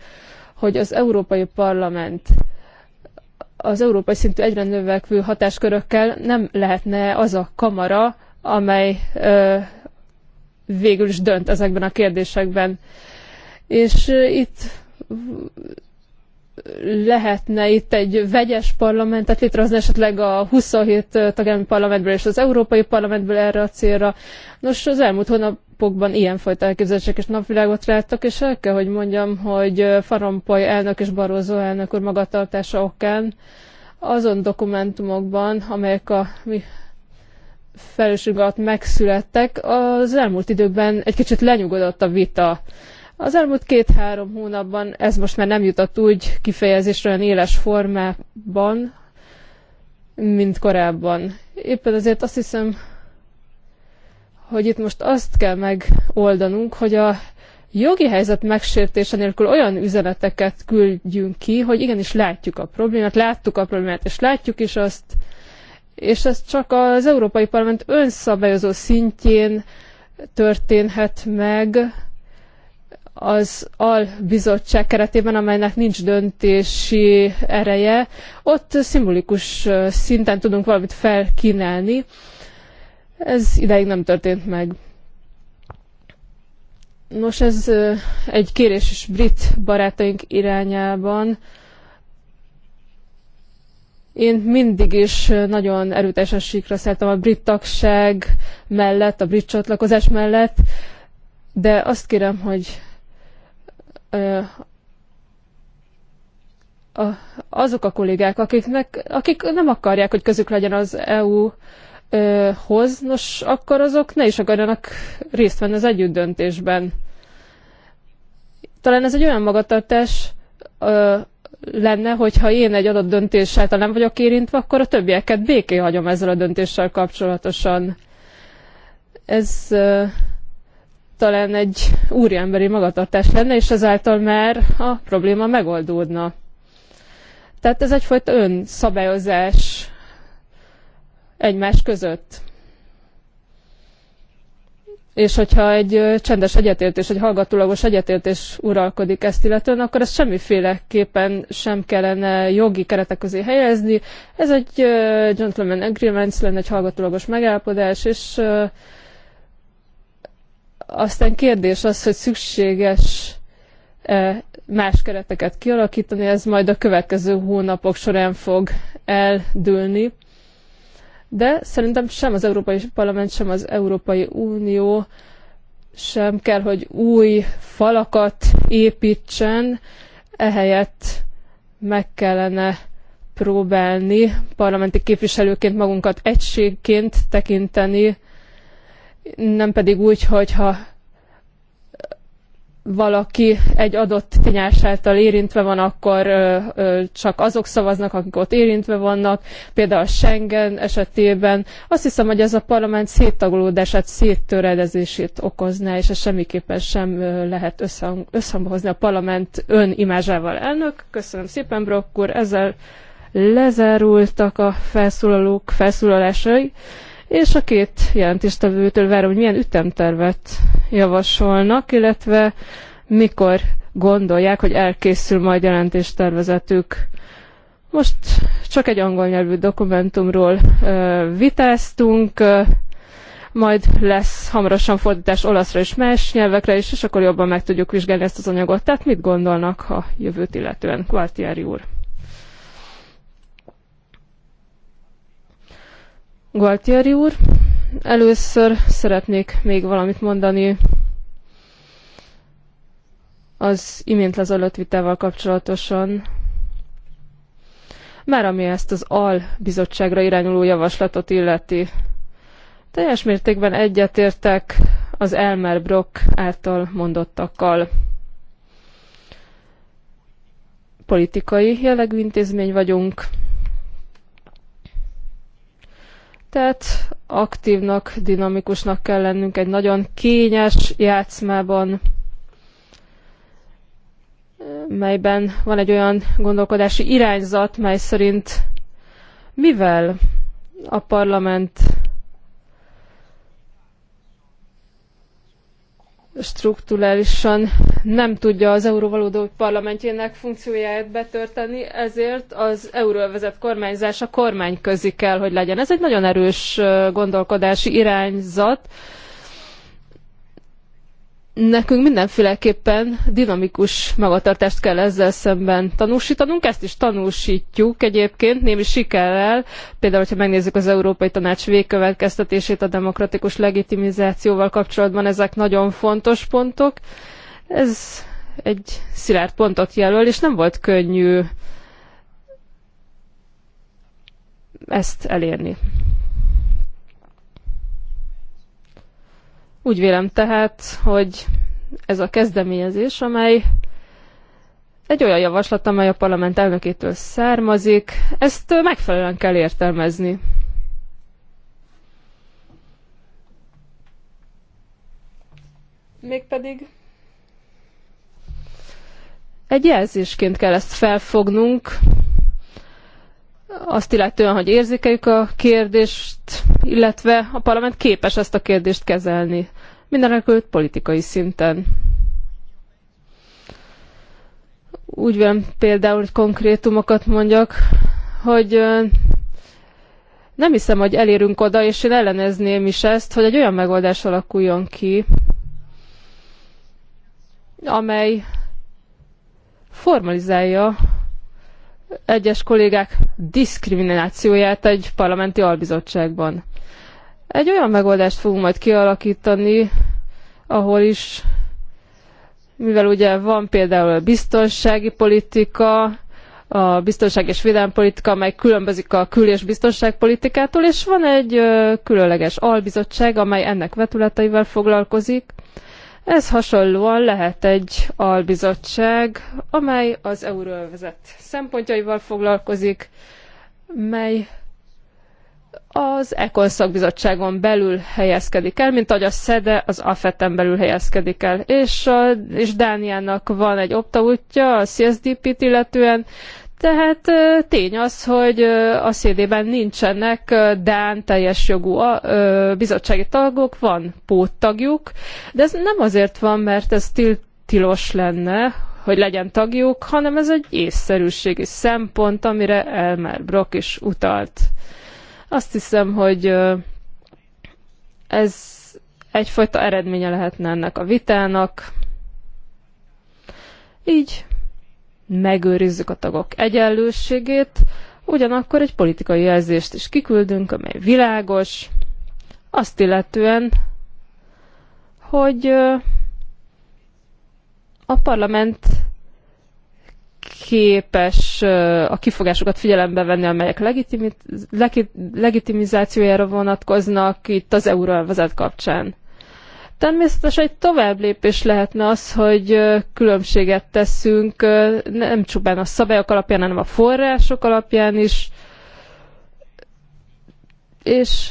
hogy az Európai Parlament az európai szintű egyre növekvő hatáskörökkel nem lehetne az a kamara, amely ö, végül is dönt ezekben a kérdésekben. És itt lehetne itt egy vegyes parlamentet létrehozni, esetleg a 27 tagállami parlamentből és az Európai Parlamentből erre a célra. Nos, az elmúlt hónapokban ilyenfajta elképzelések és napvilágot láttak, és el kell, hogy mondjam, hogy Farompoly elnök és Barózó elnök úr magatartása okán azon dokumentumokban, amelyek a mi felelősség alatt megszülettek, az elmúlt időkben egy kicsit lenyugodott a vita. Az elmúlt két-három hónapban ez most már nem jutott úgy kifejezésre olyan éles formában, mint korábban. Éppen ezért azt hiszem, hogy itt most azt kell megoldanunk, hogy a jogi helyzet megsértése nélkül olyan üzeneteket küldjünk ki, hogy igenis látjuk a problémát, láttuk a problémát, és látjuk is azt, és ez csak az Európai Parlament önszabályozó szintjén történhet meg az albizottság keretében, amelynek nincs döntési ereje. Ott szimbolikus szinten tudunk valamit felkínálni. Ez ideig nem történt meg. Nos, ez egy kérés is brit barátaink irányában, én mindig is nagyon erőteljesen síkra szálltam a brit tagság mellett, a brit csatlakozás mellett, de azt kérem, hogy azok a kollégák, akiknek, akik nem akarják, hogy közük legyen az EU hoz, nos, akkor azok ne is akarjanak részt venni az együttdöntésben. Talán ez egy olyan magatartás, lenne, hogyha én egy adott döntés által nem vagyok érintve, akkor a többieket béké hagyom ezzel a döntéssel kapcsolatosan. Ez talán egy úriemberi magatartás lenne, és ezáltal már a probléma megoldódna. Tehát ez egyfajta önszabályozás egymás között és hogyha egy csendes egyetértés, egy hallgatólagos egyetértés uralkodik ezt illetően, akkor ezt semmiféleképpen sem kellene jogi keretek közé helyezni. Ez egy gentleman agreement, lenne egy hallgatólagos megállapodás, és aztán kérdés az, hogy szükséges más kereteket kialakítani, ez majd a következő hónapok során fog eldőlni de szerintem sem az Európai Parlament, sem az Európai Unió sem kell, hogy új falakat építsen, ehelyett meg kellene próbálni parlamenti képviselőként magunkat egységként tekinteni, nem pedig úgy, hogyha valaki egy adott tényás által érintve van, akkor ö, ö, csak azok szavaznak, akik ott érintve vannak, például a Schengen esetében. Azt hiszem, hogy ez a parlament széttagolódását, széttöredezését okozná, és ez semmiképpen sem lehet összhangba hozni a parlament önimázsával. Elnök, köszönöm szépen, Brokkor, ezzel lezárultak a felszólalók felszólalásai és a két jelentéstevőtől várom, hogy milyen ütemtervet javasolnak, illetve mikor gondolják, hogy elkészül majd jelentéstervezetük. Most csak egy angol nyelvű dokumentumról vitáztunk, majd lesz hamarosan fordítás olaszra és más nyelvekre is, és akkor jobban meg tudjuk vizsgálni ezt az anyagot. Tehát mit gondolnak a jövőt illetően, Quartieri úr? Gualtieri úr. Először szeretnék még valamit mondani az imént lezajlott vitával kapcsolatosan. Már ami ezt az AL bizottságra irányuló javaslatot illeti. Teljes mértékben egyetértek az Elmer Brock által mondottakkal. Politikai jellegű intézmény vagyunk, helyzetet, aktívnak, dinamikusnak kell lennünk egy nagyon kényes játszmában, melyben van egy olyan gondolkodási irányzat, mely szerint mivel a parlament strukturálisan nem tudja az euró valódi parlamentjének funkcióját betörteni, ezért az euróvezet kormányzása kormányközi kell, hogy legyen. Ez egy nagyon erős gondolkodási irányzat, nekünk mindenféleképpen dinamikus magatartást kell ezzel szemben tanúsítanunk, ezt is tanúsítjuk egyébként némi sikerrel, például, hogyha megnézzük az Európai Tanács végkövetkeztetését a demokratikus legitimizációval kapcsolatban, ezek nagyon fontos pontok. Ez egy szilárd pontot jelöl, és nem volt könnyű ezt elérni. Úgy vélem tehát, hogy ez a kezdeményezés, amely egy olyan javaslat, amely a parlament elnökétől származik, ezt megfelelően kell értelmezni. Mégpedig egy jelzésként kell ezt felfognunk, azt illetően, hogy érzékeljük a kérdést, illetve a parlament képes ezt a kérdést kezelni. Mindenekült politikai szinten. Úgy vélem például, hogy konkrétumokat mondjak, hogy nem hiszem, hogy elérünk oda, és én ellenezném is ezt, hogy egy olyan megoldás alakuljon ki, amely formalizálja egyes kollégák diszkriminációját egy parlamenti albizottságban. Egy olyan megoldást fogunk majd kialakítani, ahol is, mivel ugye van például a biztonsági politika, a biztonság és védelempolitika, amely különbözik a kül- és biztonságpolitikától, és van egy különleges albizottság, amely ennek vetületeivel foglalkozik, ez hasonlóan lehet egy albizottság, amely az euróvezet szempontjaival foglalkozik, mely az ECON szakbizottságon belül helyezkedik el, mint ahogy a SZEDE az AFET-en belül helyezkedik el. És, a, és Dániának van egy optautja a CSDP-t illetően, tehát tény az, hogy a CD-ben nincsenek Dán teljes jogú bizottsági tagok, van póttagjuk, de ez nem azért van, mert ez tilos lenne, hogy legyen tagjuk, hanem ez egy észszerűségi szempont, amire Elmer Brock is utalt. Azt hiszem, hogy ez egyfajta eredménye lehetne ennek a vitának. Így megőrizzük a tagok egyenlőségét, ugyanakkor egy politikai jelzést is kiküldünk, amely világos, azt illetően, hogy a parlament képes a kifogásokat figyelembe venni, amelyek legitimiz legitimizációjára vonatkoznak itt az euróvezet kapcsán. Természetesen egy tovább lépés lehetne az, hogy különbséget teszünk nem csupán a szabályok alapján, hanem a források alapján is, és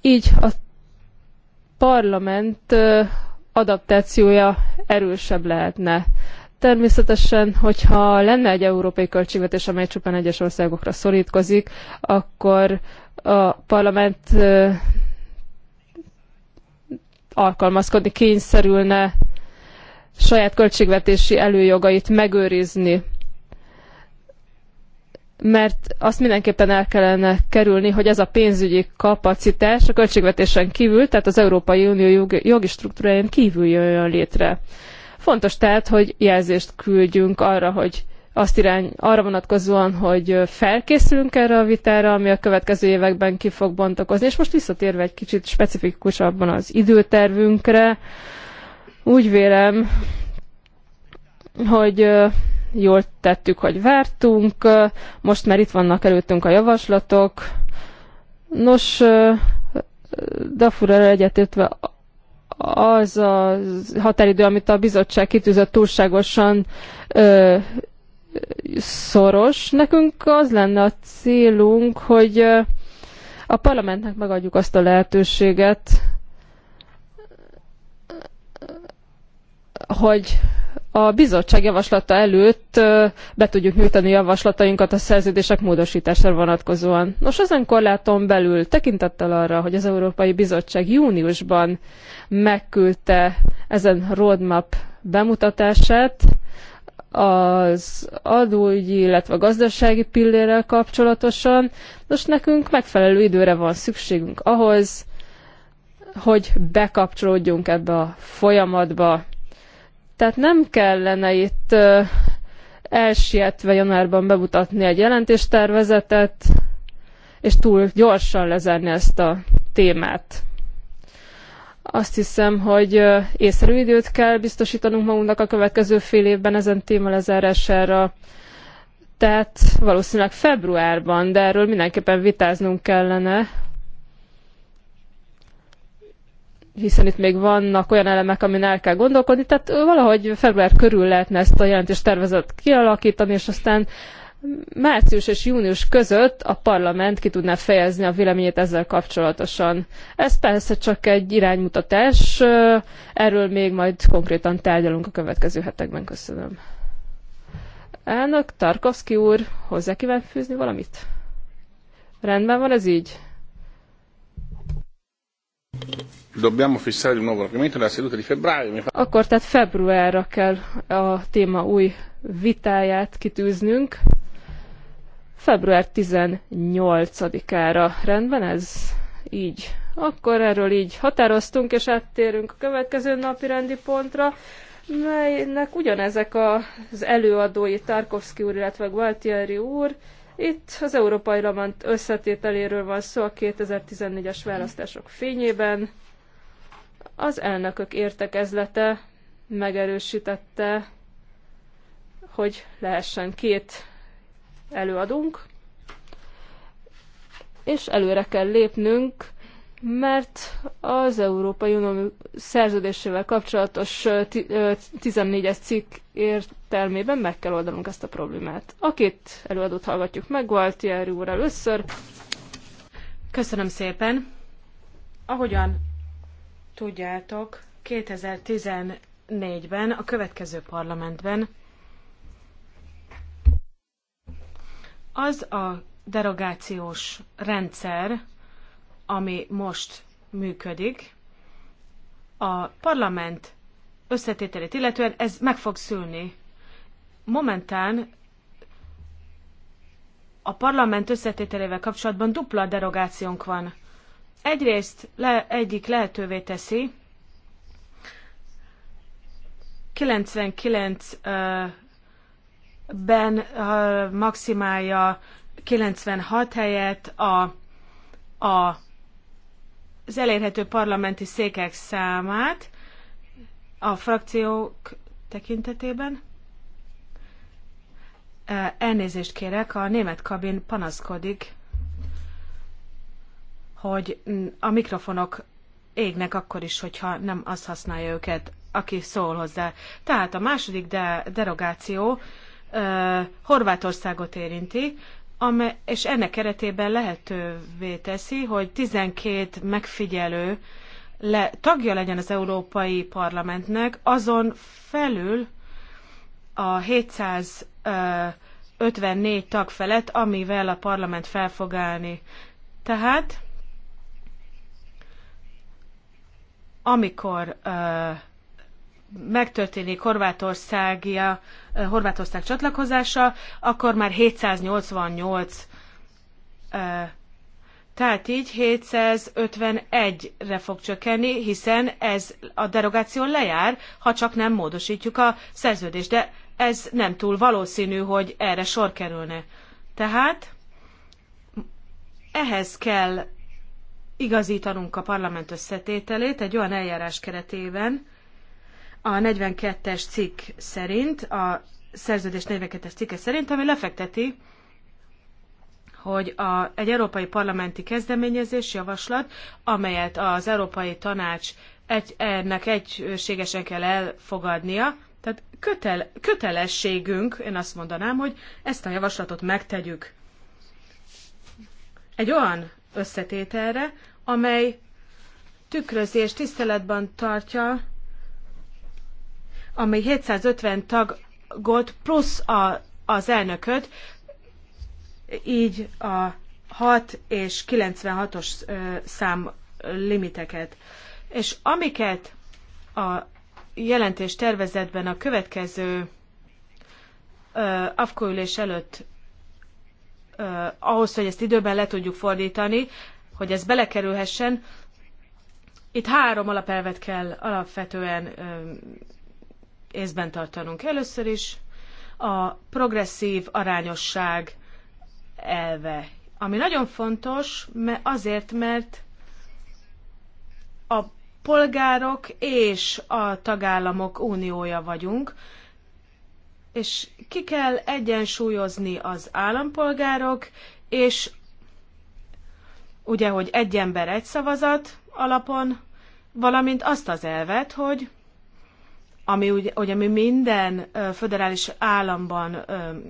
így a parlament adaptációja erősebb lehetne. Természetesen, hogyha lenne egy európai költségvetés, amely csupán egyes országokra szorítkozik, akkor a parlament alkalmazkodni kényszerülne, saját költségvetési előjogait megőrizni. Mert azt mindenképpen el kellene kerülni, hogy ez a pénzügyi kapacitás a költségvetésen kívül, tehát az Európai Unió jogi struktúráján kívül jön létre. Fontos tehát, hogy jelzést küldjünk arra, hogy azt irány arra vonatkozóan, hogy felkészülünk erre a vitára, ami a következő években ki fog bontakozni. És most visszatérve egy kicsit specifikusabban az időtervünkre, úgy vélem, hogy jól tettük, hogy vártunk, most már itt vannak előttünk a javaslatok. Nos, Dafurral egyetértve az a határidő, amit a bizottság kitűzött túlságosan szoros. Nekünk az lenne a célunk, hogy a parlamentnek megadjuk azt a lehetőséget, hogy a bizottság javaslata előtt be tudjuk nyújtani javaslatainkat a szerződések módosítására vonatkozóan. Nos, ezen korláton belül tekintettel arra, hogy az Európai Bizottság júniusban megküldte ezen roadmap bemutatását, az adógyi, illetve a gazdasági pillérrel kapcsolatosan. Most nekünk megfelelő időre van szükségünk ahhoz, hogy bekapcsolódjunk ebbe a folyamatba. Tehát nem kellene itt elsietve januárban bemutatni egy jelentéstervezetet, és túl gyorsan lezárni ezt a témát. Azt hiszem, hogy észszerű időt kell biztosítanunk magunknak a következő fél évben ezen téma lezárására. Tehát valószínűleg februárban, de erről mindenképpen vitáznunk kellene, hiszen itt még vannak olyan elemek, amin el kell gondolkodni, tehát valahogy február körül lehetne ezt a jelentést tervezet kialakítani, és aztán március és június között a parlament ki tudná fejezni a véleményét ezzel kapcsolatosan. Ez persze csak egy iránymutatás, erről még majd konkrétan tárgyalunk a következő hetekben. Köszönöm. Elnök Tarkovsky úr, hozzá kíván fűzni valamit? Rendben van ez így? Dobbiamo fissare nuovo nella seduta di febbraio. Akkor tehát februárra kell a téma új vitáját kitűznünk február 18-ára. Rendben ez? Így. Akkor erről így határoztunk, és áttérünk a következő napi rendi pontra, melynek ugyanezek az előadói Tarkovsky úr, illetve Gualtieri úr. Itt az Európai Lament összetételéről van szó a 2014-es választások fényében. Az elnökök értekezlete megerősítette, hogy lehessen két előadunk, és előre kell lépnünk, mert az Európai Unió szerződésével kapcsolatos 14-es cikk értelmében meg kell oldanunk ezt a problémát. Akit előadót hallgatjuk meg, Valtier úr először. Köszönöm szépen. Ahogyan tudjátok, 2014-ben a következő parlamentben Az a derogációs rendszer, ami most működik, a parlament összetételét illetően ez meg fog szülni. Momentán a parlament összetételével kapcsolatban dupla derogációnk van. Egyrészt le, egyik lehetővé teszi 99 uh, ben a maximálja 96 helyet, a, a, az elérhető parlamenti székek számát a frakciók tekintetében. Elnézést kérek, a német kabin panaszkodik, hogy a mikrofonok égnek akkor is, hogyha nem azt használja őket, aki szól hozzá. Tehát a második de- derogáció Horvátországot érinti, és ennek keretében lehetővé teszi, hogy 12 megfigyelő le, tagja legyen az Európai Parlamentnek, azon felül a 754 tag felett, amivel a parlament fel fog állni. Tehát amikor uh, megtörténik Horvátországia, eh, Horvátország csatlakozása, akkor már 788 eh, tehát így 751-re fog csökkenni, hiszen ez a derogáció lejár, ha csak nem módosítjuk a szerződést, de ez nem túl valószínű, hogy erre sor kerülne. Tehát ehhez kell igazítanunk a parlament összetételét egy olyan eljárás keretében, a 42-es cikk szerint, a szerződés 42-es cikke szerint, ami lefekteti, hogy a, egy európai parlamenti kezdeményezés, javaslat, amelyet az Európai Tanács egy, ennek egységesen kell elfogadnia, tehát kötel, kötelességünk, én azt mondanám, hogy ezt a javaslatot megtegyük egy olyan összetételre, amely tükrözi és tiszteletben tartja ami 750 tagot plusz a, az elnököt, így a 6 és 96-os szám limiteket. És amiket a jelentés tervezetben a következő afkóülés előtt előtt ahhoz, hogy ezt időben le tudjuk fordítani, hogy ez belekerülhessen, itt három alapelvet kell alapvetően észben tartanunk. Először is a progresszív arányosság elve, ami nagyon fontos, mert azért, mert a polgárok és a tagállamok uniója vagyunk, és ki kell egyensúlyozni az állampolgárok, és ugye, hogy egy ember egy szavazat alapon, valamint azt az elvet, hogy ami ugye, ugye ami minden föderális államban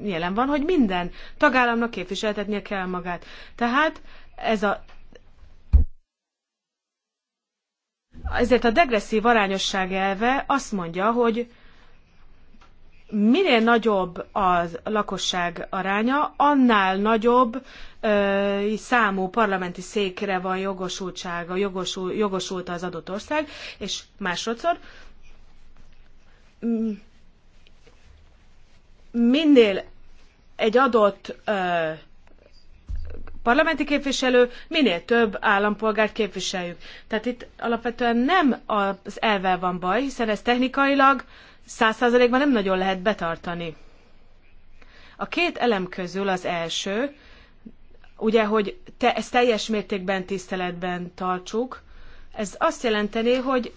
jelen van, hogy minden tagállamnak képviseltetnie kell magát. Tehát ez a ezért a degresszív arányosság elve azt mondja, hogy minél nagyobb a lakosság aránya, annál nagyobb ö, számú parlamenti székre van jogosultsága, jogosul, jogosult az adott ország, és másodszor minél egy adott ö, parlamenti képviselő, minél több állampolgárt képviseljük. Tehát itt alapvetően nem az elvel van baj, hiszen ez technikailag száz százalékban nem nagyon lehet betartani. A két elem közül az első, ugye, hogy te, ezt teljes mértékben tiszteletben tartsuk, ez azt jelenteni, hogy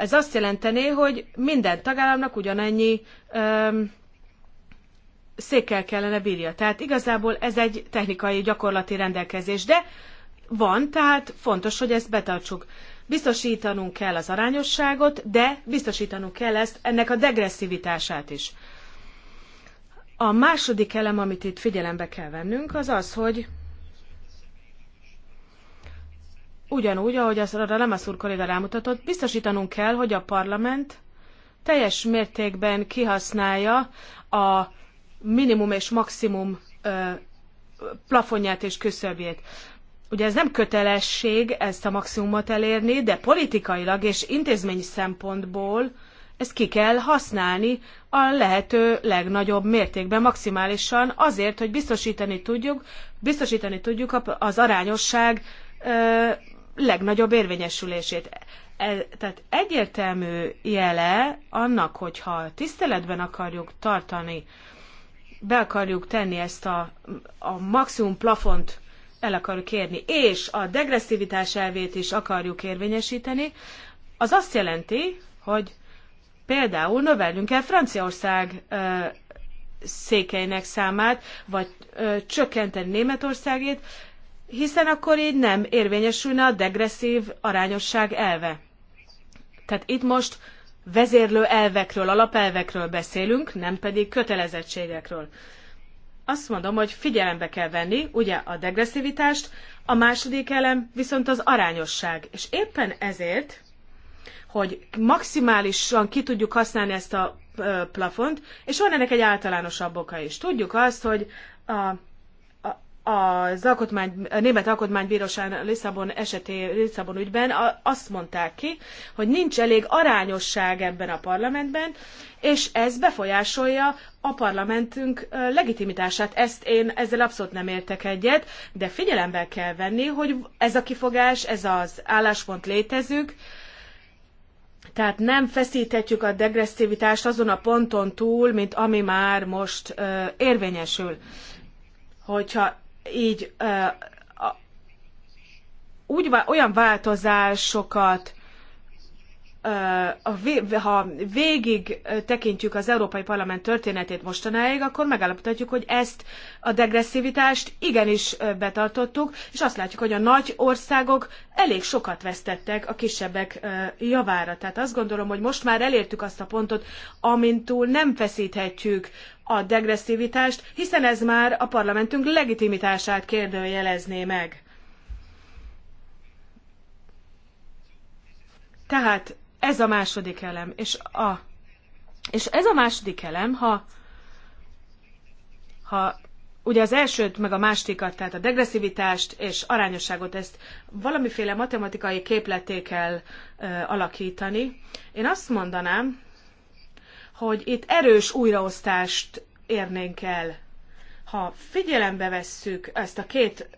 ez azt jelenteni, hogy minden tagállamnak ugyanennyi öm, székkel kellene bírja. Tehát igazából ez egy technikai, gyakorlati rendelkezés, de van, tehát fontos, hogy ezt betartsuk. Biztosítanunk kell az arányosságot, de biztosítanunk kell ezt, ennek a degresszivitását is. A második elem, amit itt figyelembe kell vennünk, az az, hogy ugyanúgy, ahogy az arra Lemaszúr kolléga rámutatott, biztosítanunk kell, hogy a parlament teljes mértékben kihasználja a minimum és maximum ö, plafonját és küszöbjét. Ugye ez nem kötelesség ezt a maximumot elérni, de politikailag és intézményi szempontból ezt ki kell használni a lehető legnagyobb mértékben, maximálisan azért, hogy biztosítani tudjuk, biztosítani tudjuk az arányosság legnagyobb érvényesülését. E, tehát egyértelmű jele annak, hogyha tiszteletben akarjuk tartani, be akarjuk tenni ezt a, a maximum plafont el akarjuk kérni, és a degresszivitás elvét is akarjuk érvényesíteni, az azt jelenti, hogy például növeljünk el Franciaország ö, székeinek számát, vagy ö, csökkenteni Németországét, hiszen akkor így nem érvényesülne a degresszív arányosság elve. Tehát itt most vezérlő elvekről, alapelvekről beszélünk, nem pedig kötelezettségekről. Azt mondom, hogy figyelembe kell venni, ugye a degresszivitást, a második elem viszont az arányosság. És éppen ezért, hogy maximálisan ki tudjuk használni ezt a plafont, és van ennek egy általánosabb oka is. Tudjuk azt, hogy a az alkotmány, a Német Alkotmánybíróság Lisszabon eseté, Lisszabon ügyben azt mondták ki, hogy nincs elég arányosság ebben a parlamentben, és ez befolyásolja a parlamentünk legitimitását. Ezt én ezzel abszolút nem értek egyet, de figyelembe kell venni, hogy ez a kifogás, ez az álláspont létezünk, tehát nem feszíthetjük a degresszivitást azon a ponton túl, mint ami már most ö, érvényesül hogyha így úgy, olyan változásokat, ha végig tekintjük az Európai Parlament történetét mostanáig, akkor megállapíthatjuk, hogy ezt a degresszivitást igenis betartottuk, és azt látjuk, hogy a nagy országok elég sokat vesztettek a kisebbek javára. Tehát azt gondolom, hogy most már elértük azt a pontot, amint túl nem feszíthetjük a degresszivitást, hiszen ez már a parlamentünk legitimitását kérdőjelezné meg. Tehát ez a második elem, és a és ez a második elem, ha, ha ugye az elsőt, meg a másodikat, tehát a degresszivitást és arányosságot, ezt valamiféle matematikai képleté kell ö, alakítani. Én azt mondanám, hogy itt erős újraosztást érnénk el. Ha figyelembe vesszük ezt a két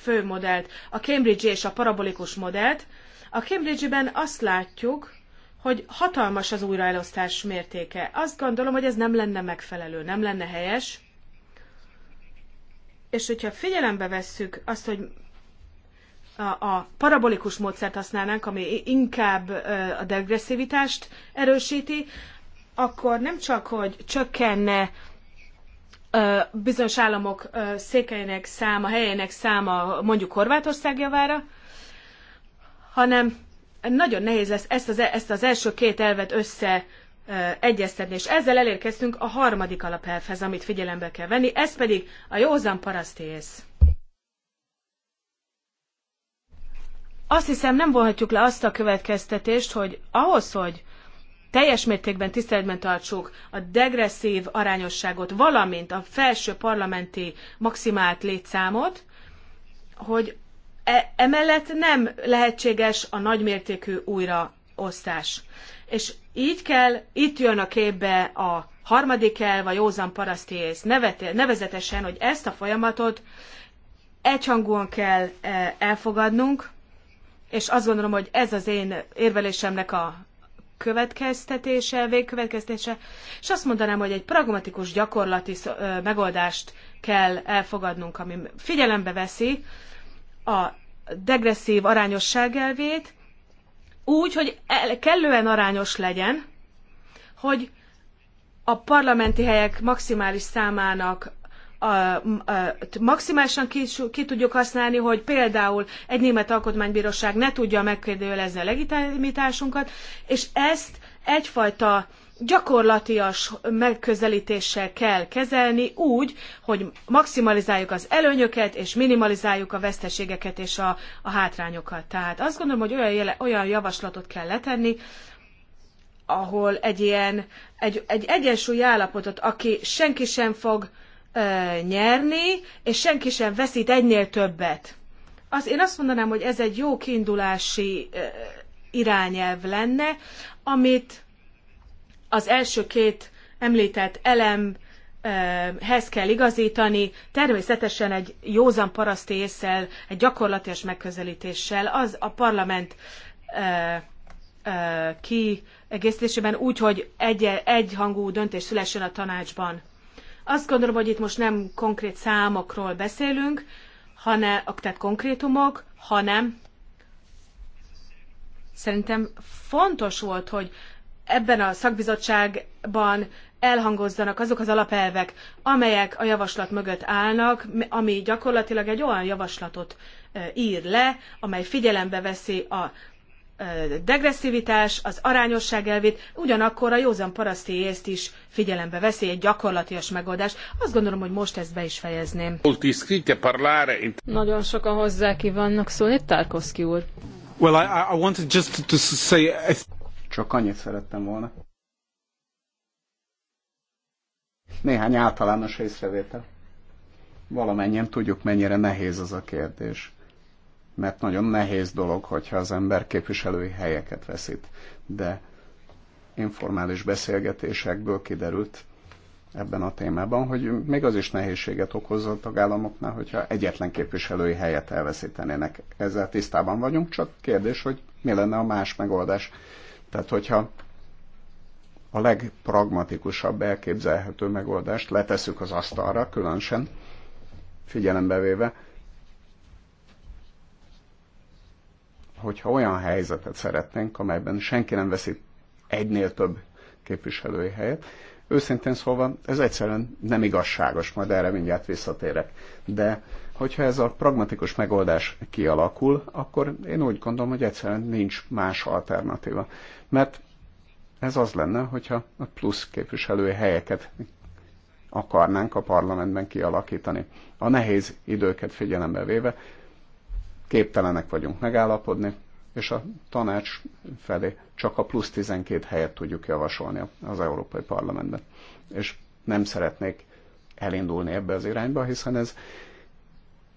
fő modellt, a Cambridge és a parabolikus modellt, a Cambridge-ben azt látjuk, hogy hatalmas az újraelosztás mértéke. Azt gondolom, hogy ez nem lenne megfelelő, nem lenne helyes. És hogyha figyelembe vesszük azt, hogy a, a parabolikus módszert használnánk, ami inkább a degresszivitást erősíti, akkor nem csak, hogy csökkenne bizonyos államok székelyének száma, helyének száma mondjuk Horvátország javára, hanem nagyon nehéz lesz ezt az, e, ezt az első két elvet össze egyeztetni. És ezzel elérkeztünk a harmadik alapelvhez, amit figyelembe kell venni, ez pedig a józan parasztész. Azt hiszem nem vonhatjuk le azt a következtetést, hogy ahhoz, hogy teljes mértékben tiszteletben tartsuk a degresszív arányosságot, valamint a felső parlamenti maximált létszámot, hogy e- emellett nem lehetséges a nagymértékű újraosztás. És így kell, itt jön a képbe a harmadik elv, a józan paraszti ész, nevezetesen, hogy ezt a folyamatot egyhangúan kell e, elfogadnunk, és azt gondolom, hogy ez az én érvelésemnek a következtetése, végkövetkeztetése, és azt mondanám, hogy egy pragmatikus gyakorlati megoldást kell elfogadnunk, ami figyelembe veszi a degresszív arányosság elvét, úgy, hogy kellően arányos legyen, hogy a parlamenti helyek maximális számának a, a, maximálisan ki, ki tudjuk használni, hogy például egy német alkotmánybíróság ne tudja megkérdőjelezni a legitimitásunkat, és ezt egyfajta gyakorlatias megközelítéssel kell kezelni úgy, hogy maximalizáljuk az előnyöket, és minimalizáljuk a veszteségeket és a, a hátrányokat. Tehát azt gondolom, hogy olyan, jele, olyan javaslatot kell letenni, ahol egy ilyen, egy, egy egyensúlyi állapotot, aki senki sem fog uh, nyerni, és senki sem veszít ennél többet. Az, én azt mondanám, hogy ez egy jó kiindulási irányelv lenne, amit az első két említett elem hez kell igazítani, természetesen egy józan paraszti észsel, egy gyakorlatias megközelítéssel, az a parlament kiegészítésében úgy, hogy egy, egyhangú döntés szülessen a tanácsban. Azt gondolom, hogy itt most nem konkrét számokról beszélünk, hanem, tehát konkrétumok, hanem szerintem fontos volt, hogy ebben a szakbizottságban elhangozzanak azok az alapelvek, amelyek a javaslat mögött állnak, ami gyakorlatilag egy olyan javaslatot ír le, amely figyelembe veszi a degresszivitás, az arányosság elvét, ugyanakkor a józan paraszti észt is figyelembe veszi egy gyakorlatias megoldás. Azt gondolom, hogy most ezt be is fejezném. Nagyon sokan hozzá kívánnak szólni, Tarkovsky úr. Well, I, I wanted just to say... Csak annyit szerettem volna. Néhány általános észrevétel. Valamennyien tudjuk, mennyire nehéz az a kérdés mert nagyon nehéz dolog, hogyha az ember képviselői helyeket veszít. De informális beszélgetésekből kiderült ebben a témában, hogy még az is nehézséget okozza a tagállamoknál, hogyha egyetlen képviselői helyet elveszítenének. Ezzel tisztában vagyunk, csak kérdés, hogy mi lenne a más megoldás. Tehát, hogyha a legpragmatikusabb elképzelhető megoldást letesszük az asztalra, különösen figyelembe véve, hogyha olyan helyzetet szeretnénk, amelyben senki nem veszi egynél több képviselői helyet, őszintén szólva ez egyszerűen nem igazságos, majd erre mindjárt visszatérek. De hogyha ez a pragmatikus megoldás kialakul, akkor én úgy gondolom, hogy egyszerűen nincs más alternatíva. Mert ez az lenne, hogyha a plusz képviselői helyeket akarnánk a parlamentben kialakítani. A nehéz időket figyelembe véve képtelenek vagyunk megállapodni, és a tanács felé csak a plusz 12 helyet tudjuk javasolni az Európai Parlamentben. És nem szeretnék elindulni ebbe az irányba, hiszen ez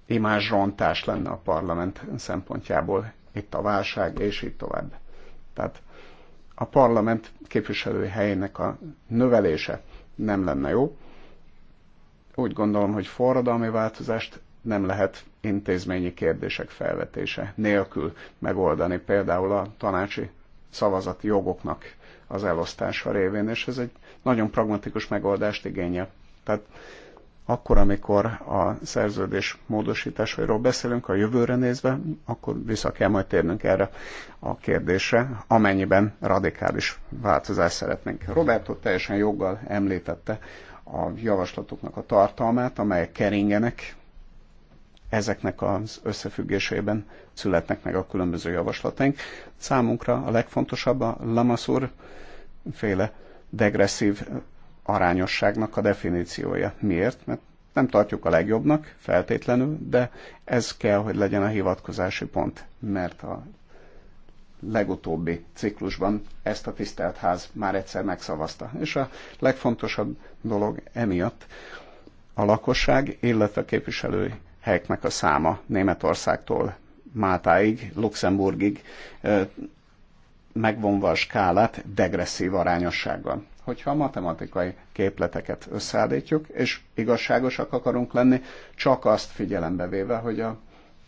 imázsrontás lenne a parlament szempontjából, itt a válság, és így tovább. Tehát a parlament képviselői helyének a növelése nem lenne jó. Úgy gondolom, hogy forradalmi változást nem lehet intézményi kérdések felvetése nélkül megoldani, például a tanácsi szavazati jogoknak az elosztása révén, és ez egy nagyon pragmatikus megoldást igényel. Tehát akkor, amikor a szerződés módosításairól beszélünk a jövőre nézve, akkor vissza kell majd térnünk erre a kérdésre, amennyiben radikális változást szeretnénk. Roberto teljesen joggal említette a javaslatoknak a tartalmát, amelyek keringenek ezeknek az összefüggésében születnek meg a különböző javaslataink. Számunkra a legfontosabb a Lamassur féle degresszív arányosságnak a definíciója. Miért? Mert nem tartjuk a legjobbnak feltétlenül, de ez kell, hogy legyen a hivatkozási pont, mert a legutóbbi ciklusban ezt a tisztelt ház már egyszer megszavazta. És a legfontosabb dolog emiatt a lakosság, illetve a képviselői helyeknek a száma Németországtól Mátáig, Luxemburgig megvonva a skálát degresszív arányossággal. Hogyha a matematikai képleteket összeállítjuk, és igazságosak akarunk lenni, csak azt figyelembe véve, hogy a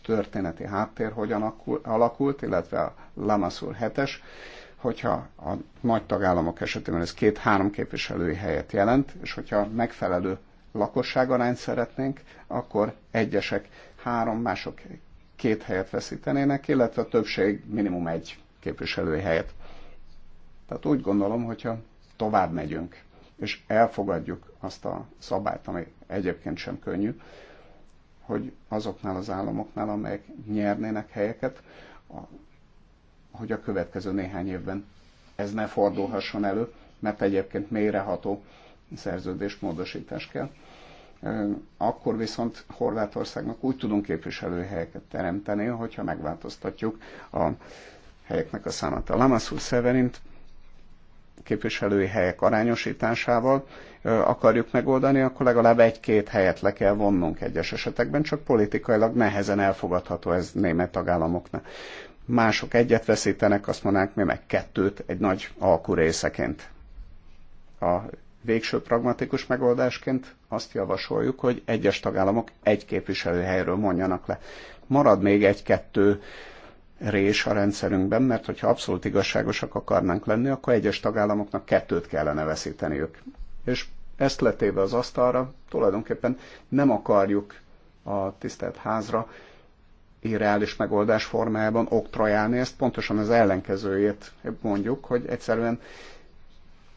történeti háttér hogyan alakult, illetve a Lamassur 7-es, hogyha a nagy tagállamok esetében ez két-három képviselői helyet jelent, és hogyha megfelelő lakosságarányt szeretnénk, akkor egyesek három, mások két helyet veszítenének, illetve a többség minimum egy képviselői helyet. Tehát úgy gondolom, hogyha tovább megyünk, és elfogadjuk azt a szabályt, ami egyébként sem könnyű, hogy azoknál az államoknál, amelyek nyernének helyeket, a, hogy a következő néhány évben ez ne fordulhasson elő, mert egyébként mélyreható szerződés módosítás kell. Akkor viszont Horvátországnak úgy tudunk képviselőhelyeket teremteni, hogyha megváltoztatjuk a helyeknek a számát. A Lamassur Severint képviselői helyek arányosításával akarjuk megoldani, akkor legalább egy-két helyet le kell vonnunk egyes esetekben, csak politikailag nehezen elfogadható ez német tagállamoknak. Mások egyet veszítenek, azt mondanánk mi meg kettőt egy nagy alkurészeként a végső pragmatikus megoldásként azt javasoljuk, hogy egyes tagállamok egy képviselőhelyről mondjanak le. Marad még egy-kettő rés a rendszerünkben, mert hogyha abszolút igazságosak akarnánk lenni, akkor egyes tagállamoknak kettőt kellene veszíteniük. És ezt letéve az asztalra, tulajdonképpen nem akarjuk a tisztelt házra irreális megoldás formájában oktrajálni ezt, pontosan az ellenkezőjét mondjuk, hogy egyszerűen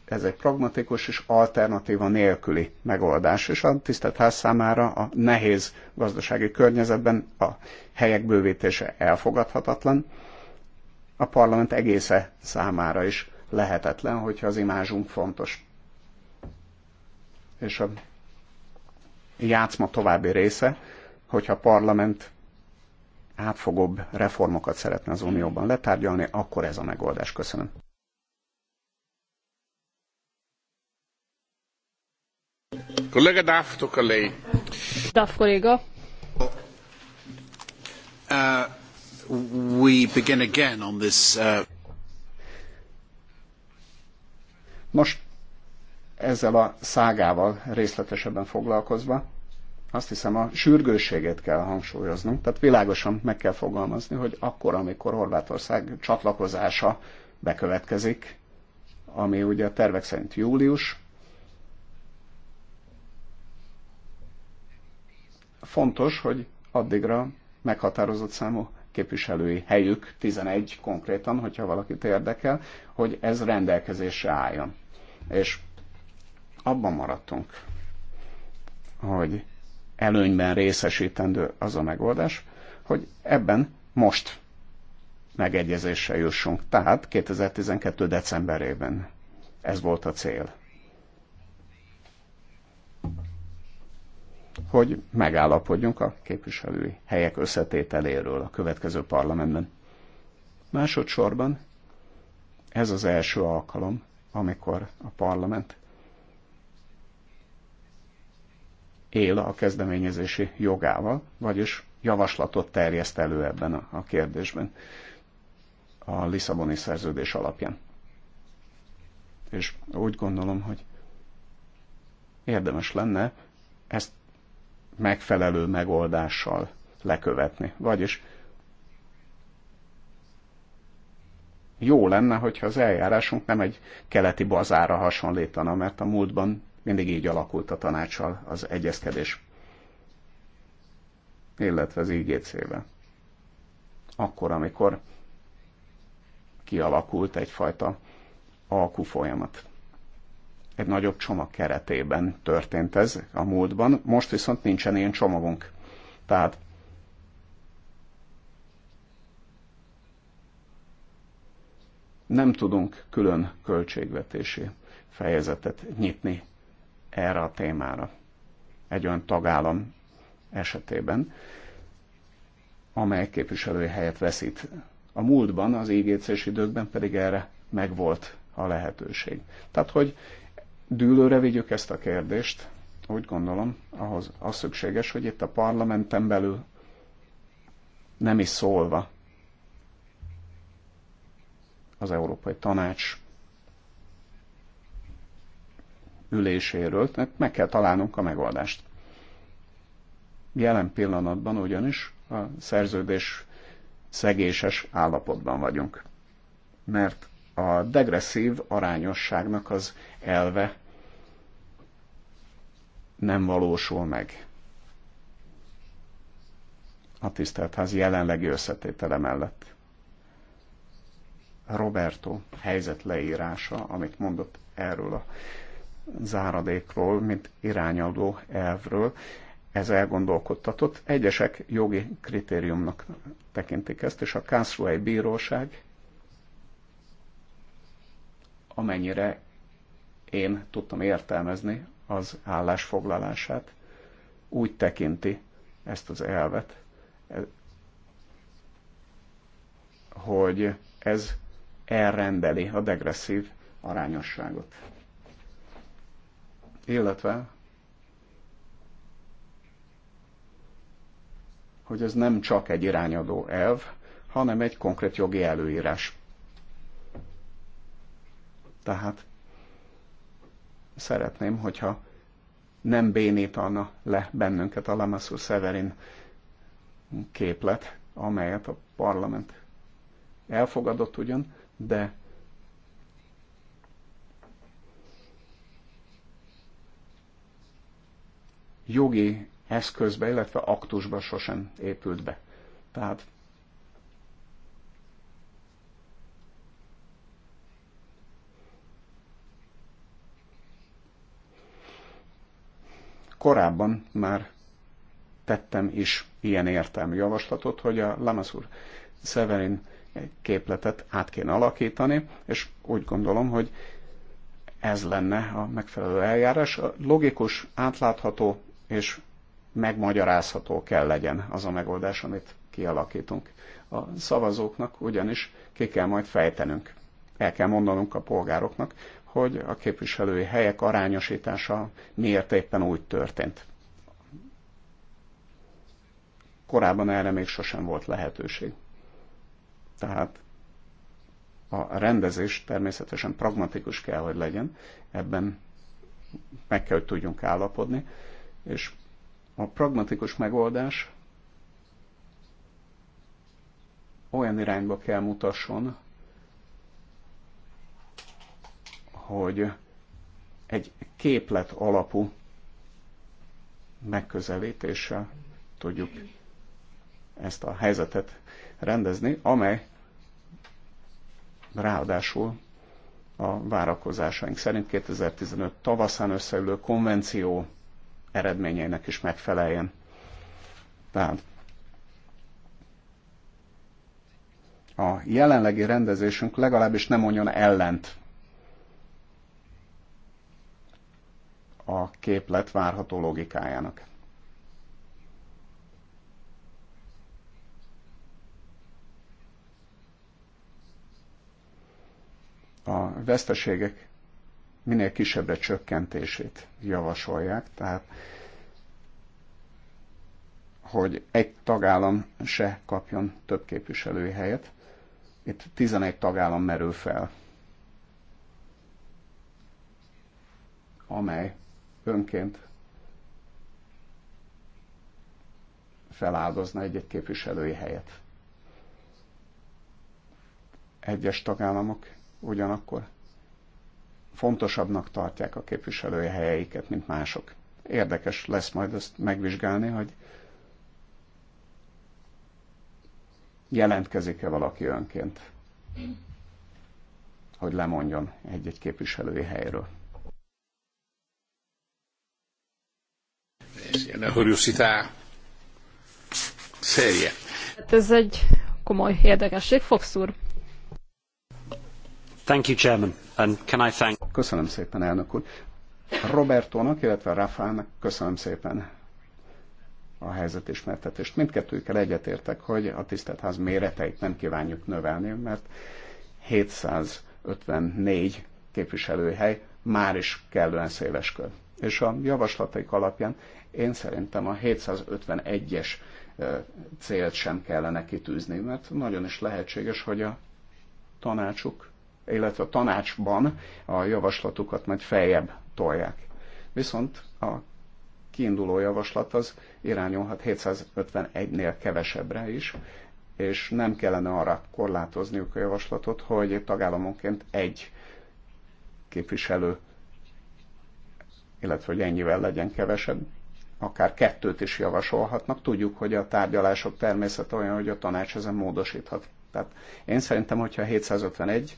ez egy pragmatikus és alternatíva nélküli megoldás, és a tisztelt ház számára a nehéz gazdasági környezetben a helyek bővítése elfogadhatatlan, a parlament egésze számára is lehetetlen, hogyha az imázsunk fontos. És a játszma további része, hogyha a parlament átfogóbb reformokat szeretne az Unióban letárgyalni, akkor ez a megoldás. Köszönöm. Kollega Duff, tocca a lei. Duff, kolléga. Uh, we begin again on this, uh... Most ezzel a szágával részletesebben foglalkozva, azt hiszem a sürgősségét kell hangsúlyoznunk, tehát világosan meg kell fogalmazni, hogy akkor, amikor Horvátország csatlakozása bekövetkezik, ami ugye a tervek szerint július, fontos, hogy addigra meghatározott számú képviselői helyük, 11 konkrétan, hogyha valakit érdekel, hogy ez rendelkezésre álljon. És abban maradtunk, hogy előnyben részesítendő az a megoldás, hogy ebben most megegyezésre jussunk. Tehát 2012. decemberében ez volt a cél hogy megállapodjunk a képviselői helyek összetételéről a következő parlamentben. Másodszorban ez az első alkalom, amikor a parlament él a kezdeményezési jogával, vagyis javaslatot terjeszt elő ebben a kérdésben a Lisszaboni szerződés alapján. És úgy gondolom, hogy érdemes lenne ezt megfelelő megoldással lekövetni. Vagyis jó lenne, hogyha az eljárásunk nem egy keleti bazára hasonlítana, mert a múltban mindig így alakult a tanácssal az egyezkedés, illetve az IGC-vel. Akkor, amikor kialakult egyfajta alkufolyamat egy nagyobb csomag keretében történt ez a múltban, most viszont nincsen ilyen csomagunk. Tehát nem tudunk külön költségvetési fejezetet nyitni erre a témára egy olyan tagállam esetében, amely képviselői helyet veszít. A múltban, az ígécés időkben pedig erre megvolt a lehetőség. Tehát, hogy dűlőre vigyük ezt a kérdést, úgy gondolom, ahhoz az szükséges, hogy itt a parlamenten belül nem is szólva az Európai Tanács üléséről, mert meg kell találnunk a megoldást. Jelen pillanatban ugyanis a szerződés szegéses állapotban vagyunk. Mert a degresszív arányosságnak az elve nem valósul meg a ház jelenlegi összetétele mellett. Roberto helyzet leírása, amit mondott erről a záradékról, mint irányadó elvről, ez elgondolkodtatott. Egyesek jogi kritériumnak tekintik ezt, és a Kászruhely Bíróság, amennyire én tudtam értelmezni az állásfoglalását, úgy tekinti ezt az elvet, e, hogy ez elrendeli a degresszív arányosságot. Illetve, hogy ez nem csak egy irányadó elv, hanem egy konkrét jogi előírás. Tehát szeretném, hogyha nem bénítana le bennünket a Lamassur Severin képlet, amelyet a parlament elfogadott ugyan, de jogi eszközbe, illetve aktusba sosem épült be. Tehát Korábban már tettem is ilyen értelmű javaslatot, hogy a Lamassur Severin képletet át kéne alakítani, és úgy gondolom, hogy ez lenne a megfelelő eljárás. A logikus, átlátható és megmagyarázható kell legyen az a megoldás, amit kialakítunk. A szavazóknak ugyanis ki kell majd fejtenünk. El kell mondanunk a polgároknak, hogy a képviselői helyek arányosítása miért éppen úgy történt. Korábban erre még sosem volt lehetőség. Tehát a rendezés természetesen pragmatikus kell, hogy legyen, ebben meg kell, hogy tudjunk állapodni, és a pragmatikus megoldás olyan irányba kell mutasson, hogy egy képlet alapú megközelítéssel tudjuk ezt a helyzetet rendezni, amely ráadásul a várakozásaink szerint 2015 tavaszán összeülő konvenció eredményeinek is megfeleljen. Tehát a jelenlegi rendezésünk legalábbis nem mondjon ellent a képlet várható logikájának. A veszteségek minél kisebbre csökkentését javasolják, tehát hogy egy tagállam se kapjon több képviselői helyet. Itt 11 tagállam merül fel, amely önként feláldozna egy-egy képviselői helyet. Egyes tagállamok ugyanakkor fontosabbnak tartják a képviselői helyeiket, mint mások. Érdekes lesz majd ezt megvizsgálni, hogy jelentkezik-e valaki önként, hogy lemondjon egy-egy képviselői helyről. è una curiosità Hát ez egy komoly érdekesség, Fox úr. Thank you, Chairman. And can I thank... Köszönöm szépen, elnök úr. Robertónak, illetve Rafaelnek köszönöm szépen a helyzetismertetést. Mindkettőkkel egyetértek, hogy a tiszteltház méreteit nem kívánjuk növelni, mert 754 képviselőhely már is kellően széles kör. És a javaslataik alapján én szerintem a 751-es célt sem kellene kitűzni, mert nagyon is lehetséges, hogy a tanácsuk, illetve a tanácsban a javaslatukat majd feljebb tolják. Viszont a kiinduló javaslat az irányulhat 751-nél kevesebbre is, és nem kellene arra korlátozniuk a javaslatot, hogy tagállamonként egy képviselő, illetve hogy ennyivel legyen kevesebb, akár kettőt is javasolhatnak. Tudjuk, hogy a tárgyalások természet olyan, hogy a tanács ezen módosíthat. Tehát én szerintem, hogyha 751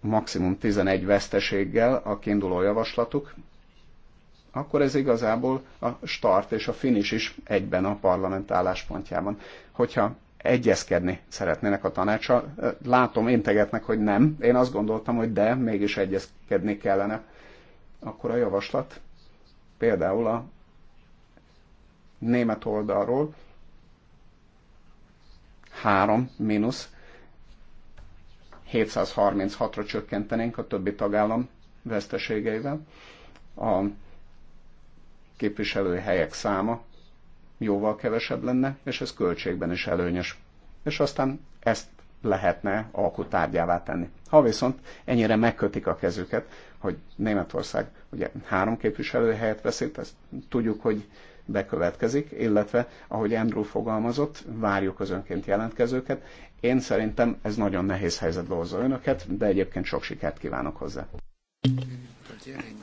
maximum 11 veszteséggel a kiinduló javaslatuk, akkor ez igazából a start és a finish is egyben a parlament álláspontjában. Hogyha egyezkedni szeretnének a tanácsa, látom, integetnek, hogy nem. Én azt gondoltam, hogy de, mégis egyezkedni kellene. Akkor a javaslat Például a német oldalról 3 mínusz 736-ra csökkentenénk a többi tagállam veszteségeivel. A képviselőhelyek száma jóval kevesebb lenne, és ez költségben is előnyös. És aztán ezt lehetne alkotárgyává tenni. Ha viszont ennyire megkötik a kezüket, hogy Németország ugye három képviselő helyet veszít, ezt tudjuk, hogy bekövetkezik, illetve, ahogy Andrew fogalmazott, várjuk az önként jelentkezőket. Én szerintem ez nagyon nehéz helyzetbe hozza önöket, de egyébként sok sikert kívánok hozzá.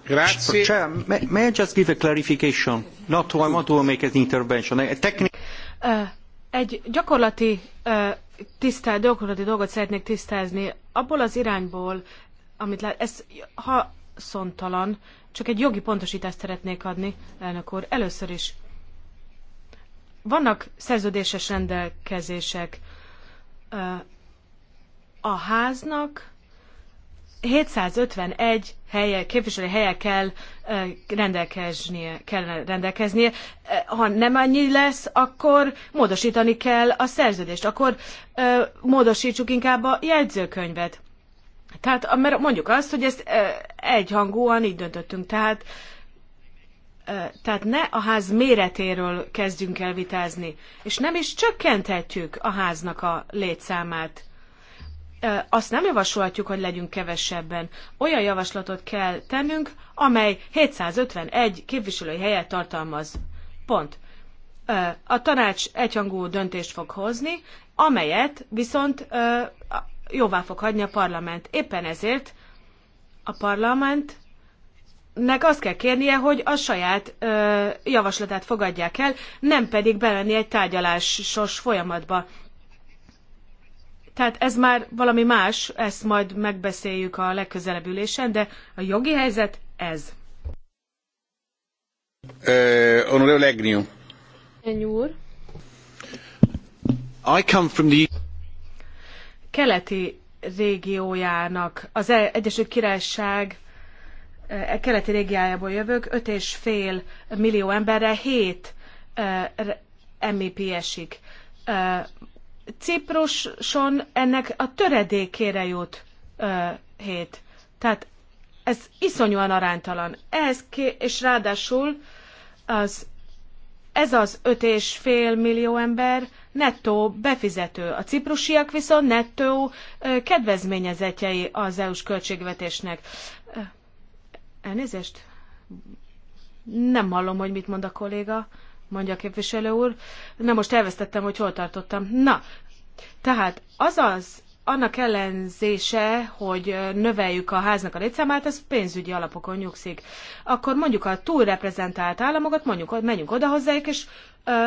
Grazie. Chair, may, I just give a clarification? Not to, I want to make an intervention. A technical... Uh, egy gyakorlati uh, tisztelt, gyakorlati dolgot szeretnék tisztázni. Abból az irányból amit lát, ez haszontalan, csak egy jogi pontosítást szeretnék adni, elnök úr. Először is vannak szerződéses rendelkezések a háznak, 751 helye, képviselő helye kell rendelkeznie, kell rendelkeznie. Ha nem annyi lesz, akkor módosítani kell a szerződést, akkor módosítsuk inkább a jegyzőkönyvet. Tehát mert mondjuk azt, hogy ezt egyhangúan így döntöttünk. Tehát, tehát ne a ház méretéről kezdjünk el vitázni, és nem is csökkenthetjük a háznak a létszámát. Azt nem javasolhatjuk, hogy legyünk kevesebben. Olyan javaslatot kell tennünk, amely 751 képviselői helyet tartalmaz. Pont. A tanács egyhangú döntést fog hozni, amelyet viszont jóvá fog hagyni a parlament. Éppen ezért a parlament nek azt kell kérnie, hogy a saját ö, javaslatát fogadják el, nem pedig belenni egy tárgyalásos folyamatba. Tehát ez már valami más, ezt majd megbeszéljük a legközelebb ülésen, de a jogi helyzet ez. Honorable Agnew. I come from the keleti régiójának, az e- Egyesült Királyság e, e, keleti régiájából jövök, 5,5 millió emberre 7 MEP esik. Cipruson ennek a töredékére jut 7. Tehát ez iszonyúan aránytalan. Ez ké- és ráadásul az ez az 5,5 millió ember nettó befizető. A ciprusiak viszont nettó kedvezményezetjei az EU-s költségvetésnek. Elnézést? Nem hallom, hogy mit mond a kolléga, mondja a képviselő úr. Na most elvesztettem, hogy hol tartottam. Na, tehát az az annak ellenzése, hogy növeljük a háznak a létszámát, ez pénzügyi alapokon nyugszik. Akkor mondjuk a túlreprezentált államokat, mondjuk, menjünk oda hozzájuk, és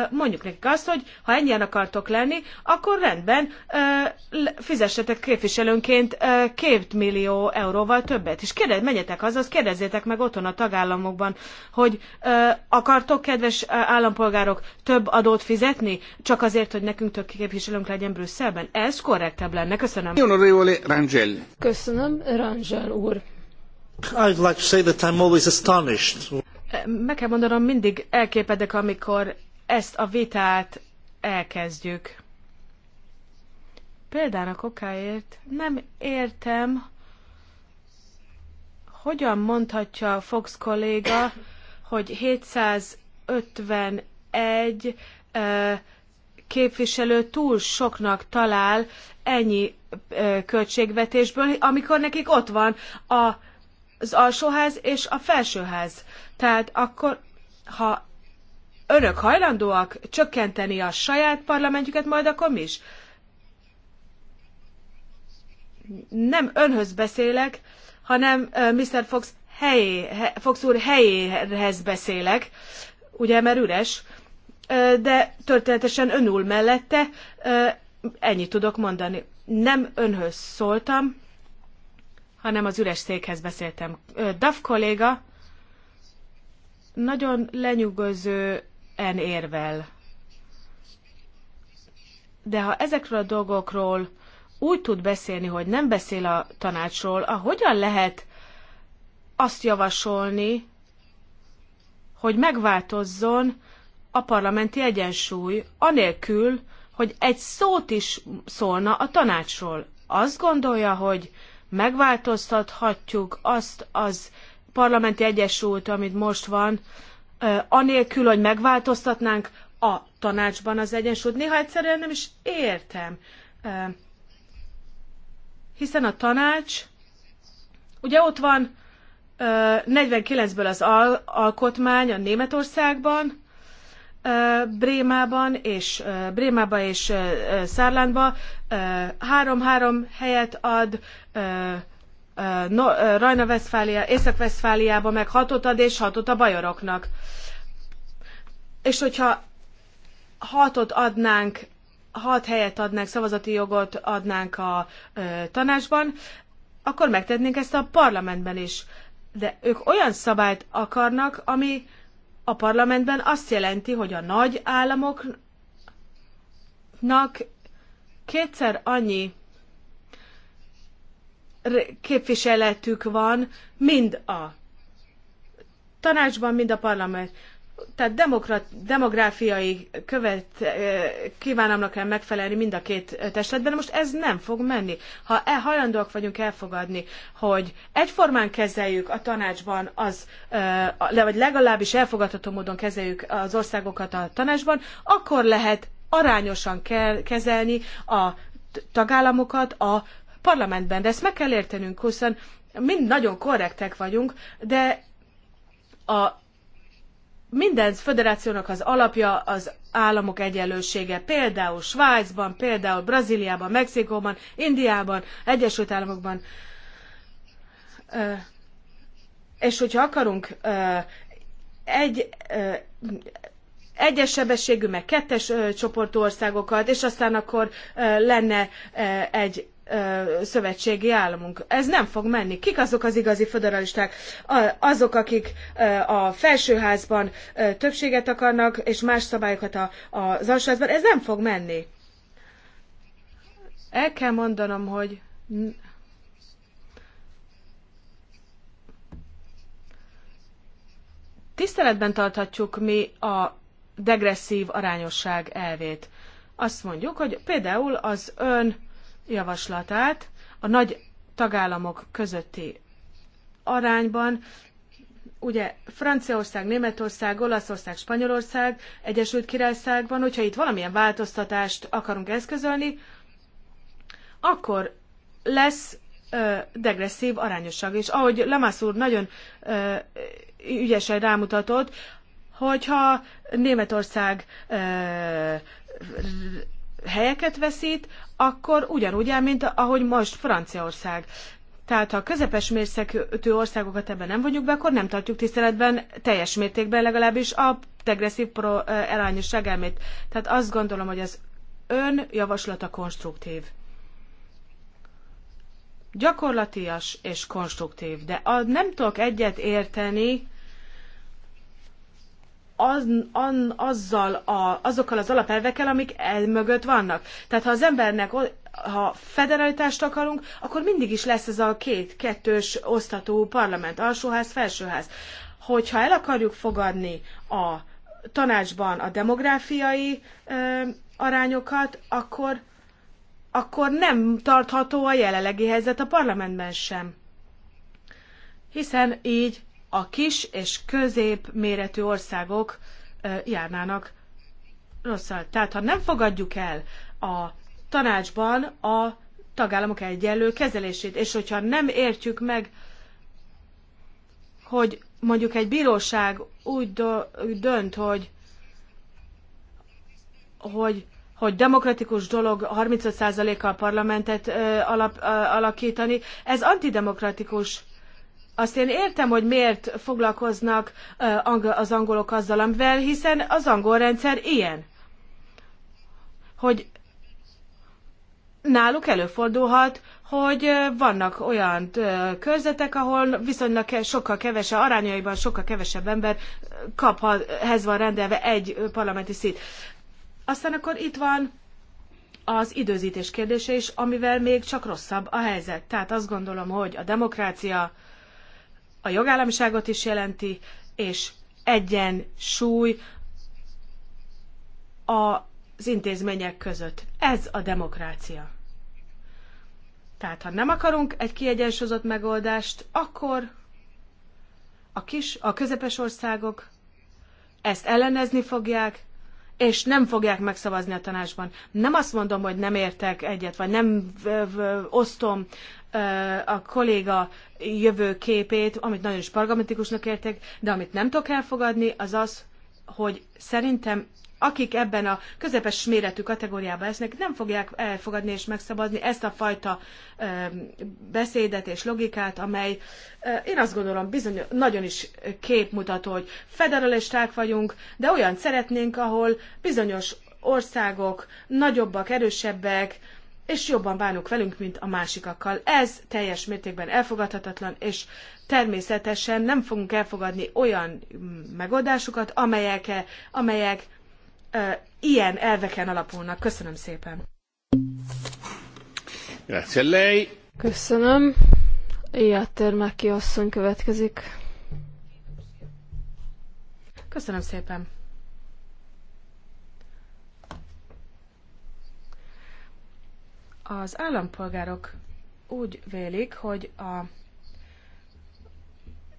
mondjuk nekik azt, hogy ha ennyien akartok lenni, akkor rendben, fizessetek képviselőnként két millió euróval többet. És kérdez, menjetek haza, azt kérdezzétek meg otthon a tagállamokban, hogy akartok, kedves állampolgárok, több adót fizetni, csak azért, hogy nekünk több képviselőnk legyen Brüsszelben. Ez korrektebb lenne. Köszönöm. Köszönöm, Rangel úr. I'd like to say that I'm always astonished. Meg kell mondanom, mindig elképedek, amikor ezt a vitát elkezdjük. Példának okáért nem értem, hogyan mondhatja Fox kolléga, hogy 751 képviselő túl soknak talál ennyi költségvetésből, amikor nekik ott van a, az alsóház és a felsőház. Tehát akkor, ha önök hajlandóak csökkenteni a saját parlamentjüket, majd a komis? Nem önhöz beszélek, hanem Mr. Fox, helyé, Fox úr helyéhez beszélek, ugye, mert üres, de történetesen önül mellette, ennyit tudok mondani. Nem önhöz szóltam, hanem az üres székhez beszéltem. Duff kolléga nagyon lenyugöző en érvel. De ha ezekről a dolgokról úgy tud beszélni, hogy nem beszél a tanácsról, ah, hogyan lehet azt javasolni, hogy megváltozzon a parlamenti egyensúly, anélkül, hogy egy szót is szólna a tanácsról. Azt gondolja, hogy megváltoztathatjuk azt az parlamenti egyensúlyt, amit most van, anélkül, hogy megváltoztatnánk a tanácsban az egyensúlyt. Néha egyszerűen nem is értem. Hiszen a tanács, ugye ott van 49-ből az alkotmány a Németországban, Brémában és Brémába és Szárlánba három-három helyet ad Rajna-Veszfália, Észak-Veszfáliába meg hatot ad, és hatot a bajoroknak. És hogyha hatot adnánk, hat helyet adnánk, szavazati jogot adnánk a ö, tanácsban, akkor megtennénk ezt a parlamentben is. De ők olyan szabályt akarnak, ami a parlamentben azt jelenti, hogy a nagy államoknak kétszer annyi képviseletük van mind a tanácsban, mind a parlament. Tehát demokrat, demográfiai követ eh, kívánamnak kell megfelelni mind a két testületben, de most ez nem fog menni. Ha e, hajlandóak vagyunk elfogadni, hogy egyformán kezeljük a tanácsban az, eh, vagy legalábbis elfogadható módon kezeljük az országokat a tanácsban, akkor lehet arányosan kell kezelni a tagállamokat a parlamentben, de ezt meg kell értenünk, hiszen mind nagyon korrektek vagyunk, de a minden föderációnak az alapja az államok egyenlősége. Például Svájcban, például Brazíliában, Mexikóban, Indiában, Egyesült Államokban. És hogyha akarunk egy egyes sebességű, meg kettes csoportú országokat, és aztán akkor lenne egy szövetségi államunk. Ez nem fog menni. Kik azok az igazi föderalisták? Azok, akik a felsőházban többséget akarnak, és más szabályokat a, az alsóházban. Ez nem fog menni. El kell mondanom, hogy tiszteletben tarthatjuk mi a degresszív arányosság elvét. Azt mondjuk, hogy például az ön javaslatát a nagy tagállamok közötti arányban, ugye Franciaország, Németország, Olaszország, Spanyolország, Egyesült Királyságban, hogyha itt valamilyen változtatást akarunk eszközölni, akkor lesz ö, degresszív arányosság. És ahogy Lamassz úr nagyon ö, ügyesen rámutatott, hogyha Németország ö, helyeket veszít, akkor ugyanúgy el, mint ahogy most Franciaország. Tehát ha a közepes mérszekű országokat ebben nem vonjuk be, akkor nem tartjuk tiszteletben teljes mértékben legalábbis a degresszív pro, elányosság elmét. Tehát azt gondolom, hogy az ön javaslata konstruktív. Gyakorlatias és konstruktív, de a, nem tudok egyet érteni az, an, azzal a, azokkal az alapelvekkel, amik el mögött vannak. Tehát ha az embernek ha federalitást akarunk, akkor mindig is lesz ez a két, kettős osztató parlament, alsóház, felsőház. Hogyha el akarjuk fogadni a tanácsban a demográfiai ö, arányokat, akkor, akkor nem tartható a jelenlegi helyzet a parlamentben sem. Hiszen így a kis és közép méretű országok járnának rosszal. Tehát ha nem fogadjuk el a tanácsban a tagállamok egyenlő kezelését, és hogyha nem értjük meg, hogy mondjuk egy bíróság úgy dönt, hogy, hogy, hogy demokratikus dolog 35%-kal parlamentet ö, alap, ö, alakítani, ez antidemokratikus azt én értem, hogy miért foglalkoznak az angolok azzal, amivel, hiszen az angol rendszer ilyen, hogy náluk előfordulhat, hogy vannak olyan körzetek, ahol viszonylag sokkal kevesebb, arányaiban sokkal kevesebb ember kaphez van rendelve egy parlamenti szít. Aztán akkor itt van az időzítés kérdése is, amivel még csak rosszabb a helyzet. Tehát azt gondolom, hogy a demokrácia a jogállamiságot is jelenti, és egyen súly az intézmények között. Ez a demokrácia. Tehát, ha nem akarunk egy kiegyensúlyozott megoldást, akkor a kis, a közepes országok ezt ellenezni fogják, és nem fogják megszavazni a tanácsban. Nem azt mondom, hogy nem értek egyet, vagy nem osztom a kolléga jövőképét, amit nagyon is parlamentikusnak értek, de amit nem tudok elfogadni, az az, hogy szerintem akik ebben a közepes méretű kategóriában esnek, nem fogják elfogadni és megszabadni ezt a fajta ö, beszédet és logikát, amely ö, én azt gondolom bizony nagyon is képmutató, hogy federalisták vagyunk, de olyan szeretnénk, ahol bizonyos országok nagyobbak, erősebbek, és jobban bánunk velünk, mint a másikakkal. Ez teljes mértékben elfogadhatatlan, és természetesen nem fogunk elfogadni olyan megoldásokat, amelyek, amelyek ilyen elveken alapulnak. Köszönöm szépen. Grazie lei. Köszönöm. Ijátér Meki asszony következik. Köszönöm szépen. Az állampolgárok úgy vélik, hogy a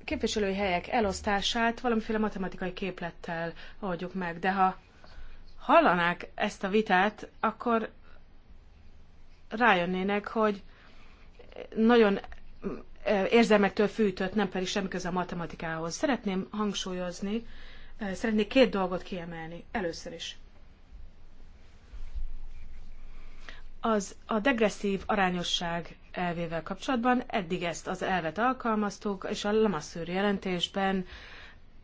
képviselői helyek elosztását valamiféle matematikai képlettel oldjuk meg, de ha hallanák ezt a vitát, akkor rájönnének, hogy nagyon érzelmektől fűtött, nem pedig semmi köze a matematikához. Szeretném hangsúlyozni, szeretnék két dolgot kiemelni. Először is. Az a degresszív arányosság elvével kapcsolatban eddig ezt az elvet alkalmaztuk, és a Lamassur jelentésben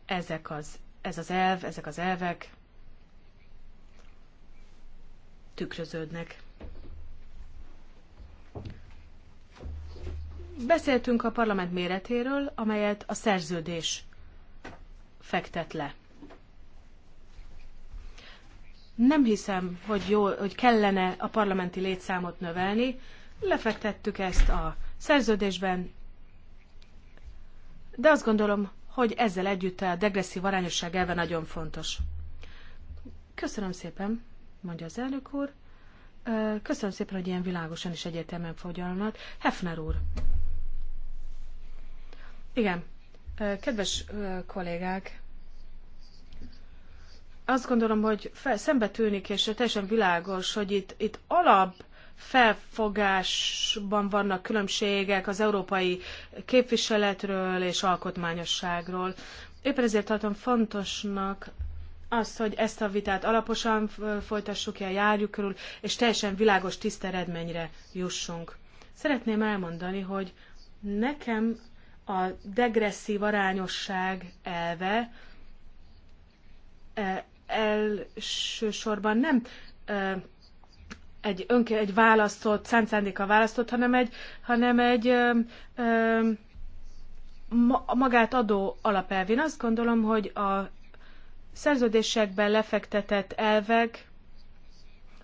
ezek az, ez az elv, ezek az elvek tükröződnek. Beszéltünk a parlament méretéről, amelyet a szerződés fektet le. Nem hiszem, hogy, jó, hogy kellene a parlamenti létszámot növelni. Lefektettük ezt a szerződésben, de azt gondolom, hogy ezzel együtt a degresszív arányosság elve nagyon fontos. Köszönöm szépen! mondja az elnök úr. Köszönöm szépen, hogy ilyen világosan és egyértelműen fogyalmat. Hefner úr. Igen, kedves kollégák, azt gondolom, hogy fel, szembe tűnik, és teljesen világos, hogy itt, itt alap felfogásban vannak különbségek az európai képviseletről és alkotmányosságról. Éppen ezért tartom fontosnak az, hogy ezt a vitát alaposan folytassuk el, járjuk körül, és teljesen világos, tiszta eredményre jussunk. Szeretném elmondani, hogy nekem a degresszív arányosság elve e, elsősorban nem e, egy, önké egy választott, szent szándéka választott, hanem egy, hanem egy ö, ö, magát adó alapelv. Én azt gondolom, hogy a szerződésekben lefektetett elvek,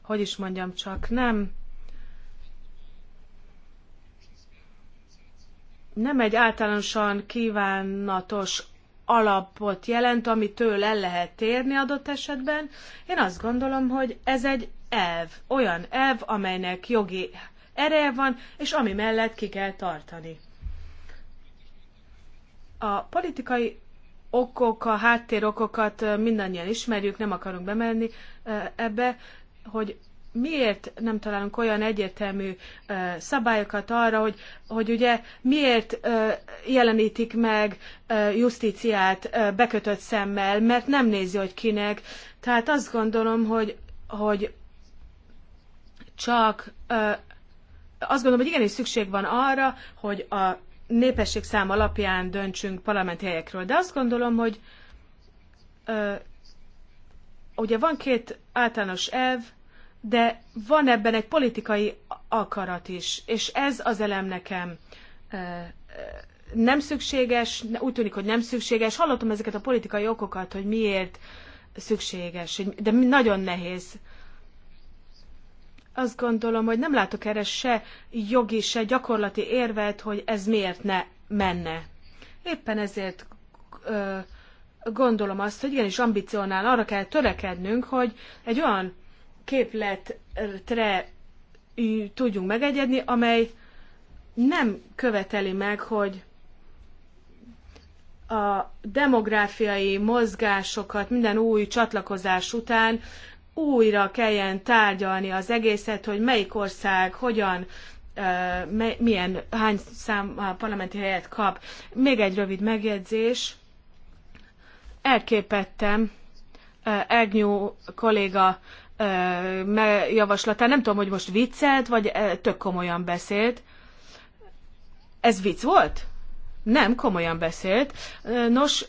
hogy is mondjam csak, nem nem egy általánosan kívánatos alapot jelent, amitől el lehet térni adott esetben. Én azt gondolom, hogy ez egy elv, olyan elv, amelynek jogi ereje van, és ami mellett ki kell tartani. A politikai okok, a háttérokokat mindannyian ismerjük, nem akarunk bemenni ebbe, hogy miért nem találunk olyan egyértelmű szabályokat arra, hogy, hogy ugye miért jelenítik meg justíciát bekötött szemmel, mert nem nézi, hogy kinek. Tehát azt gondolom, hogy, hogy csak azt gondolom, hogy igenis szükség van arra, hogy a népesség szám alapján döntsünk parlamenti helyekről. De azt gondolom, hogy ö, ugye van két általános elv, de van ebben egy politikai akarat is, és ez az elem nekem ö, ö, nem szükséges, úgy tűnik, hogy nem szükséges. Hallottam ezeket a politikai okokat, hogy miért szükséges, de nagyon nehéz azt gondolom, hogy nem látok erre se jogi, se gyakorlati érvet, hogy ez miért ne menne. Éppen ezért ö, gondolom azt, hogy igenis ambicionál arra kell törekednünk, hogy egy olyan képletre tudjunk megegyedni, amely nem követeli meg, hogy a demográfiai mozgásokat minden új csatlakozás után újra kelljen tárgyalni az egészet, hogy melyik ország hogyan milyen hány szám a parlamenti helyet kap. Még egy rövid megjegyzés. Elképettem Egnyú kolléga javaslatán, nem tudom, hogy most viccelt, vagy tök komolyan beszélt. Ez vicc volt? Nem, komolyan beszélt. Nos,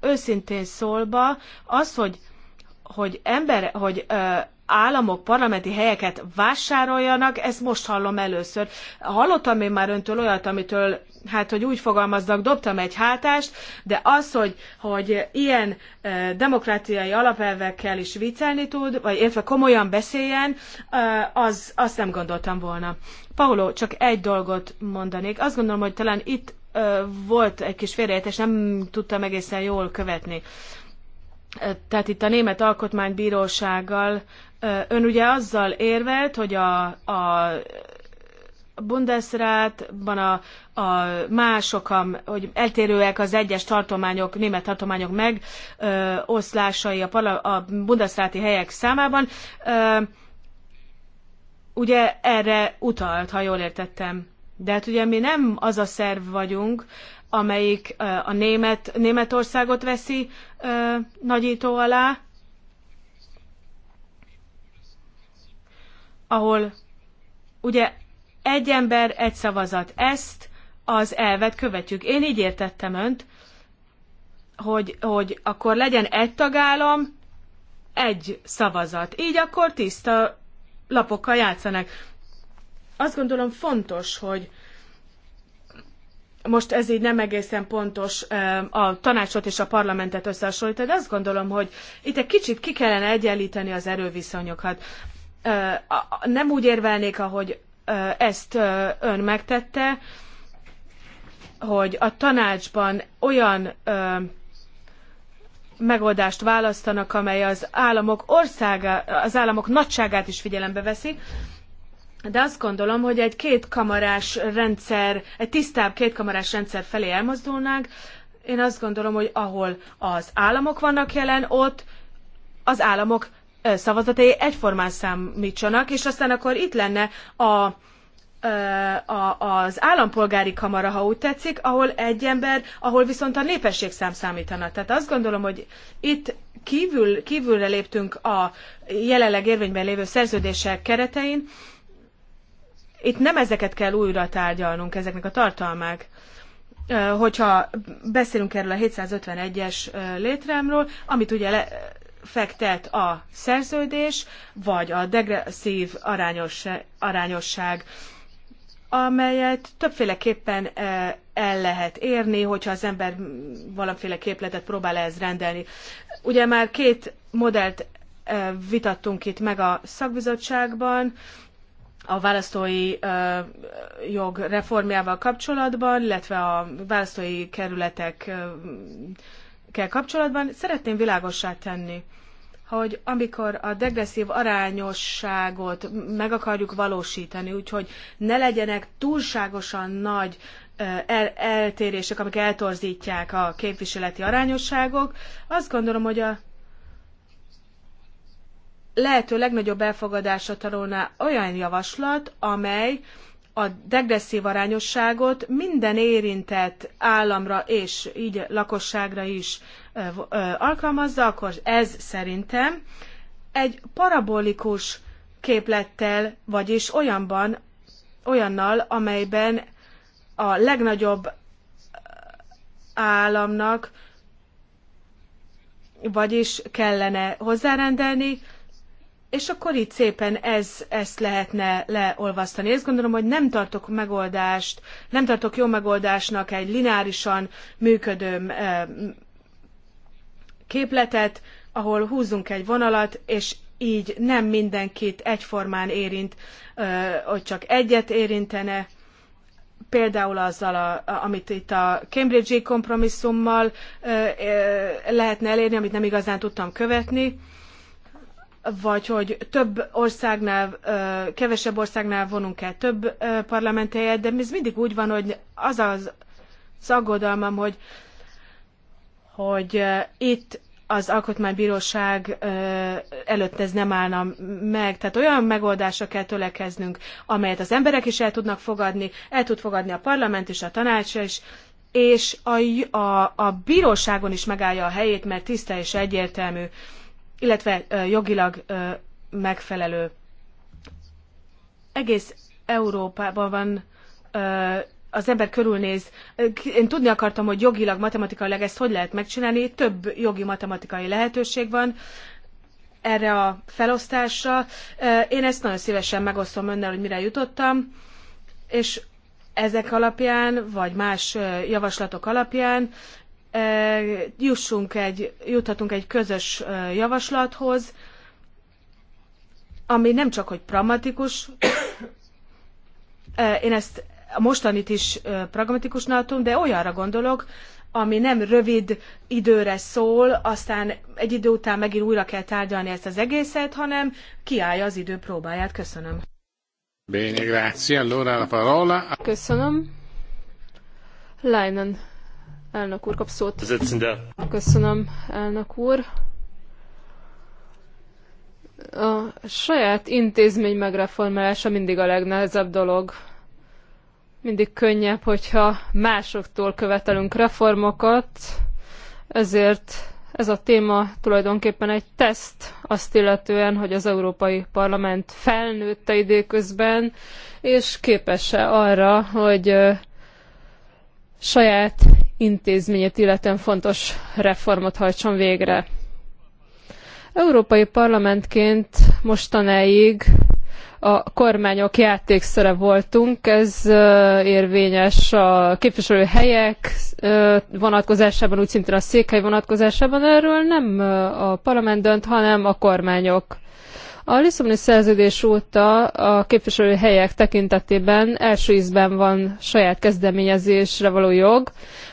őszintén szólva, az, hogy hogy, ember, hogy ö, államok parlamenti helyeket vásároljanak, ezt most hallom először. Hallottam én már öntől olyat, amitől, hát hogy úgy fogalmaznak, dobtam egy hátást, de az, hogy, hogy ilyen ö, demokráciai alapelvekkel is viccelni tud, vagy értve komolyan beszéljen, ö, az, azt nem gondoltam volna. Paolo, csak egy dolgot mondanék. Azt gondolom, hogy talán itt volt egy kis és nem tudtam egészen jól követni tehát itt a Német Alkotmánybírósággal ön ugye azzal érvelt, hogy a, a Bundesrátban a, a mások, a, hogy eltérőek az egyes tartományok, német tartományok megoszlásai a, parla, a Bundesráti helyek számában. Ö, ugye erre utalt, ha jól értettem. De hát ugye mi nem az a szerv vagyunk, amelyik a német, Németországot veszi nagyító alá, ahol ugye egy ember, egy szavazat. Ezt az elvet követjük. Én így értettem önt, hogy, hogy akkor legyen egy tagállam, egy szavazat. Így akkor tiszta lapokkal játszanak. Azt gondolom fontos, hogy most ez így nem egészen pontos a tanácsot és a parlamentet összehasonlítani, de azt gondolom, hogy itt egy kicsit ki kellene egyenlíteni az erőviszonyokat. Nem úgy érvelnék, ahogy ezt ön megtette, hogy a tanácsban olyan ö, megoldást választanak, amely az államok országa, az államok nagyságát is figyelembe veszi, de azt gondolom, hogy egy kétkamarás rendszer, egy tisztább kétkamarás rendszer felé elmozdulnánk, én azt gondolom, hogy ahol az államok vannak jelen, ott az államok szavazatai egyformán számítsanak, és aztán akkor itt lenne a, a, az állampolgári kamara, ha úgy tetszik, ahol egy ember, ahol viszont a népességszám számítana. Tehát azt gondolom, hogy itt kívül, kívülre léptünk a jelenleg érvényben lévő szerződések keretein, itt nem ezeket kell újra tárgyalnunk, ezeknek a tartalmák. Hogyha beszélünk erről a 751-es létrámról, amit ugye le, fektet a szerződés, vagy a degresszív arányos, arányosság, amelyet többféleképpen el lehet érni, hogyha az ember valamiféle képletet próbál ehhez rendelni. Ugye már két modellt vitattunk itt meg a szakbizottságban, a választói jog reformjával kapcsolatban, illetve a választói kerületekkel kapcsolatban szeretném világossá tenni, hogy amikor a degresszív arányosságot meg akarjuk valósítani, úgyhogy ne legyenek túlságosan nagy el- eltérések, amik eltorzítják a képviseleti arányosságok, azt gondolom, hogy a lehető legnagyobb elfogadásra tanulná olyan javaslat, amely a degresszív arányosságot minden érintett államra és így lakosságra is alkalmazza, akkor ez szerintem egy parabolikus képlettel, vagyis olyanban, olyannal, amelyben a legnagyobb államnak vagyis kellene hozzárendelni és akkor itt szépen ez, ezt lehetne leolvasztani. azt gondolom, hogy nem tartok megoldást, nem tartok jó megoldásnak egy lineárisan működő képletet, ahol húzunk egy vonalat, és így nem mindenkit egyformán érint, hogy csak egyet érintene. Például azzal, a, amit itt a Cambridge-i kompromisszummal lehetne elérni, amit nem igazán tudtam követni vagy hogy több országnál, kevesebb országnál vonunk el több helyet, de ez mindig úgy van, hogy az az, az aggodalmam, hogy, hogy itt az alkotmánybíróság előtt ez nem állna meg. Tehát olyan megoldásra kell tölekeznünk, amelyet az emberek is el tudnak fogadni, el tud fogadni a parlament és a tanács is, és a, a, a bíróságon is megállja a helyét, mert tiszta és egyértelmű illetve jogilag megfelelő. Egész Európában van az ember körülnéz, én tudni akartam, hogy jogilag, matematikailag ezt hogy lehet megcsinálni, több jogi matematikai lehetőség van erre a felosztásra. Én ezt nagyon szívesen megosztom önnel, hogy mire jutottam, és ezek alapján, vagy más javaslatok alapján jussunk egy, juthatunk egy közös javaslathoz, ami nem csak, hogy pragmatikus, én ezt mostanit is pragmatikusnak tudom, de olyanra gondolok, ami nem rövid időre szól, aztán egy idő után megint újra kell tárgyalni ezt az egészet, hanem kiállja az idő próbáját. Köszönöm. Bene, grazie. Allora la parola. Köszönöm. Leinen Elnök úr, kap szót. Köszönöm, elnök úr. A saját intézmény megreformálása mindig a legnehezebb dolog. Mindig könnyebb, hogyha másoktól követelünk reformokat, ezért ez a téma tulajdonképpen egy teszt azt illetően, hogy az Európai Parlament felnőtte időközben, és képes-e arra, hogy saját intézményét illetően fontos reformot hajtson végre. Európai Parlamentként mostanáig a kormányok játékszere voltunk, ez érvényes a képviselőhelyek vonatkozásában, úgy szintén a székhely vonatkozásában, erről nem a parlament dönt, hanem a kormányok. A Lisszaboni szerződés óta a képviselői helyek tekintetében első ízben van saját kezdeményezésre való jog,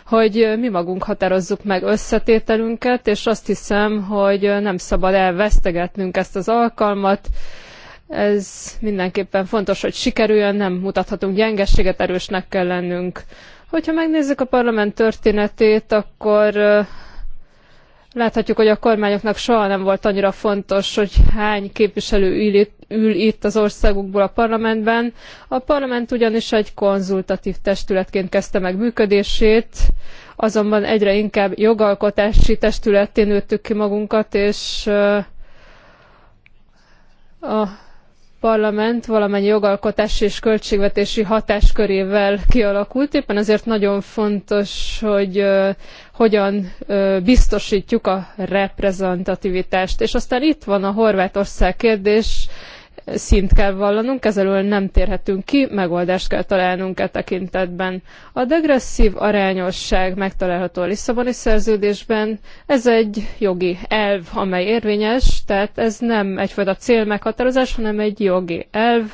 hogy mi magunk határozzuk meg összetételünket, és azt hiszem, hogy nem szabad elvesztegetnünk ezt az alkalmat. Ez mindenképpen fontos, hogy sikerüljön, nem mutathatunk gyengességet, erősnek kell lennünk. Hogyha megnézzük a parlament történetét, akkor Láthatjuk, hogy a kormányoknak soha nem volt annyira fontos, hogy hány képviselő ül itt, ül itt az országukból a parlamentben. A parlament ugyanis egy konzultatív testületként kezdte meg működését, azonban egyre inkább jogalkotási testületén nőttük ki magunkat, és a Parlament valamennyi jogalkotási és költségvetési hatáskörével kialakult, éppen ezért nagyon fontos, hogy hogyan uh, biztosítjuk a reprezentativitást. És aztán itt van a Horvátország kérdés, szint kell vallanunk, ezelől nem térhetünk ki, megoldást kell találnunk e tekintetben. A degresszív arányosság megtalálható a Lisszaboni szerződésben, ez egy jogi elv, amely érvényes, tehát ez nem egyfajta célmeghatározás, hanem egy jogi elv,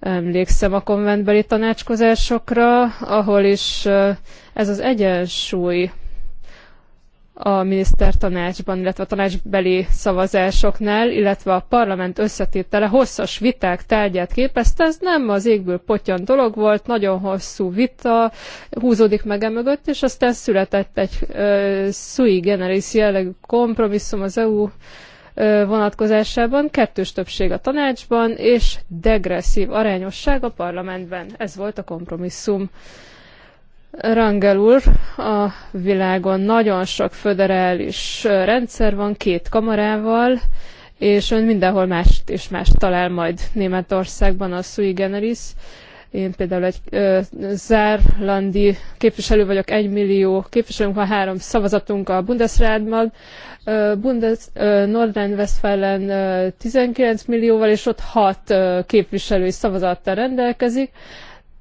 emlékszem a konventbeli tanácskozásokra, ahol is ez az egyensúly a minisztertanácsban, illetve a tanácsbeli szavazásoknál, illetve a parlament összetétele hosszas viták tárgyát képezte. Ez nem az égből potyan dolog volt, nagyon hosszú vita húzódik meg emögött, és aztán született egy ö, sui generis jellegű kompromisszum az EU ö, vonatkozásában, kettős többség a tanácsban, és degresszív arányosság a parlamentben. Ez volt a kompromisszum. Ö, Rangel úr, a világon nagyon sok föderális rendszer van két kamarával, és ön mindenhol más és más talál majd Németországban a sui generis. Én például egy ö, zárlandi képviselő vagyok, egy millió képviselőnk van, három szavazatunk a Bundesrádban. Bundes, Nordrhein-Westfalen 19 millióval, és ott hat képviselői szavazattal rendelkezik.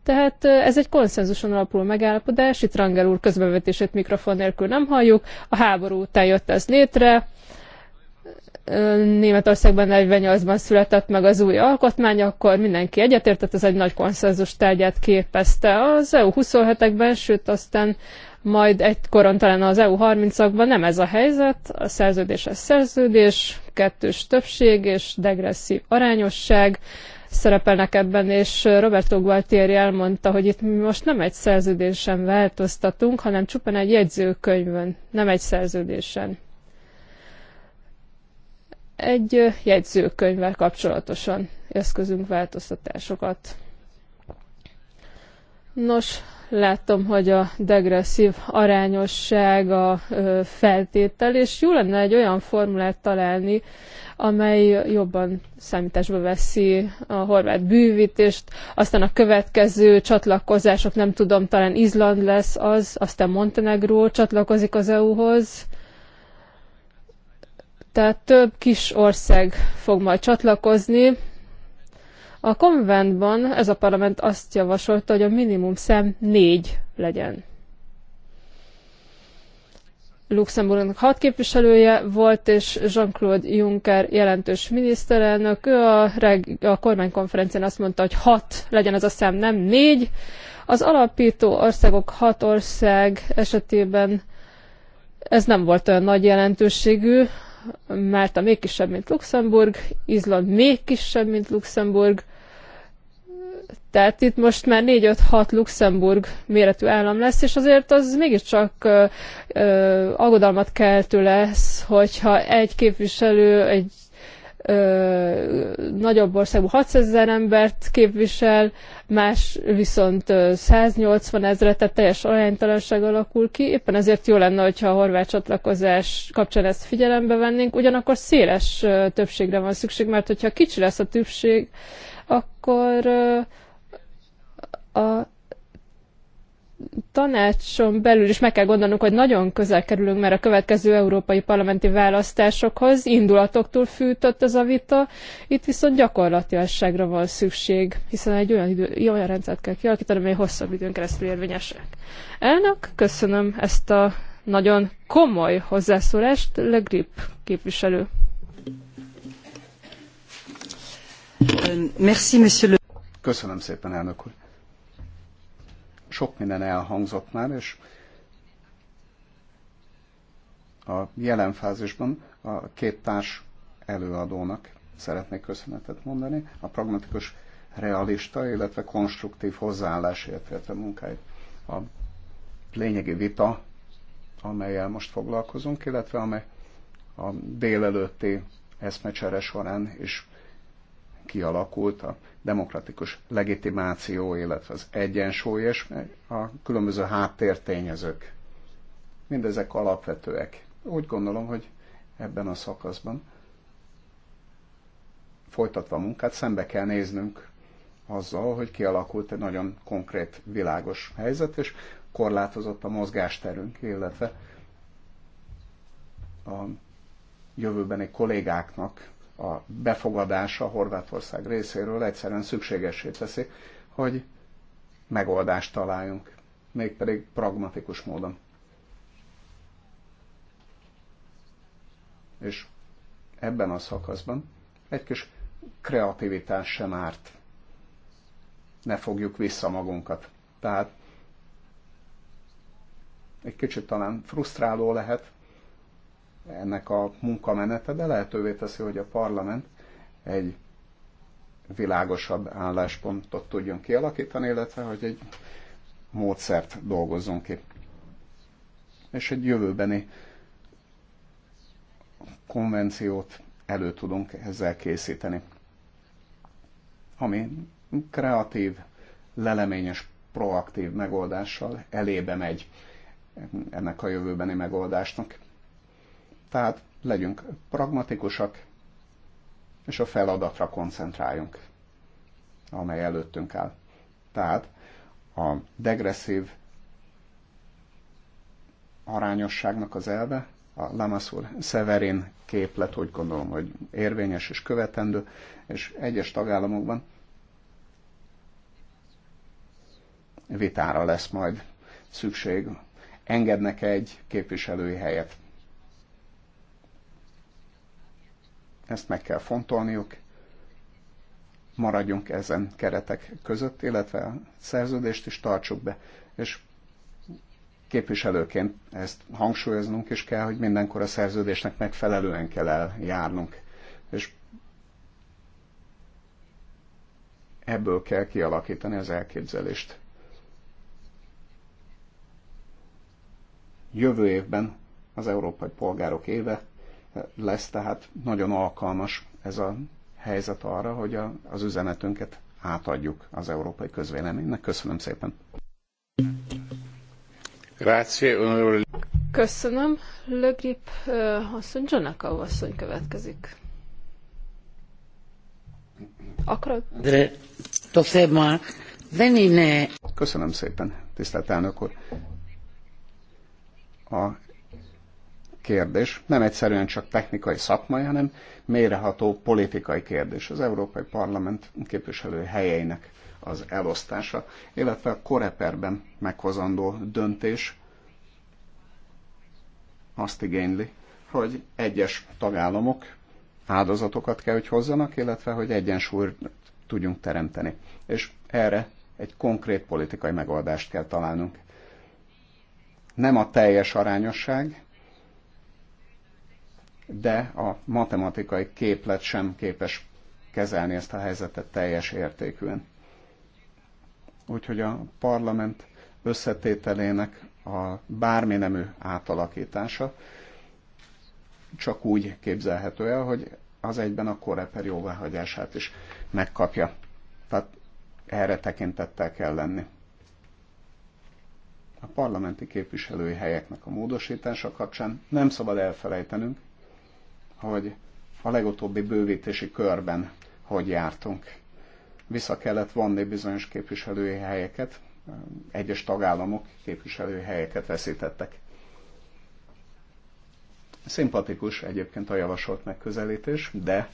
Tehát ez egy konszenzuson alapuló megállapodás, itt Rangel úr közbevetését mikrofon nélkül nem halljuk, a háború után jött ez létre, Németországban 48-ban született meg az új alkotmány, akkor mindenki egyetértett, ez egy nagy konszenzus tárgyát képezte az EU 27-ekben, sőt aztán majd egykoron talán az EU 30-akban nem ez a helyzet, a szerződés a szerződés, kettős többség és degresszív arányosság, szerepelnek ebben, és Roberto Gualtieri elmondta, hogy itt mi most nem egy szerződésen változtatunk, hanem csupán egy jegyzőkönyvön, nem egy szerződésen. Egy jegyzőkönyvvel kapcsolatosan eszközünk változtatásokat. Nos, látom, hogy a degresszív arányosság a feltétel, és jó lenne egy olyan formulát találni, amely jobban számításba veszi a horvát bővítést, aztán a következő csatlakozások, nem tudom, talán Izland lesz az, aztán Montenegró csatlakozik az EU-hoz. Tehát több kis ország fog majd csatlakozni. A konventban ez a parlament azt javasolta, hogy a minimum szem négy legyen. Luxemburgnak hat képviselője volt, és Jean-Claude Juncker jelentős miniszterelnök. Ő a, reg- a kormánykonferencián azt mondta, hogy hat legyen az a szám, nem négy. Az alapító országok hat ország esetében ez nem volt olyan nagy jelentőségű, mert a még kisebb, mint Luxemburg, Izland még kisebb, mint Luxemburg, tehát itt most már 4-5-6 Luxemburg méretű állam lesz, és azért az mégiscsak ö, ö, aggodalmat keltő lesz, hogyha egy képviselő egy ö, nagyobb országban 600 ezer embert képvisel, más viszont 180 ezeret, tehát teljes aránytalanság alakul ki. Éppen ezért jó lenne, hogyha a horvát csatlakozás kapcsán ezt figyelembe vennénk. Ugyanakkor széles többségre van szükség, mert hogyha kicsi lesz a többség, akkor a tanácson belül is meg kell gondolnunk, hogy nagyon közel kerülünk már a következő európai parlamenti választásokhoz, indulatoktól fűtött ez a vita, itt viszont gyakorlatilasságra van szükség, hiszen egy olyan, idő, olyan rendszert kell kialakítani, amely hosszabb időn keresztül érvényesek. Elnök, köszönöm ezt a nagyon komoly hozzászólást, Le Grip képviselő. Köszönöm szépen, elnök úr. Sok minden elhangzott már, és a jelen fázisban a két társ előadónak szeretnék köszönetet mondani, a pragmatikus realista, illetve konstruktív hozzáállásért, illetve munkáért. A lényegi vita, amelyel most foglalkozunk, illetve amely a délelőtti eszmecsere során is kialakult a demokratikus legitimáció, illetve az egyensúly és a különböző háttértényezők. Mindezek alapvetőek. Úgy gondolom, hogy ebben a szakaszban folytatva a munkát, szembe kell néznünk azzal, hogy kialakult egy nagyon konkrét, világos helyzet, és korlátozott a mozgásterünk, illetve a jövőbeni kollégáknak a befogadása Horvátország részéről egyszerűen szükségessé teszi, hogy megoldást találjunk, mégpedig pragmatikus módon. És ebben a szakaszban egy kis kreativitás sem árt. Ne fogjuk vissza magunkat. Tehát egy kicsit talán frusztráló lehet ennek a munkamenete, de lehetővé teszi, hogy a parlament egy világosabb álláspontot tudjon kialakítani, illetve hogy egy módszert dolgozzon ki. És egy jövőbeni konvenciót elő tudunk ezzel készíteni, ami kreatív, leleményes, proaktív megoldással elébe megy ennek a jövőbeni megoldásnak. Tehát legyünk pragmatikusak, és a feladatra koncentráljunk, amely előttünk áll. Tehát a degresszív arányosságnak az elve, a Lamassur Severin képlet úgy gondolom, hogy érvényes és követendő, és egyes tagállamokban vitára lesz majd szükség. Engednek -e egy képviselői helyet Ezt meg kell fontolniuk, maradjunk ezen keretek között, illetve a szerződést is tartsuk be. És képviselőként ezt hangsúlyoznunk is kell, hogy mindenkor a szerződésnek megfelelően kell eljárnunk. És ebből kell kialakítani az elképzelést. Jövő évben az Európai Polgárok éve lesz, tehát nagyon alkalmas ez a helyzet arra, hogy a, az üzenetünket átadjuk az európai közvéleménynek. Köszönöm szépen. Köszönöm. Le Grip asszony, Janaka asszony következik. Akarod? Köszönöm szépen, tisztelt elnök úr. A kérdés nem egyszerűen csak technikai szakmai, hanem méreható politikai kérdés. Az Európai Parlament képviselő helyeinek az elosztása, illetve a koreperben meghozandó döntés azt igényli, hogy egyes tagállamok áldozatokat kell, hogy hozzanak, illetve hogy egyensúlyt tudjunk teremteni. És erre egy konkrét politikai megoldást kell találnunk. Nem a teljes arányosság, de a matematikai képlet sem képes kezelni ezt a helyzetet teljes értékűen. Úgyhogy a parlament összetételének a bármi nemű átalakítása csak úgy képzelhető el, hogy az egyben a koreper jóváhagyását is megkapja. Tehát erre tekintettel kell lenni. A parlamenti képviselői helyeknek a módosítása kapcsán nem szabad elfelejtenünk, hogy a legutóbbi bővítési körben hogy jártunk. Vissza kellett vonni bizonyos képviselői helyeket, egyes tagállamok képviselői helyeket veszítettek. Szimpatikus egyébként a javasolt megközelítés, de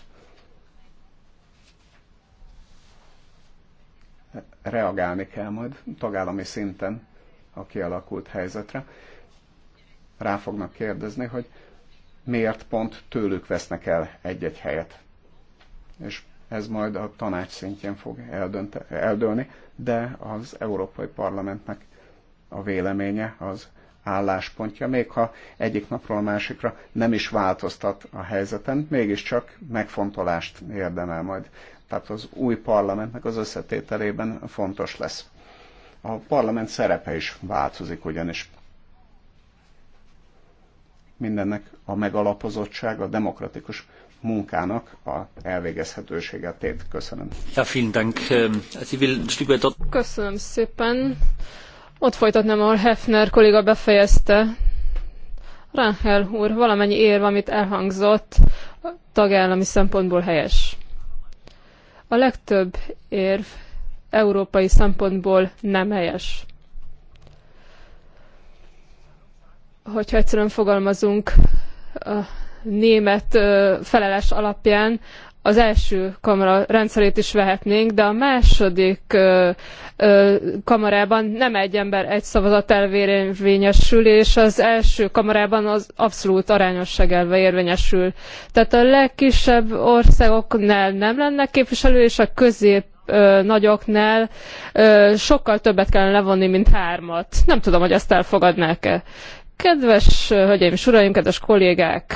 reagálni kell majd tagállami szinten a kialakult helyzetre. Rá fognak kérdezni, hogy miért pont tőlük vesznek el egy-egy helyet. És ez majd a tanács szintjén fog eldönte, eldőlni, de az Európai Parlamentnek a véleménye, az álláspontja, még ha egyik napról a másikra nem is változtat a helyzeten, mégiscsak megfontolást érdemel majd. Tehát az új parlamentnek az összetételében fontos lesz. A parlament szerepe is változik ugyanis mindennek a megalapozottság, a demokratikus munkának a elvégezhetőségetét. Köszönöm. Ja, vielen Dank. Ähm, köszönöm szépen. Ott folytatnám, ahol Hefner kolléga befejezte. Rangel úr, valamennyi érv, amit elhangzott, tagállami szempontból helyes. A legtöbb érv európai szempontból nem helyes. hogyha egyszerűen fogalmazunk a német felelés alapján, az első kamara rendszerét is vehetnénk, de a második ö, ö, kamarában nem egy ember egy szavazat elvérvényesül, és az első kamarában az abszolút arányosság elve érvényesül. Tehát a legkisebb országoknál nem lenne képviselő, és a közép ö, nagyoknál sokkal többet kellene levonni, mint hármat. Nem tudom, hogy ezt elfogadnák-e. Kedves hölgyeim és uraim, kedves kollégák!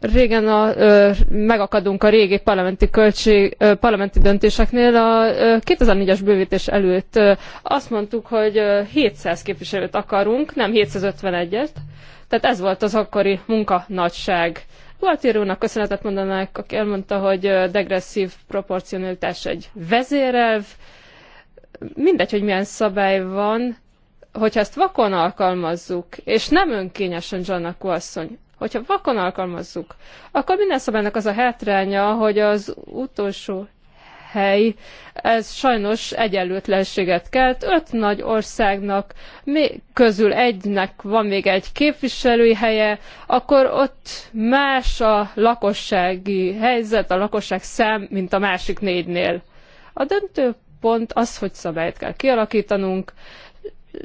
Régen a, ö, megakadunk a régi parlamenti, költség, ö, parlamenti döntéseknél. A 2004-es bővítés előtt ö, azt mondtuk, hogy ö, 700 képviselőt akarunk, nem 751-et. Tehát ez volt az akkori munka nagyság. volt úrnak köszönetet mondanák, aki elmondta, hogy degresszív proporcionalitás egy vezérelv. Mindegy, hogy milyen szabály van, hogyha ezt vakon alkalmazzuk, és nem önkényesen Zsannakó asszony, hogyha vakon alkalmazzuk, akkor minden szabálynak az a hátránya, hogy az utolsó hely, ez sajnos egyenlőtlenséget kelt. Öt nagy országnak közül egynek van még egy képviselői helye, akkor ott más a lakossági helyzet, a lakosság szám, mint a másik négynél. A döntő pont az, hogy szabályt kell kialakítanunk,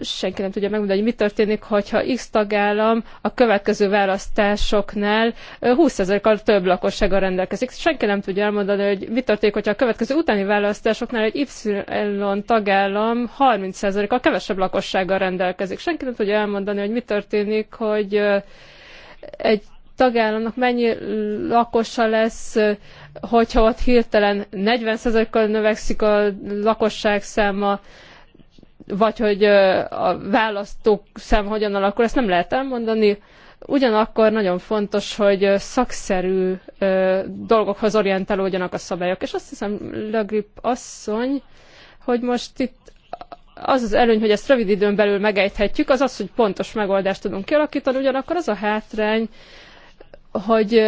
senki nem tudja megmondani, hogy mi történik, hogyha X tagállam a következő választásoknál 20%-kal több lakossággal rendelkezik. Senki nem tudja elmondani, hogy mi történik, hogyha a következő utáni választásoknál egy Y tagállam 30%-kal kevesebb lakossággal rendelkezik. Senki nem tudja elmondani, hogy mi történik, hogy egy tagállamnak mennyi lakosa lesz, hogyha ott hirtelen 40%-kal növekszik a lakosság száma, vagy hogy a választók szem hogyan alakul, ezt nem lehet elmondani. Ugyanakkor nagyon fontos, hogy szakszerű dolgokhoz orientálódjanak a szabályok. És azt hiszem, Lagrip asszony, hogy most itt az az előny, hogy ezt rövid időn belül megejthetjük, az az, hogy pontos megoldást tudunk kialakítani, ugyanakkor az a hátrány, hogy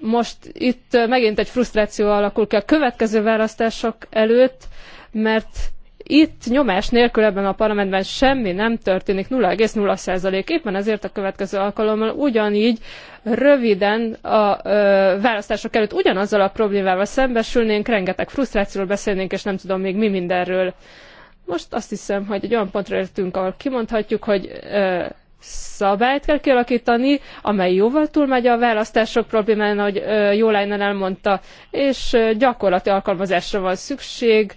most itt megint egy frusztráció alakul ki a következő választások előtt, mert itt nyomás nélkül ebben a parlamentben semmi nem történik, 0,0% éppen ezért a következő alkalommal ugyanígy röviden a ö, választások előtt ugyanazzal a problémával szembesülnénk, rengeteg frusztrációról beszélnénk, és nem tudom még mi mindenről. Most azt hiszem, hogy egy olyan pontra értünk, ahol kimondhatjuk, hogy ö, szabályt kell kialakítani, amely jóval túlmegy a választások problémán, ahogy Jólájnen elmondta, és gyakorlati alkalmazásra van szükség,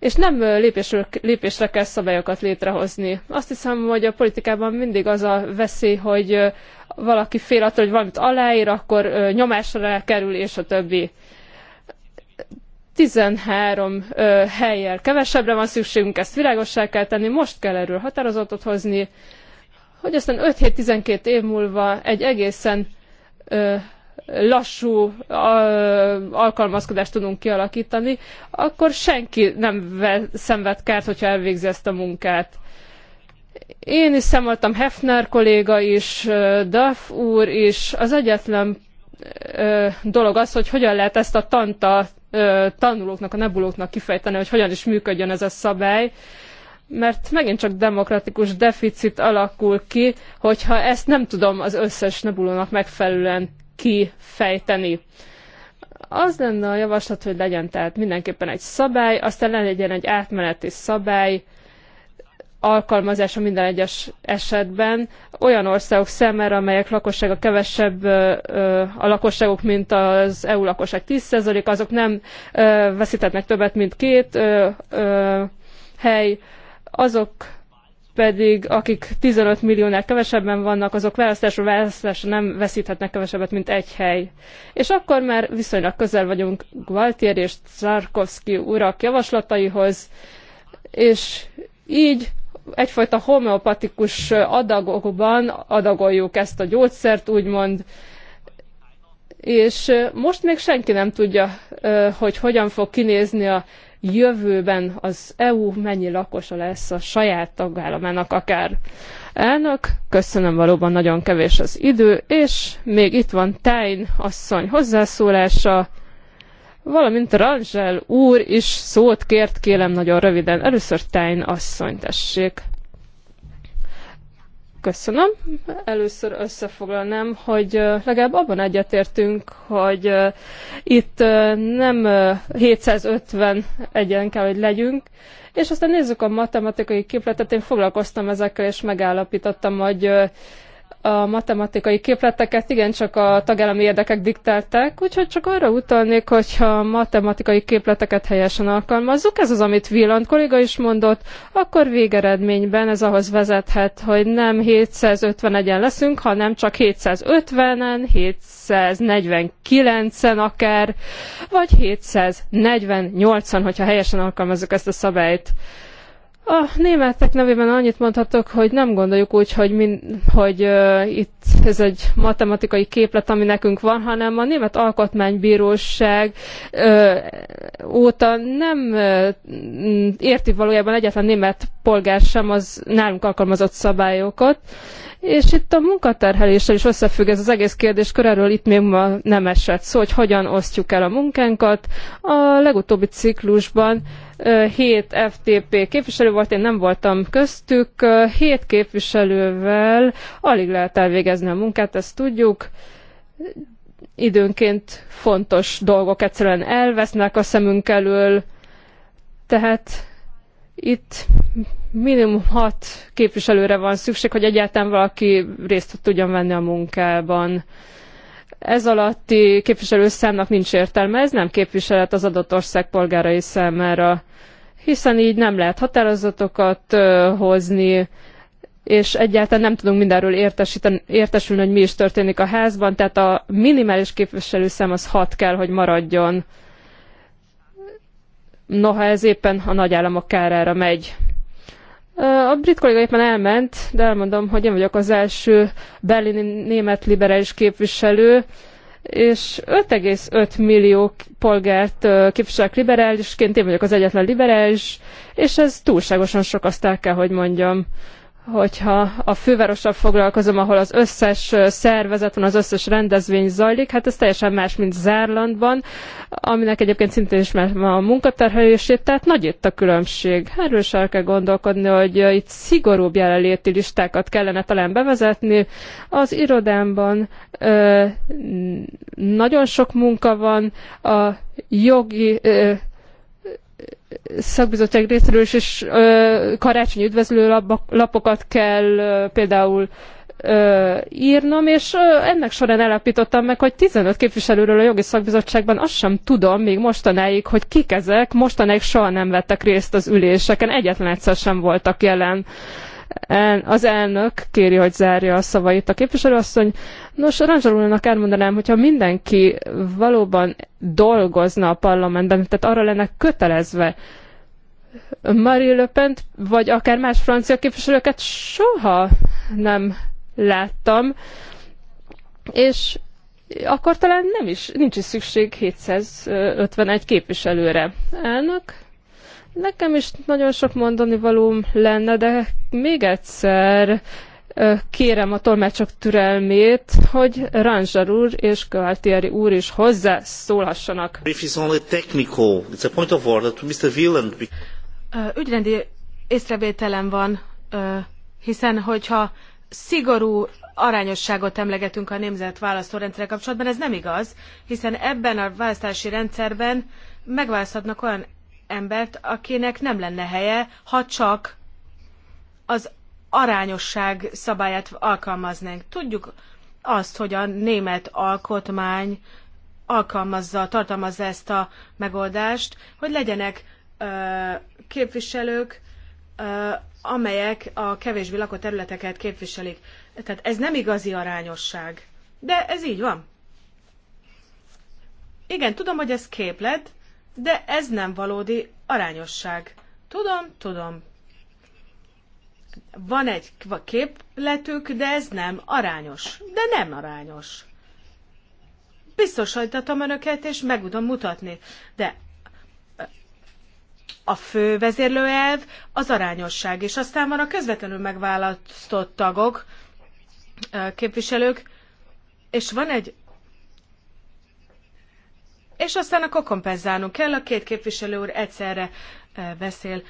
és nem lépésről, lépésre kell szabályokat létrehozni. Azt hiszem, hogy a politikában mindig az a veszély, hogy valaki fél attól, hogy valamit aláír, akkor nyomásra kerül, és a többi. 13 ö, helyjel kevesebbre van szükségünk, ezt világossá kell tenni, most kell erről határozatot hozni, hogy aztán 5-7-12 év múlva egy egészen ö, lassú alkalmazkodást tudunk kialakítani, akkor senki nem szenved kárt, hogyha elvégzi ezt a munkát. Én is szemoltam Hefner kolléga is, Duff úr is. Az egyetlen dolog az, hogy hogyan lehet ezt a tanta tanulóknak, a nebulóknak kifejteni, hogy hogyan is működjön ez a szabály, mert megint csak demokratikus deficit alakul ki, hogyha ezt nem tudom az összes nebulónak megfelelően kifejteni. Az lenne a javaslat, hogy legyen tehát mindenképpen egy szabály, aztán legyen egy átmeneti szabály, alkalmazása minden egyes esetben olyan országok számára, amelyek lakossága kevesebb a lakosságok, mint az EU lakosság 10%, azok nem veszítetnek többet, mint két hely. Azok pedig akik 15 milliónál kevesebben vannak, azok választásról választásra nem veszíthetnek kevesebbet, mint egy hely. És akkor már viszonylag közel vagyunk Gualtier és Czarkovszki urak javaslataihoz, és így egyfajta homeopatikus adagokban adagoljuk ezt a gyógyszert, úgymond, és most még senki nem tudja, hogy hogyan fog kinézni a jövőben az EU mennyi lakosa lesz a saját tagállamának akár. Elnök, köszönöm valóban nagyon kevés az idő, és még itt van Tájn asszony hozzászólása, valamint Rangel úr is szót kért, kérem nagyon röviden. Először Tájn asszony, tessék. Köszönöm. Először összefoglalnám, hogy legalább abban egyetértünk, hogy itt nem 750 egyen kell, hogy legyünk, és aztán nézzük a matematikai képletet. Én foglalkoztam ezekkel, és megállapítottam, hogy a matematikai képleteket igencsak a tagállami érdekek diktálták, úgyhogy csak arra utalnék, hogyha a matematikai képleteket helyesen alkalmazzuk, ez az, amit Villant kolléga is mondott, akkor végeredményben ez ahhoz vezethet, hogy nem 751-en leszünk, hanem csak 750-en, 749-en akár, vagy 748-an, hogyha helyesen alkalmazzuk ezt a szabályt. A németek nevében annyit mondhatok, hogy nem gondoljuk úgy, hogy, min, hogy uh, itt ez egy matematikai képlet, ami nekünk van, hanem a Német Alkotmánybíróság uh, óta nem uh, érti valójában egyetlen német polgár sem az nálunk alkalmazott szabályokat, és itt a munkaterheléssel is összefügg ez az egész kérdés körülről itt még ma nem esett szó, hogy hogyan osztjuk el a munkánkat. A legutóbbi ciklusban uh, hét FTP képviselő volt, én nem voltam köztük, hét képviselővel alig lehet elvégezni a munkát, ezt tudjuk. Időnként fontos dolgok egyszerűen elvesznek a szemünk elől, tehát itt minimum hat képviselőre van szükség, hogy egyáltalán valaki részt tudjon venni a munkában ez alatti számnak nincs értelme, ez nem képviselet az adott ország polgárai számára, hiszen így nem lehet határozatokat hozni, és egyáltalán nem tudunk mindenről értesülni, hogy mi is történik a házban, tehát a minimális képviselőszám az hat kell, hogy maradjon. Noha ez éppen a nagyállamok kárára megy. A brit kolléga éppen elment, de elmondom, hogy én vagyok az első berlini német liberális képviselő, és 5,5 millió polgárt képviselek liberálisként, én vagyok az egyetlen liberális, és ez túlságosan sok, azt el kell, hogy mondjam hogyha a fővárossal foglalkozom, ahol az összes szervezet van, az összes rendezvény zajlik, hát ez teljesen más, mint Zárlandban, aminek egyébként szintén ismerem a munkaterhelését, tehát nagy itt a különbség. Erről el kell gondolkodni, hogy itt szigorúbb jelenléti listákat kellene talán bevezetni. Az irodámban ö, nagyon sok munka van, a jogi ö, szakbizottság részéről is, és ö, karácsonyi üdvözlő lapokat kell ö, például ö, írnom, és ö, ennek során elapítottam meg, hogy 15 képviselőről a jogi szakbizottságban azt sem tudom még mostanáig, hogy kik ezek, mostanáig soha nem vettek részt az üléseken, egyetlen egyszer sem voltak jelen. Ö, az elnök kéri, hogy zárja a szavait a képviselőasszony. Nos, Ranzsalulnak elmondanám, hogyha mindenki valóban dolgozna a parlamentben, tehát arra lenne kötelezve, Marie Le Pen vagy akár más francia képviselőket soha nem láttam, és akkor talán nem is, nincs is szükség 751 képviselőre. Elnök, Nekem is nagyon sok mondani valóm lenne, de még egyszer kérem a tolmácsok türelmét, hogy Ranzsar úr és Kváltieri úr is szólhassanak. Ügyrendi észrevételem van, hiszen hogyha szigorú arányosságot emlegetünk a nemzet választórendszerre kapcsolatban, ez nem igaz, hiszen ebben a választási rendszerben megválaszthatnak olyan embert, akinek nem lenne helye, ha csak az arányosság szabályát alkalmaznánk. Tudjuk azt, hogy a német alkotmány alkalmazza, tartalmazza ezt a megoldást, hogy legyenek ö, képviselők, ö, amelyek a kevésbé lakott területeket képviselik. Tehát ez nem igazi arányosság. De ez így van. Igen, tudom, hogy ez képlet, de ez nem valódi arányosság. Tudom, tudom. Van egy képletük, de ez nem arányos. De nem arányos. Biztosítatom önöket, és meg tudom mutatni. De a fő vezérlőelv az arányosság, és aztán van a közvetlenül megválasztott tagok, képviselők, és van egy és aztán akkor kompenzálnunk kell, a két képviselő úr egyszerre eh, beszél.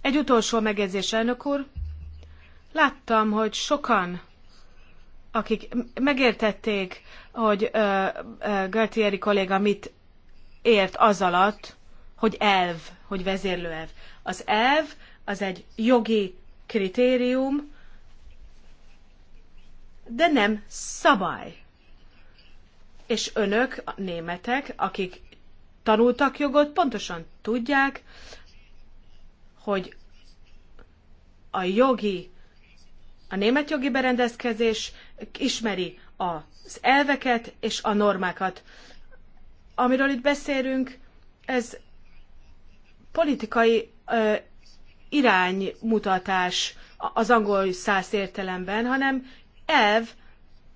Egy utolsó megjegyzés, elnök úr. Láttam, hogy sokan, akik megértették, hogy uh, uh, Galtieri kolléga mit ért az alatt, hogy elv, hogy elv. Az elv az egy jogi kritérium, de nem szabály és önök, a németek, akik tanultak jogot, pontosan tudják, hogy a jogi, a német jogi berendezkezés ismeri az elveket és a normákat. Amiről itt beszélünk, ez politikai ö, iránymutatás az angol száz értelemben, hanem elv,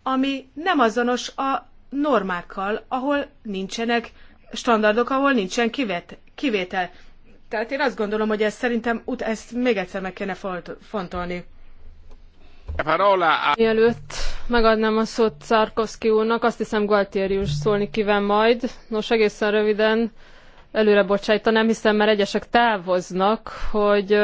ami nem azonos a normákkal, ahol nincsenek standardok, ahol nincsen kivétel. Tehát én azt gondolom, hogy ez szerintem ut- ezt még egyszer meg kéne fontolni. Mielőtt megadnám a szót Szarkovszki úrnak, azt hiszem Gualtieri úr szólni kíván majd. Nos, egészen röviden előre bocsájtanám, hiszen már egyesek távoznak, hogy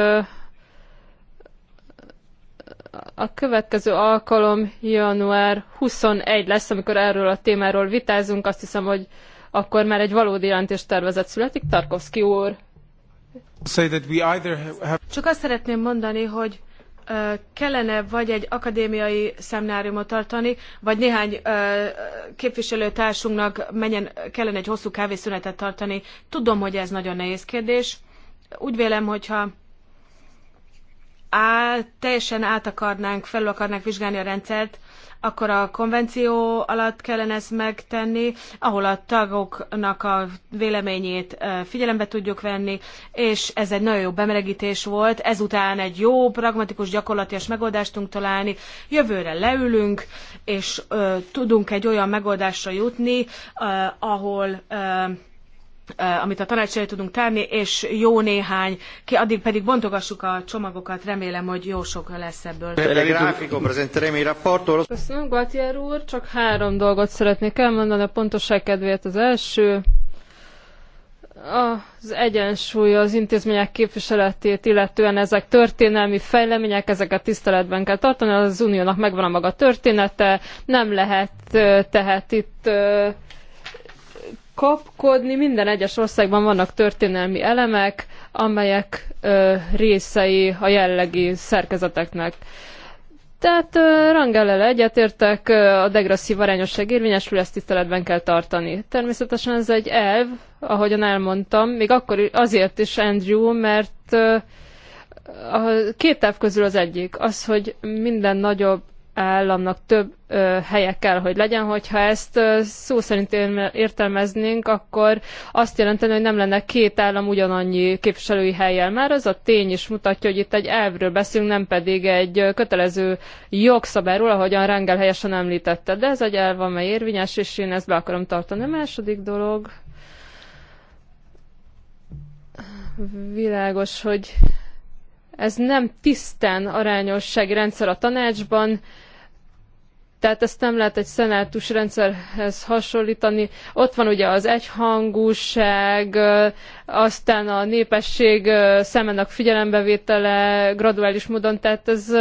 a következő alkalom január 21 lesz, amikor erről a témáról vitázunk. Azt hiszem, hogy akkor már egy valódi jelentéstervezet születik. Tarkovsky úr. Csak azt szeretném mondani, hogy kellene vagy egy akadémiai szemináriumot tartani, vagy néhány képviselőtársunknak menjen, kellene egy hosszú kávészünetet tartani. Tudom, hogy ez nagyon nehéz kérdés. Úgy vélem, hogyha áll, teljesen át akarnánk, felül akarnánk vizsgálni a rendszert, akkor a konvenció alatt kellene ezt megtenni, ahol a tagoknak a véleményét figyelembe tudjuk venni, és ez egy nagyon jó bemelegítés volt. Ezután egy jó, pragmatikus, gyakorlatias megoldást tudunk találni. Jövőre leülünk, és ö, tudunk egy olyan megoldásra jutni, ö, ahol ö, Eh, amit a tanács elé tudunk tenni, és jó néhány, ki addig pedig bontogassuk a csomagokat, remélem, hogy jó sok lesz ebből. Köszönöm, Gatier úr, csak három dolgot szeretnék elmondani, a pontosság kedvéért az első. Az egyensúly az intézmények képviseletét, illetően ezek történelmi fejlemények, ezeket tiszteletben kell tartani, az uniónak megvan a maga története, nem lehet eh, tehát itt eh, kapkodni. Minden egyes országban vannak történelmi elemek, amelyek ö, részei a jellegi szerkezeteknek. Tehát Rangellel egyetértek, a degresszív arányosság érvényesül, ezt tiszteletben kell tartani. Természetesen ez egy elv, ahogyan elmondtam, még akkor azért is, Andrew, mert a két elv közül az egyik, az, hogy minden nagyobb államnak több ö, helye kell, hogy legyen, hogyha ezt ö, szó szerint értelmeznénk, akkor azt jelenteni, hogy nem lenne két állam ugyanannyi képviselői helyjel. Már az a tény is mutatja, hogy itt egy elvről beszélünk, nem pedig egy kötelező jogszabályról, ahogyan Rangel helyesen említette. De ez egy elv, amely érvényes, és én ezt be akarom tartani. A második dolog világos, hogy ez nem tisztán arányossági rendszer a tanácsban, tehát ezt nem lehet egy szenátus rendszerhez hasonlítani. Ott van ugye az egyhangúság, aztán a népesség szemenek figyelembevétele graduális módon, tehát ez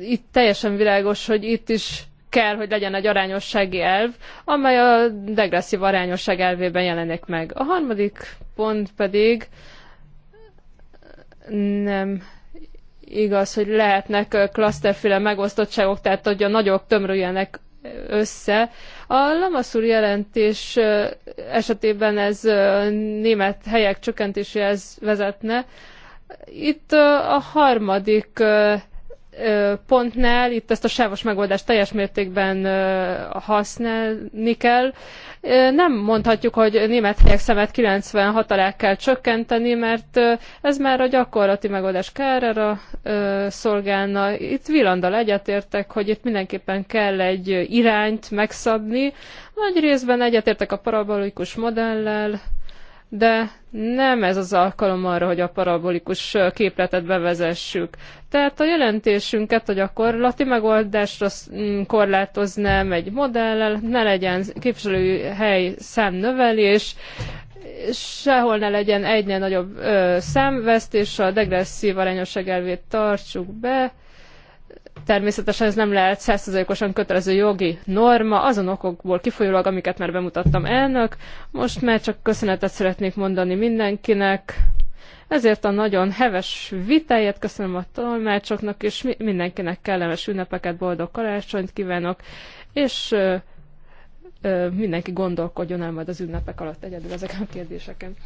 itt teljesen világos, hogy itt is kell, hogy legyen egy arányossági elv, amely a degresszív arányosság elvében jelenik meg. A harmadik pont pedig nem igaz, hogy lehetnek klaszterféle megosztottságok, tehát hogy a nagyok tömörüljenek össze. A Lamaszúr jelentés esetében ez német helyek csökkentéséhez vezetne. Itt a harmadik pontnál itt ezt a sávos megoldást teljes mértékben használni kell. Nem mondhatjuk, hogy német helyek szemet 96 alá kell csökkenteni, mert ez már a gyakorlati megoldás kárára szolgálna. Itt Vilandal egyetértek, hogy itt mindenképpen kell egy irányt megszabni. Nagy részben egyetértek a parabolikus modellel, de nem ez az alkalom arra, hogy a parabolikus képletet bevezessük. Tehát a jelentésünket a gyakorlati megoldásra mm, korlátoznám egy modellel, ne legyen képviselőhely számnövelés, sehol ne legyen egynél nagyobb ö, számvesztés, a degresszív arányosság elvét tartsuk be, Természetesen ez nem lehet százszerzalékosan kötelező jogi norma, azon okokból kifolyólag, amiket már bemutattam elnök. Most már csak köszönetet szeretnék mondani mindenkinek. Ezért a nagyon heves vitáját köszönöm a tolmácsoknak, és mindenkinek kellemes ünnepeket, boldog karácsonyt kívánok, és ö, ö, mindenki gondolkodjon el majd az ünnepek alatt egyedül ezeken a kérdéseken.